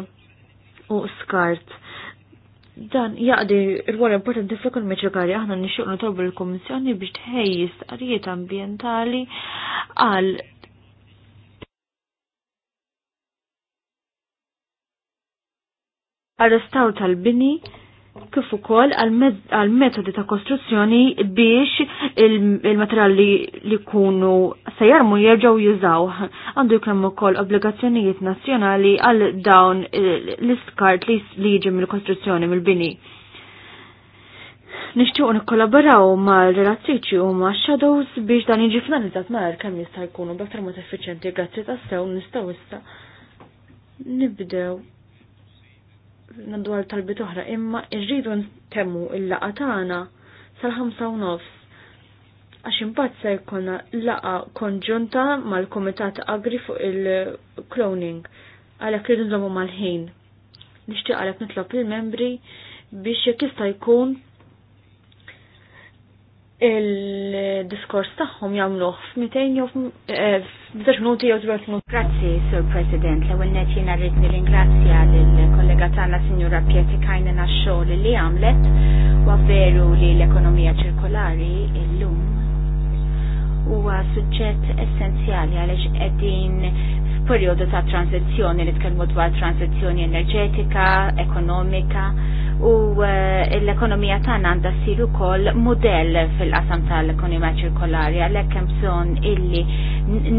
u skart. Dan jaqdi il għor importanti fl-ekonomija meċekari, aħna nixuqnu tobu l-Komissjoni biex tħejjis stqarijiet ambientali għal arrestaw tal-bini kif ukoll għal metodi ta' kostruzzjoni biex il-materjali li jkunu se jarmu jerġgħu jużaw. Għandu jkun ukoll obbligazzjonijiet nazzjonali għal dawn l-iskart li jiġi mill-kostruzzjoni mill-bini. Nixtiequ nikkollaboraw mal-relazziċi u ma' shadows biex dan jiġi finalizzat mar kemm jista' jkunu b'aktar mod effiċjenti grazzi tas-sew nistgħu issa nibdew Nadwar għal talbit oħra, imma irridu ntemmu il-laqa tagħna sal-5 nofs. Għax imbagħad se jkollna laqa konġunta mal-Kumitat Agri fuq il-cloning għalhekk rridu nżommu mal-ħin. Nixtieq għalhekk nitlob il-membri biex jekk jista' jkun il-diskors tagħhom jagħmluh jow jew f'bżax eh, minuti jew żewġ minuti. Grazzi, Sur President, la ewwel nett rrit rrid ingrazzja l kollega tagħna Sinjura Pieti Kajnen għax-xogħol li għamlet u veru li l-ekonomija ċirkolari illum huwa suġġett essenzjali għaliex qegħdin perjodu ta' transizjoni li tkellmu dwar tranzizzjoni enerġetika, ekonomika u eh, l-ekonomija tagħna għandha ssir ukoll mudell fil-qasam tal-ekonomija ċirkolari għalhekk hemm bżonn illi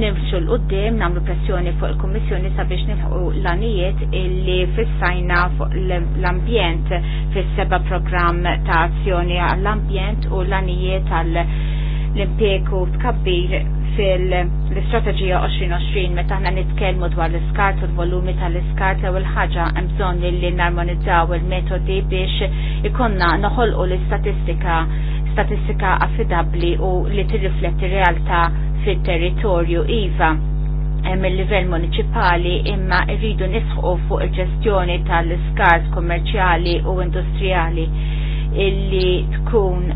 nimxu l qudiem nagħmlu pressjoni fuq il-Kummissjoni sabiex nifqu l-anijiet illi fissajna fuq l-ambjent fis-seba' programm ta' azzjoni għall-ambjent u l-anijiet għall l-impjeku tkabbir fil-istrateġija 2020 meta aħna nitkellmu dwar l-iskart u l-volumi tal-iskart l ewwel ħaġa hemm bżonn li narmonizzaw il-metodi biex ikonna noħolqu l-istatistika statistika affidabbli u li tirrifletti realtà fit-territorju iva mill-livell municipali imma rridu nisħu fuq il-ġestjoni tal-iskart kommerċjali u industrijali illi tkun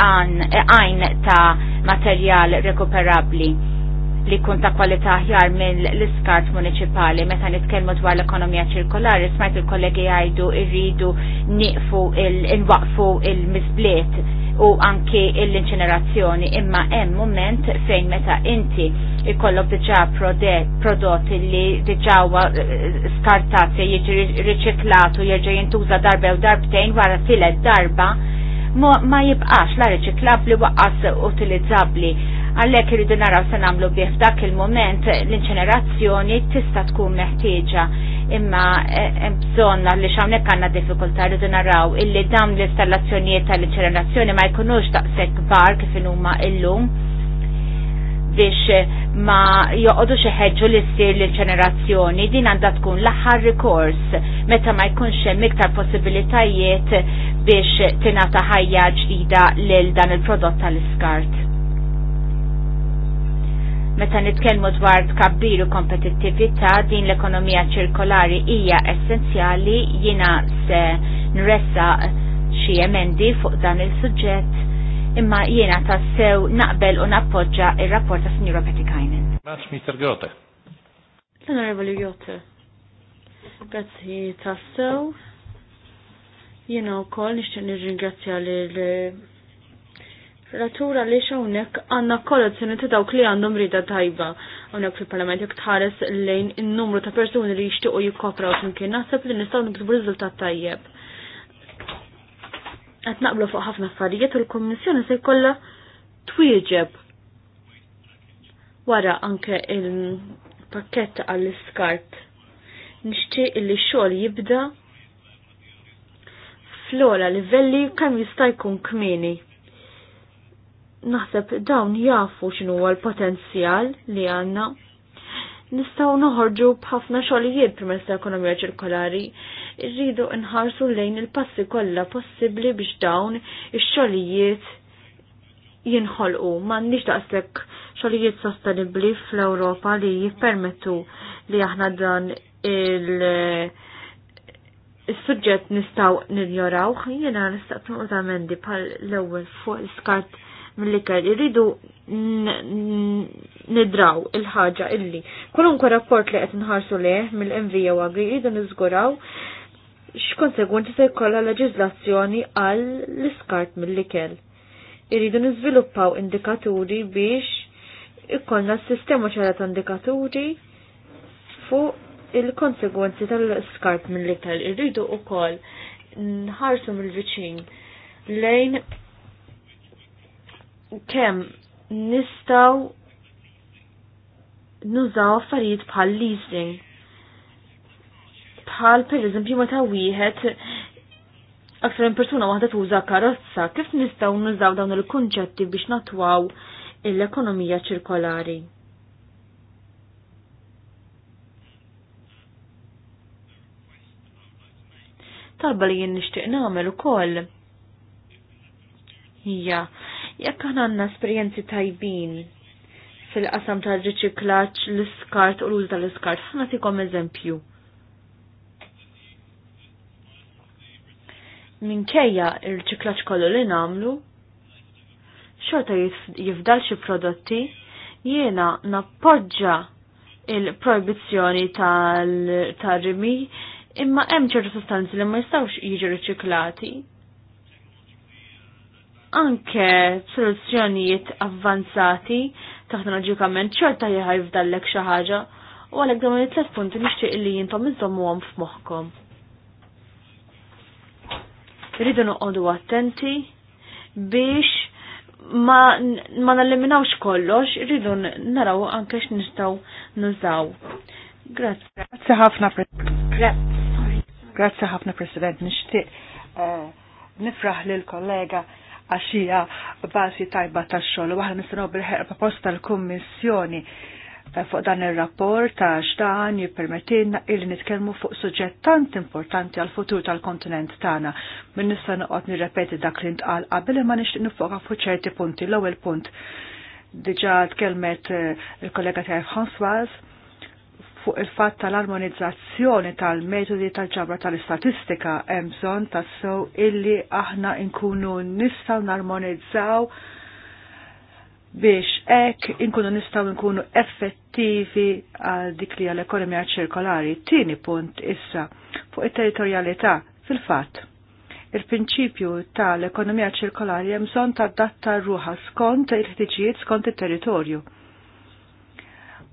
Eh, għajn ta' materjal rekuperabli li kun ta' kwalità aħjar minn l-iskart municipali meta nitkellmu dwar l-ekonomija ċirkolari smajt il-kollegi jgħidu irridu niqfu il-waqfu il-misbliet u anki l-inċenerazzjoni imma hemm moment fejn meta inti ikollok diġà prodotti li diġà eh, jiġri riċiklat riċiklatu jerġa' jintuża darba u darbtejn wara tielet darba ma jibqax la riċiklabli waqqas utilizzabli. Għallek irridu naraw se nagħmlu bih f'dak il-moment l-inċenerazzjoni tista' tkun meħtieġa imma bżonna e, bżonn li hawnhekk għandna diffikultà rridu naraw illi dawn l-installazzjonijiet tal-inċenerazzjoni ma jkunux daqshekk kbar kif huma illum biex eh, ma joqodu xeħġu li ssir l-ġenerazzjoni din għandha tkun l-aħħar rikors meta ma jkunx hemm iktar possibilitajiet biex tingħata ħajja ġdida lil dan il-prodott tal-iskart. Meta nitkellmu dwar tkabbir u kompetittività din l-ekonomija ċirkolari hija essenzjali jiena se nressa xi emendi fuq dan il-suġġett imma jiena ta' sew naqbel u nappoġġa il-rapport ta' Sinjura Petikajnen. Max Mr. Grote. L-Onorevoli Grote. Grazzi ta' sew. Jiena u koll nishtiq nirringrazzja l-relatura eh, li xawnek għanna kollezzjoni ta' dawk li għandhom rida tajba. Għonek fil-parlament jek tħares lejn il-numru ta' persuni li jikopra u kien naħseb li nistaw nikbu riżultat tajjeb qed naqblu fuq ħafna affarijiet u l-Kummissjoni se jkollha twieġeb wara anke il-pakkett għall-iskart. Nixtieq illi x-xogħol jibda fl-ora livelli kemm jista' jkun kmieni. Naħseb dawn jafu x'inhu l-potenzjal li għandna. Nistgħu noħorġu b'ħafna xogħlijiet permezz ta' ekonomija ċirkolari irridu nħarsu lejn il-passi kollha possibbli biex dawn ix-xogħlijiet jinħolqu. M'għandix daqshekk xogħlijiet sostenibbli fl-Ewropa li jippermettu li aħna dan il- Is-suġġett nistgħu nirjoraw, jiena nistaq tinqu amendi bħal l-ewwel fuq l-skart mill-ikel irridu nidraw il-ħaġa illi. Kolunkwe rapport li qed nħarsu leh mill-MV jew agri irridu niżguraw x'konsegwenzi se jkollha leġiżlazzjoni għal l-iskart mill-ikel. Iridu niżviluppaw indikaturi biex ikollna s-sistema ċara ta' indikaturi fuq il-konsegwenzi tal-iskart mill-ikel. Irridu wkoll nħarsu mill-viċin lejn kemm nistgħu nużaw affarijiet bħal leasing bħal per eżempju meta wieħed aktar minn persuna waħda tuża karozza, kif nistgħu nużaw dawn il-kunċetti biex natwaw l-ekonomija ċirkolari? Talba li jien nixtieq nagħmel ukoll. Hija, jekk aħna għandna esperjenzi tajbin fil-qasam tal-riċiklaġġ l-iskart u l-użu tal-iskart, ħanatikom eżempju minkejja il-ċiklaċ kollu li namlu, xorta jifdal xi prodotti, jiena nappoġġa il-proibizzjoni tal-rimi imma hemm ċertu sostanzi li ma jistgħux jiġu riċiklati. Anke soluzzjonijiet avvanzati teknoloġikament ċerta jħajfdallek xi ħaġa u għalhekk dawn it-tlet punti nixtieq li jintom iżommuhom f'moħħkom. Rridu noqogħdu attenti biex ma, ma nalliminawx kollox, rridu naraw anke x'nistgħu nużaw. Grazzi. Grazzi ħafna Grazzi ħafna President, nixtieq eh, nifraħ lil kollega għaxija bażi tajba tax-xogħol u nistgħu nistennew bil-ħerqa posta l-Kummissjoni Eh, fuq dan il-rapport ta' xdan jippermettilna il nitkellmu fuq suġġett tant importanti għal futur tal-kontinent tagħna. Min nista' noqgħod nirrepeti dak li ntqal qabel ma nixtieq nifoka fuq ċerti punti. L-ewwel punt diġa' tkellmet eh, il-kollega tiegħi François fuq il-fatt tal-armonizzazzjoni tal-metodi tal-ġabra tal-istatistika hemm bżonn tassew illi aħna nkunu nistgħu narmonizzaw biex ek inkunu nistaw nkunu effettivi għal dik li għal-ekonomija ċirkolari. Tieni punt issa fuq it-territorialità fil-fatt. Il-prinċipju tal-ekonomija ċirkolari hemm bżonn tadatta ruħa skont il-ħtiġijiet skont it-territorju.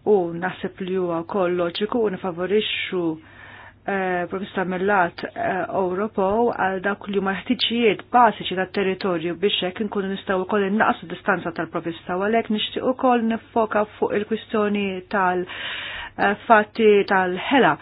U naħseb li huwa wkoll loġiku u nifavorixxu professor Mellat lat għal dak li huma ħtiġijiet bażiċi tat-territorju biex hekk inkunu nistgħu wkoll innaqsu distanza tal-provista u għalhekk nixtieq ukoll niffoka fuq il-kwistjoni tal-fatti eh, tal-ħela. tal fatti tal ħela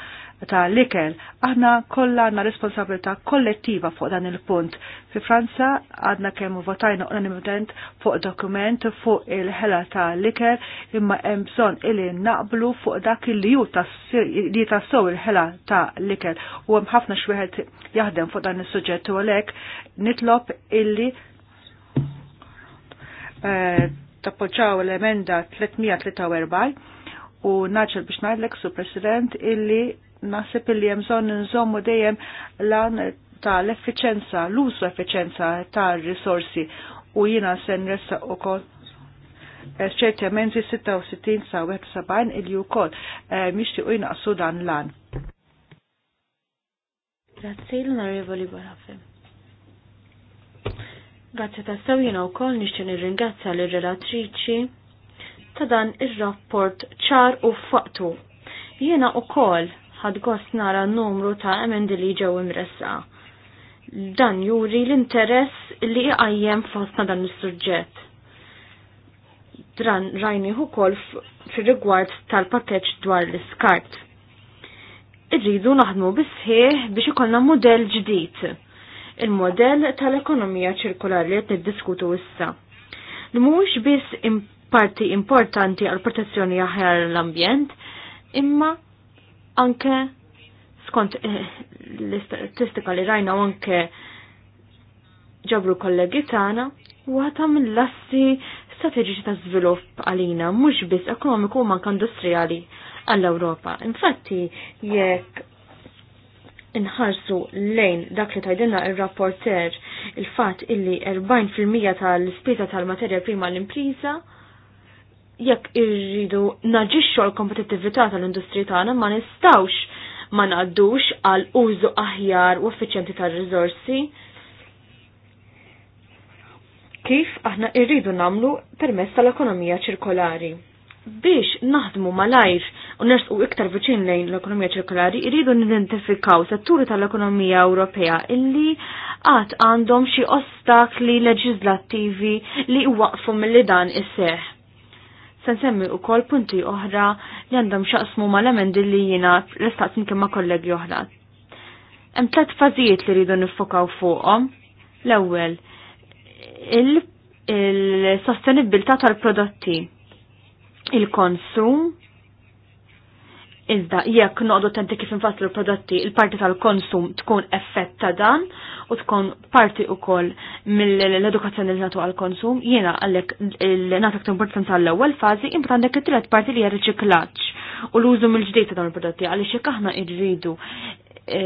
ta' l-ikel. Aħna kollha għandna responsabilità kollettiva fuq dan il-punt. Fi Franza għadna kemm votajna unanimement fuq dokument fuq il-ħela ta' l-ikel imma hemm bżonn illi naqblu fuq dak li ju li tassew il-ħela ta' l-ikel. U hemm ħafna xwieħed jaħdem fuq dan is-suġġett u għalhekk nitlob illi eh, tappoġġaw l-emenda 343 u naċel biex najdlek su President illi naħseb li jemżon bżonn nżommu dejjem lan l effiċenza l użu effiċenza ta' risorsi u jiena se kol. ukoll eh, menzi 66 sa 71 il-ju kol mixtiqu jnaqsu dan lan. Grazie l-onorevoli Barafe. Grazie ta' sew jina u kol nixtieq nirringrazzja l relatriċi ta' dan ir-rapport ċar u faqtu. Jiena u kol ħad gost nara n-numru ta' emendi li ġew imressa. Dan juri l-interess li għajjem fosna dan is-suġġett. Dran rajni ukoll fir-rigward tal-pakkeġġ dwar l-iskart. Irridu naħdmu bisħieħ biex ikollna modell ġdid. Il-modell tal-ekonomija ċirkolari li qed niddiskutu issa. Li mhux biss parti importanti għal protezzjoni aħjar l-ambjent, imma anke skont eh, l-istatistika li rajna anke ġabru kollegi tagħna u ta' l assi strateġiċi ta' żvilupp għalina mhux biss ekonomiku u manka industrijali għall-Ewropa. Infatti jekk inħarsu lejn dak li tajdilna il-rapporter il-fat illi 40% tal-spiża tal-materja prima l-impriża jekk irridu naġixxu għal kompetittività tal industri tagħna ma nistawx ma ngħaddux għal użu aħjar u effiċjenti tar-riżorsi. Kif aħna irridu namlu permezz tal-ekonomija ċirkolari. Biex naħdmu malajr u nersqu iktar viċin lejn l-ekonomija ċirkolari, irridu nidentifikaw setturi tal-ekonomija Ewropea illi għat għandhom xi ostakli leġislattivi li waqfu mill-li dan is-seħ sensemmi nsemmi wkoll punti oħra li għandhom xaqsmu mal-emendi li jiena restaqt kien ma' kollegi oħra. Hemm tliet fażijiet li rridu nifokaw fuqhom. L-ewwel il-sostenibilità tal-prodotti, il-konsum, Iżda jekk noqdu tenti kif infasslu l-prodotti, il-parti tal-konsum tkun effett ta' dan u tkun parti koll mill-edukazzjoni li natu għal-konsum, jiena għallek il-natak importanza għall-ewwel fazi, imbagħad għandek it-tielet parti li hija ċiklaċ u l-użu mill-ġdid ta' dawn il-prodotti għaliex jekk aħna rridu e,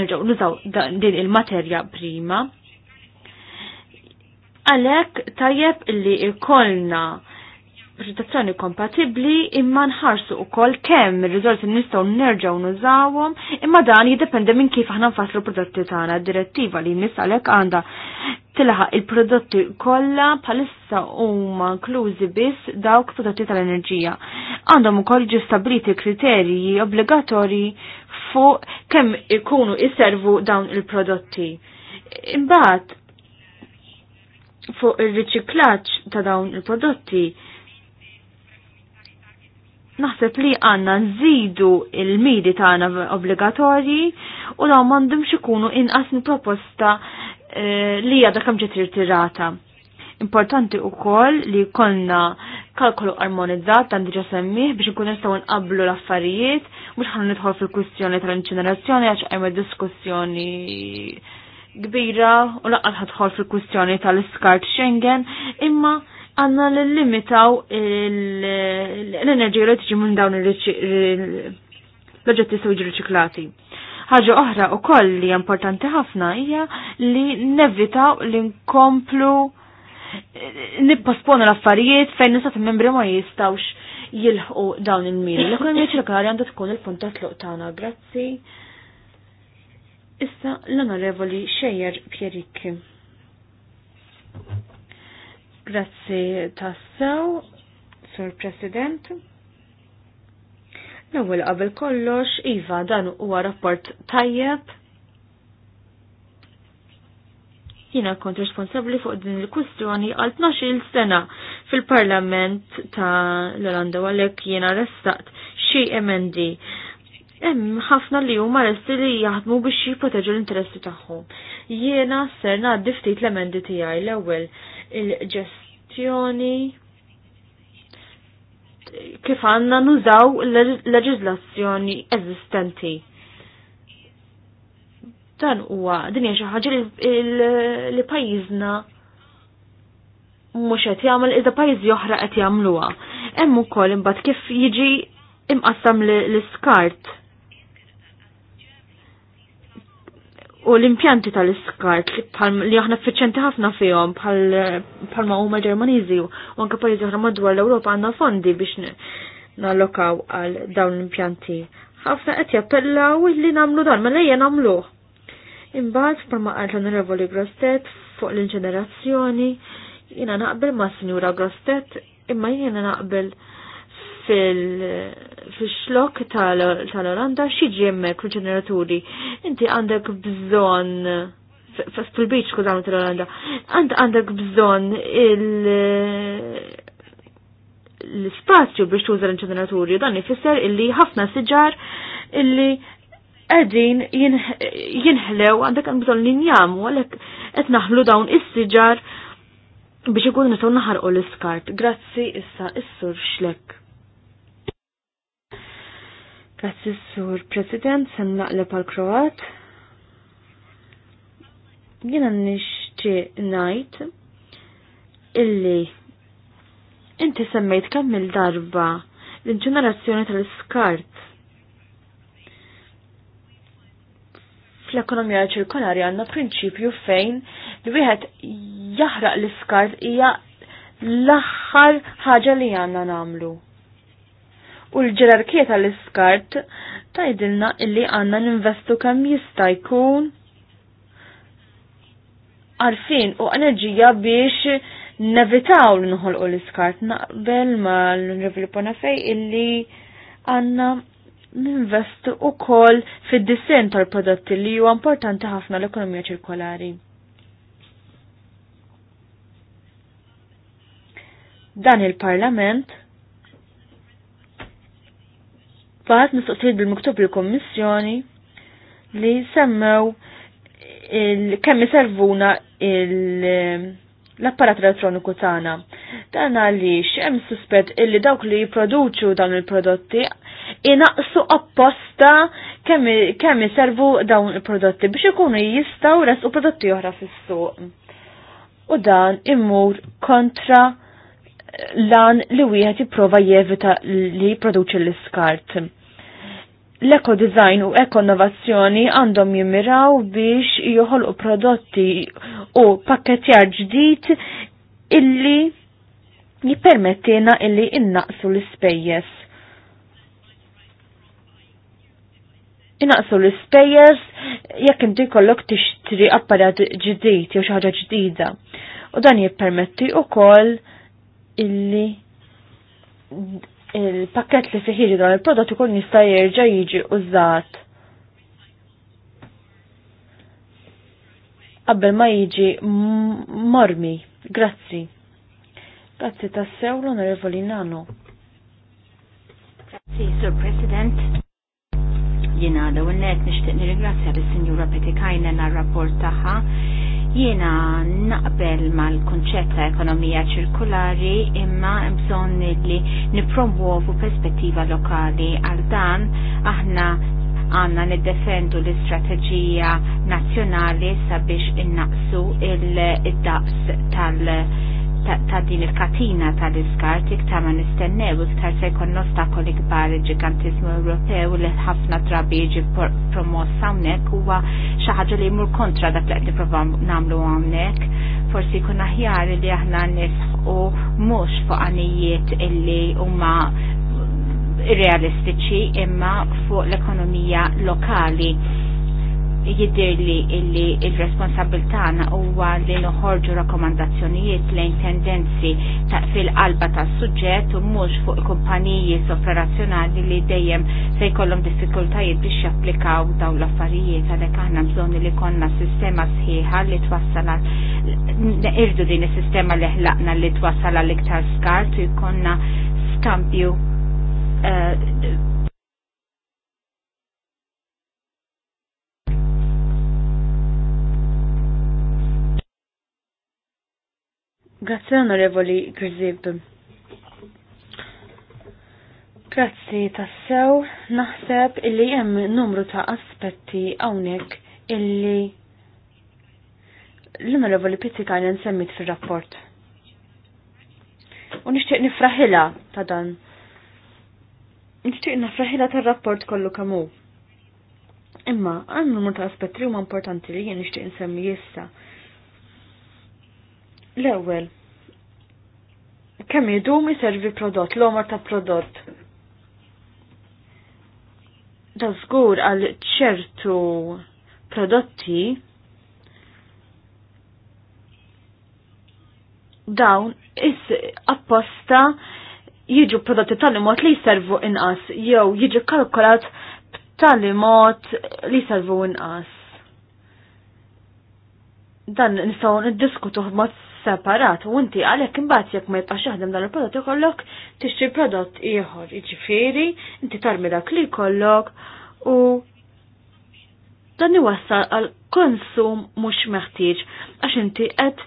nerġgħu nużaw din il-materja prima. Għalhekk tajjeb li ikolna proġettazzjoni kompatibli imma nħarsu kol kemm ir rizorsi nistgħu nerġgħu nużawhom imma dan jiddependi minn kif aħna nfasslu prodotti tagħna. Direttiva li jmiss għanda għandha tilaħaq il-prodotti kollha bħalissa huma inklużi biss dawk prodotti tal-enerġija. Għandhom ukoll ġi stabiliti kriterji obbligatorji fuq kemm ikunu jiservu dawn il-prodotti. Imbagħad fuq ir-riċiklaġġ ta' dawn il-prodotti naħseb li għanna nżidu il-midi tagħna obbligatorji u daw m'għandhomx ikunu inqas proposta eh, li għadha kemm ġiet irtirata. Importanti wkoll li konna kalkolu armonizzat għandi ġa semmih biex nkun nistgħu nqablu l-affarijiet mhux ħallu nidħol fil-kwistjoni tal-inċinerazzjoni għax qajma diskussjoni kbira u laqgħat ħadħol fil-kwistjoni tal-iskart Schengen imma għanna l-limitaw l-enerġija li tiġi minn dawn l-oġġetti sewġi riċiklati. Ħaġa oħra u koll li importanti ħafna hija li nevitaw li nkomplu eh, nipposponu l-affarijiet fejn nisat membri ma jistawx jilħu dawn il-miri. L-ekonomija ċirkolari għandha tkun il punta ta' tluq tagħna, grazzi. Issa l-onorevoli Xejjer Pjerikki. Grazzi tassaw, Sur President. L-ewwel qabel kollox, iva dan huwa rapport tajjeb. Jiena kont responsabbli fuq din il-kwistjoni għal 12-il sena fil-Parlament ta' l-Olanda għalhekk jiena restaqt xi emendi. Hemm ħafna li huma resti li jaħdmu biex jipproteġu l-interessi tagħhom. Jiena ser ngħaddi ftit l-emendi tiegħi l-ewwel il-ġestjoni kif għanna nużaw l leġizlazzjoni eżistenti. Dan huwa din hija xi ħaġa li pajjiżna mhux qed jagħmel iżda pajjiżi oħra qed jagħmluha. Hemm ukoll imbagħad kif jiġi imqassam l-iskart. U l-impjanti tal-iskart li aħna effiċenti ħafna fihom bħalma huma Ġermaniżi u anke pajjiżi oħra madwar l-Ewropa għandna fondi biex nallokaw għal dawn l-impjanti. Ħafna qed jappellaw li nagħmlu dan, mela ejja nagħmluh. Imbagħad bħalma qalt l-Onorevoli Grostet fuq l-inġenerazzjoni, jiena naqbel ma' Sinjura Grostet imma jiena naqbel fil fil xlok tal-Olanda xiġi hemmhekk fil-ġeneraturi. Inti għandek bżonn fil-beach kużamu tal-Olanda, għandek bżonn il- l-spazju biex tuża l-inċeneraturi dan ifisser illi ħafna siġar illi qegħdin jinħlew għandek għan bżon l-injam, għalhekk qed naħlu dawn is-siġar biex ikun nistgħu naħarqu l-iskart. Grazzi issa is-sur xlek. Grazie sur President, sen naqleb għal Kroat. Jena nixċi najt illi inti semmejt kemm il-darba l-ġenerazzjoni tal-skart fl-ekonomija ċirkolari għandna prinċipju fejn li wieħed jaħraq l-iskart hija l-aħħar ħaġa li għandna nagħmlu u l-ġerarkija tal-iskart tajdilna illi għanna ninvestu kemm jista' jkun għarfin u enerġija biex nevitaw li nħolqu l-iskart naqbel ma l-Reveli fej illi għanna ninvestu u kol fid-disin tal-prodotti li huwa importanti ħafna l-ekonomija ċirkolari. Dan il-parlament bat mistoqsijiet bil-miktub il-Kommissjoni li semmew kemm iservuna l-apparat elettroniku tagħna. Dan għaliex hemm suspett illi dawk li jipproduċu dawn il-prodotti inaqsu apposta kemm iservu dawn il-prodotti biex ikunu jistgħu resqu prodotti oħra fis-suq. U dan immur kontra lan li wieħed jipprova jevita li jipproduċi l-iskart. L-eko design u eko innovazzjoni għandhom jimmiraw biex joħolqu prodotti u pakketjar ġdid illi jippermettina illi innaqsu l-ispejjeż. Innaqsu l-ispejjeż jekk inti jkollok tixtri apparat ġdid jew xi ħaġa ġdida. U dan jippermetti wkoll illi il-pakket li fiħi ġidra il-prodott ikun jista' jerġa' jiġi użat qabel ma jiġi marmi, Grazzi. Grazzi tassew l-onorevoli Nano. Grazzi, Sir President. Jina l-għunnet nishtiq nirringrazzja l-Sinjura Petikajnen na' rapport taħħa Jiena naqbel mal-konċett ta' ekonomija ċirkulari imma bżon li nipromuovu perspettiva lokali għal dan aħna għanna niddefendu l-istrateġija nazzjonali sabiex innaqsu il-daqs tal- ta' din il-katina tal diskart iktar ma nistennew iktar se jkun ostakoli kbar il-ġigantiżmu Ewropew li ħafna drabi ġi promos hawnhekk huwa xi ħaġa li jmur kontra dak li qed nippruvaw nagħmlu hawnhekk. Forsi jkun aħjar li aħna nisħu mhux fuq anijiet illi huma realistiċi imma fuq l-ekonomija lokali jiddir li illi il-responsabiltana huwa li noħorġu rakkomandazzjonijiet lejn tendenzi ta' fil-qalba ta' suġġett u mhux fuq kumpaniji operazzjonali li dejjem se jkollhom diffikultajiet biex japplikaw dawn l-affarijiet għalhekk aħna bżonn li konna sistema sħiħa li twassal irdu din is-sistema li ħlaqna li twassal għal iktar skart u jkollna skambju eh, Grazie onorevoli Grzib. Grazzi tassew, naħseb illi hemm numru ta' aspetti hawnhekk illi l-onorevoli Pizzikanen semmit fir-rapport. U nixtieq nifraħila ta' dan. Nixtieq nifraħila tar-rapport kollu kamu. hu. Imma għan numru ta' aspetti huma importanti li jien nixtieq insemmi issa. L-ewwel, kemm idum iservi prodott, l-omor ta' prodott. Da' żgur għal ċertu prodotti dawn is apposta jiġu prodotti tal mod li jservu inqas, jew jiġu kalkulat tal mod li jservu inqas. Dan nistgħu niddiskutu b'mod separat u inti għalhekk imbagħad jekk ma jibqax jaħdem dan il-prodott ikollok tixtri prodott ieħor, jiġifieri inti tarmi dak li jkollok u dan iwassal għal konsum mhux meħtieġ għax inti qed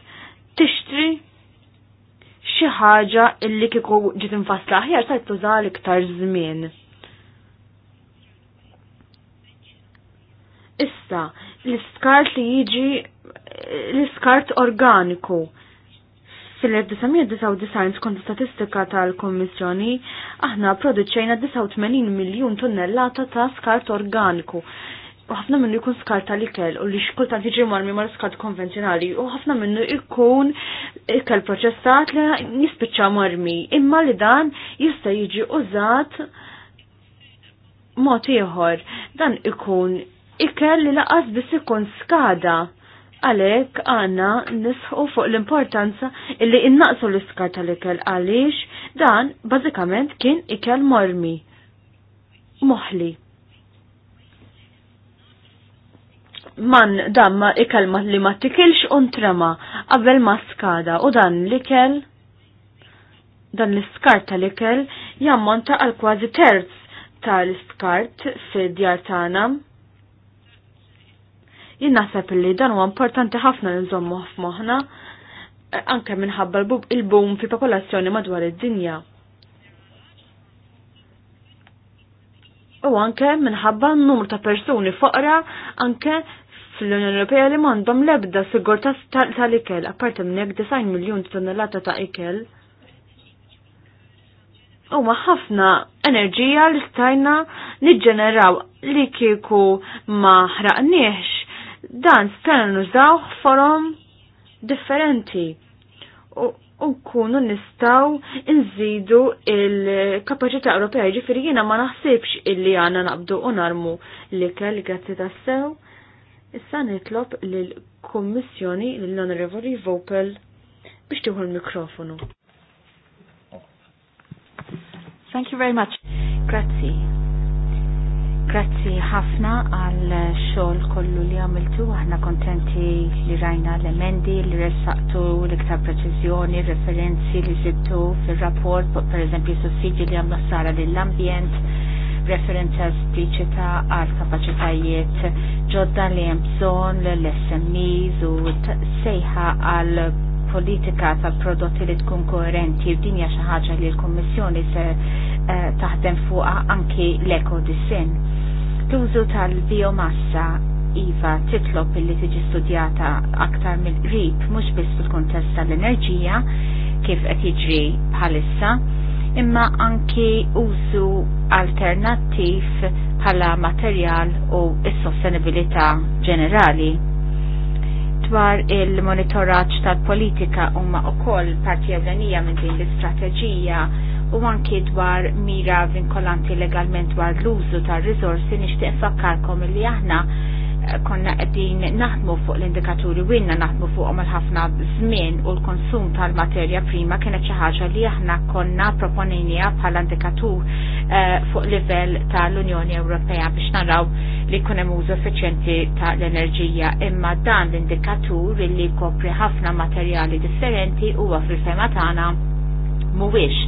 tixtri xi ħaġa illi kieku ġiet infassla aħjar se tuża iktar żmien. Issa, l-iskart li jiġi l-iskart organiku. Fil-1999 skont statistika tal-Kommissjoni, aħna produċċejna 89 miljun tonnellata ta' skart organiku. U ħafna minnu jkun skart tal-ikel u li xkultant jiġi marmi mal skart konvenzjonali u ħafna minnu jkun ikel proċessat li nispiċċa marmi imma li dan jista' jiġi użat mod ieħor dan ikun ikel li laqas biss ikun skada Għalek għanna nisħu fuq l-importanza illi innaqsu l-iskar tal-ikel għaliex dan bażikament kien ikel mormi. muħli. Man damma ikel ma li ma tikilx untrema qabel ma skada u dan l-ikel dan l-iskar tal-ikel jammonta għal kważi terz tal-iskart fid-djar tagħna. Jien naħseb li dan huwa importanti ħafna li nżommu f'moħħna eh, anke minħabba il-boom fi popolazzjoni madwar id-dinja. U anke minħabba n-numru ta' persuni foqra anke fl-Unjoni Ewropea li m'għandhom l-ebda sigurtà tal-ikel, apparti minn hekk design miljun tonnellata ta' ikel. Huma ħafna enerġija li stajna niġġeneraw li kieku ma ħraqniex dan stan nużaw forom differenti u kunu nistaw nżidu il-kapacità Ewropea ġifiri jiena ma naħsibx illi għanna naqbdu u narmu li kell grazzi tas-sew. Issa nitlob lill-Kummissjoni l-Honorevoli Vopel biex tieħu l-mikrofonu. Thank you very much. Grazzi. Grazzi ħafna għal xogħol kollu li għamiltu, aħna kontenti li rajna l-emendi, li ressaqtu l-iktar preċiżjoni, referenzi li zittu fil-rapport, per eżempju sussidji li għamlu sara lill-ambjent, referenza espliċita għal kapacitajiet ġodda li hemm bżonn l-SMEs u sejħa għal politika ta' prodotti li tkun koerenti u dinja xi ħaġa li l-Kummissjoni se eh, taħdem fuqha anki l-eko disin L-użu tal-biomassa iva titlob illi tiġi studjata aktar mill-qrib mhux biss fil-kuntest tal-enerġija kif qed jiġri bħalissa, imma anki użu alternattiv bħala materjal u s-sostenibilità ġenerali dwar il-monitoraġġ tal-politika huma wkoll parti ewlenija minn din l-istrateġija u anki dwar mira vinkolanti legalment dwar l-użu tar risorsi nixtieq fakkarkom li aħna eh, konna qegħdin naħdmu fuq l-indikaturi winna naħdmu fuqhom għal ħafna żmien u l-konsum tal-materja prima kienet xi ħaġa li aħna konna proponejnija bħala indikatur eh, fuq livell tal-Unjoni Ewropea biex naraw li jkun hemm użu effiċjenti tal-enerġija imma dan l-indikatur li jkopri ħafna materjali differenti huwa fil-fema tagħna mhuwiex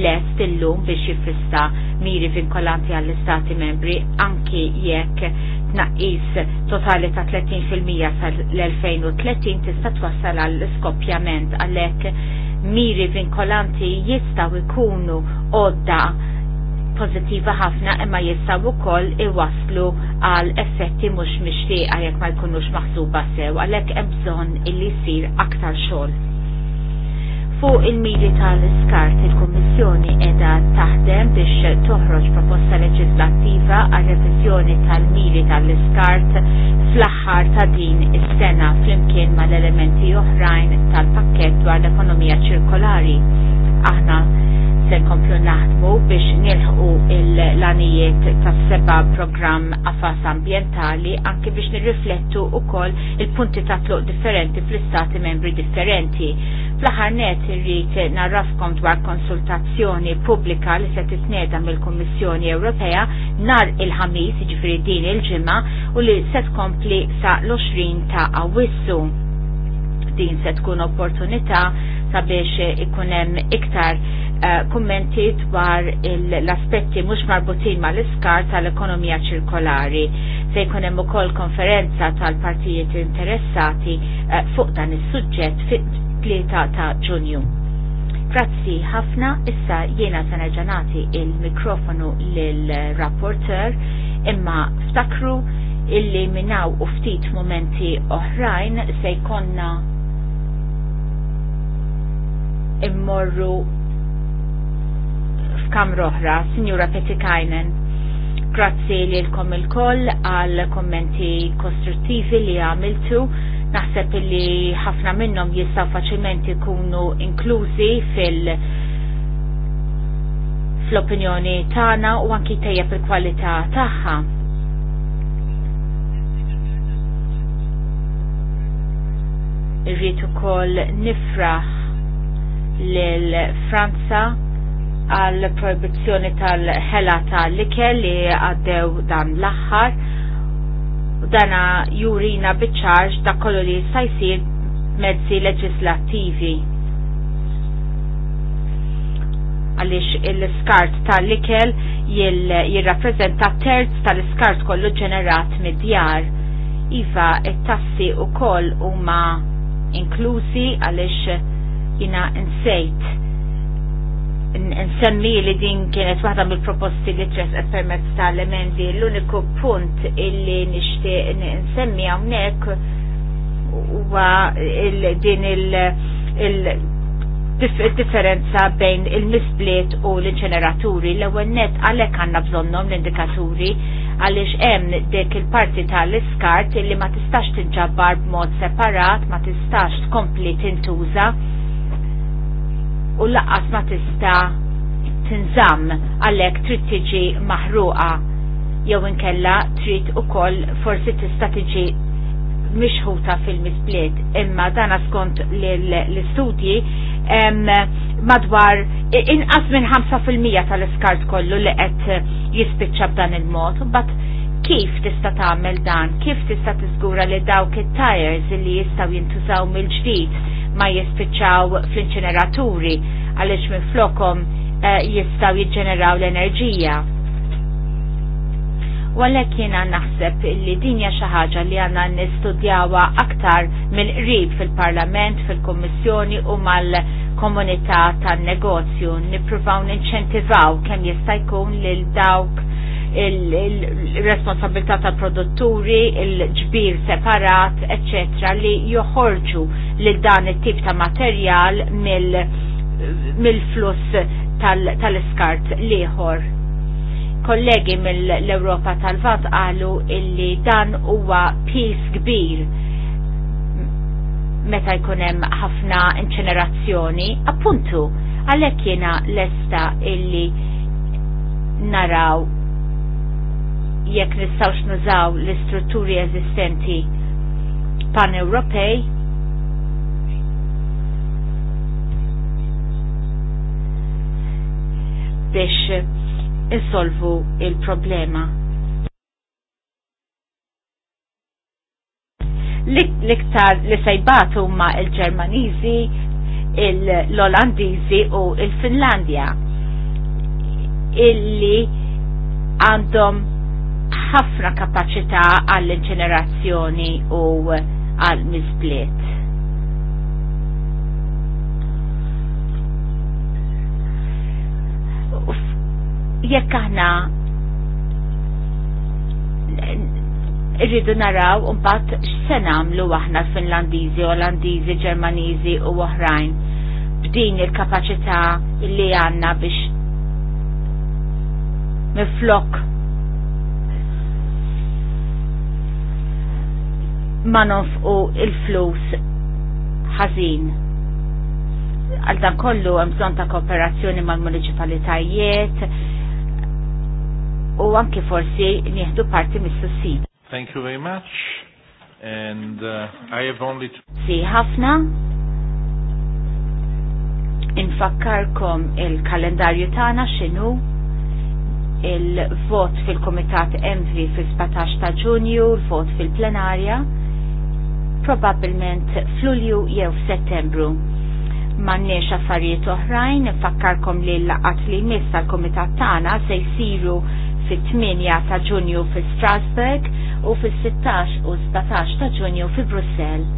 lest illum biex jifrista miri vinkolanti għall-istati membri anki jekk tnaqqis totali ta' 30% sal-2030 tista' twassal għall-iskopjament għalhekk miri vinkolanti jistaw ikunu odda pozittiva ħafna imma jistaw wkoll iwaslu għal effetti mhux mixtieqa jekk ma jkunux maħsuba sew għalhekk hemm bżonn illi jsir aktar xogħol. Fuq il-miri tal-iskart il-Kommissjoni edha taħdem biex toħroġ proposta leġislattiva għal revizjoni tal-miri tal-iskart fl-aħħar ta' din is-sena flimkien mal-elementi oħrajn tal-pakket dwar l-ekonomija ċirkolari. Aħna se nkomplu naħdmu biex nilħu l-anijiet ta' seba program affas ambientali anke biex nirriflettu u koll il-punti ta' tluq differenti fl-istati membri differenti. fl ħar net irrit narrafkom dwar konsultazzjoni pubblika li se titneda mill kummissjoni Ewropea nar il-ħamis, ġifri din il-ġimma, u li se tkompli sa' l-20 ta' awissu din se tkun opportunità sabiex ikun hemm iktar eh, kummenti dwar l-aspetti mhux marbutin mal-iskar tal-ekonomija ċirkolari. Se jkun hemm ukoll konferenza tal-partijiet interessati eh, fuq dan is-suġġett fit-tlieta ta' Ġunju. Grazzi ħafna, issa jiena se nerġa' nagħti il-mikrofonu lill-rapporter imma ftakru illi minnaw u ftit momenti oħrajn se jkonna immorru f'kamra oħra, Sinjura Petikajnen. Grazzi li l-kom il-koll għal kommenti kostruttivi li għamiltu. Naħseb li ħafna minnom jistaw faċilment ikunu inklużi fil- fl-opinjoni tagħna u anki tejjeb il-kwalità tagħha. Irrid ukoll nifraħ l-Franza għal proibizzjoni tal-ħela tal like li għaddew dan l-axħar dana jurina biċċarġ da kollu li sajsir mezzi leġislattivi. Għalix il-skart tal-likel jirrapprezenta terz tal-skart kollu ġenerat mid-djar. Iva, it-tassi u koll huma inklusi għalix jina nsejt nsemmi li din kienet waħda mill-proposti li tres permezz tal-emendi l-uniku punt illi nixtieq nsemmi hawnhekk huwa din il- differenza bejn il-misbliet u l-inċeneraturi l-ewwel net għalhekk għandna bżonnhom l-indikaturi għaliex hemm dik il-parti tal-iskart li ma tistax tinġabbar b'mod separat, ma tistax tkompli tintuża u laqqas ma tista tinżamm għalhekk trid tiġi maħruqa jew inkella trid ukoll forsi tista' tiġi mixħuta fil-misbliet imma dana skont l-istudji madwar inqas minn 5% tal-iskart kollu li qed jispiċċa b'dan il-mod, but kif tista' tagħmel dan, kif tista' tiżgura li dawk it-tires li jistgħu jintużaw mill-ġdid ma jispiċċaw fl-inċineraturi għaliex minn flokom eh, jistaw jiġġeneraw l-enerġija. U għalhekk jiena naħseb li din hija xi ħaġa li għandna nistudjawha aktar minn qrib fil-Parlament, fil-Kummissjoni u mal-komunità tan-negozju, nippruvaw ninċentivaw kemm jista' jkun lil dawk il-responsabilità il tal-produtturi, il-ġbir separat, eccetera, li joħorġu li dan it-tip ta' materjal mill-fluss mil tal-iskart tal liħor. Kollegi mill-Europa tal-Vat għalu illi dan huwa pis kbir meta jkunem ħafna inċenerazzjoni, appuntu, għalek jena lesta illi naraw jekk nistawx nużaw l-istrutturi eżistenti pan-Ewropej biex insolvu il-problema. L-iktar li sajbat huma il-Ġermaniżi, l-Olandiżi u il-Finlandja illi għandhom ħafna kapaċità għall ġenerazzjoni u għall-misbliet. Jekk aħna irridu naraw mbagħad x'se nagħmlu aħna Finlandiżi, Olandiżi, Ġermaniżi u oħrajn b'din il-kapaċità li għandna biex miflok ma nofqu il-flus ħażin. Għal dan kollu hemm bżonn ta' kooperazzjoni mal-municipalitajiet u anke forsi nieħdu parti mis-sussid. Thank you very much. And uh, I have only to... Si ħafna infakkarkom il-kalendarju tagħna x'inhu il-vot fil-Komitat MV fil-17 ta' Ġunju, il-vot fil-plenarja Probabilment f'Lulju jew f'Settembru. M'għandniex affarijiet oħrajn, nfakkarkom li l-laqat li jmiss tal-Kumitat tagħna se jsiru fit-8 ta' Ġunju fi Strasbourg u fis-16 u 17 ta' Ġunju fi Brussell.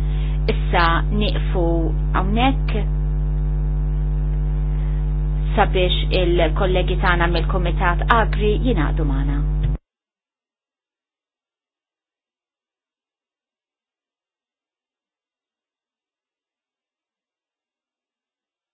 Issa nieqfu hawnhekk sabiex il-kollegi tagħna mill-Kumitat Agri jingħaqdu magħna.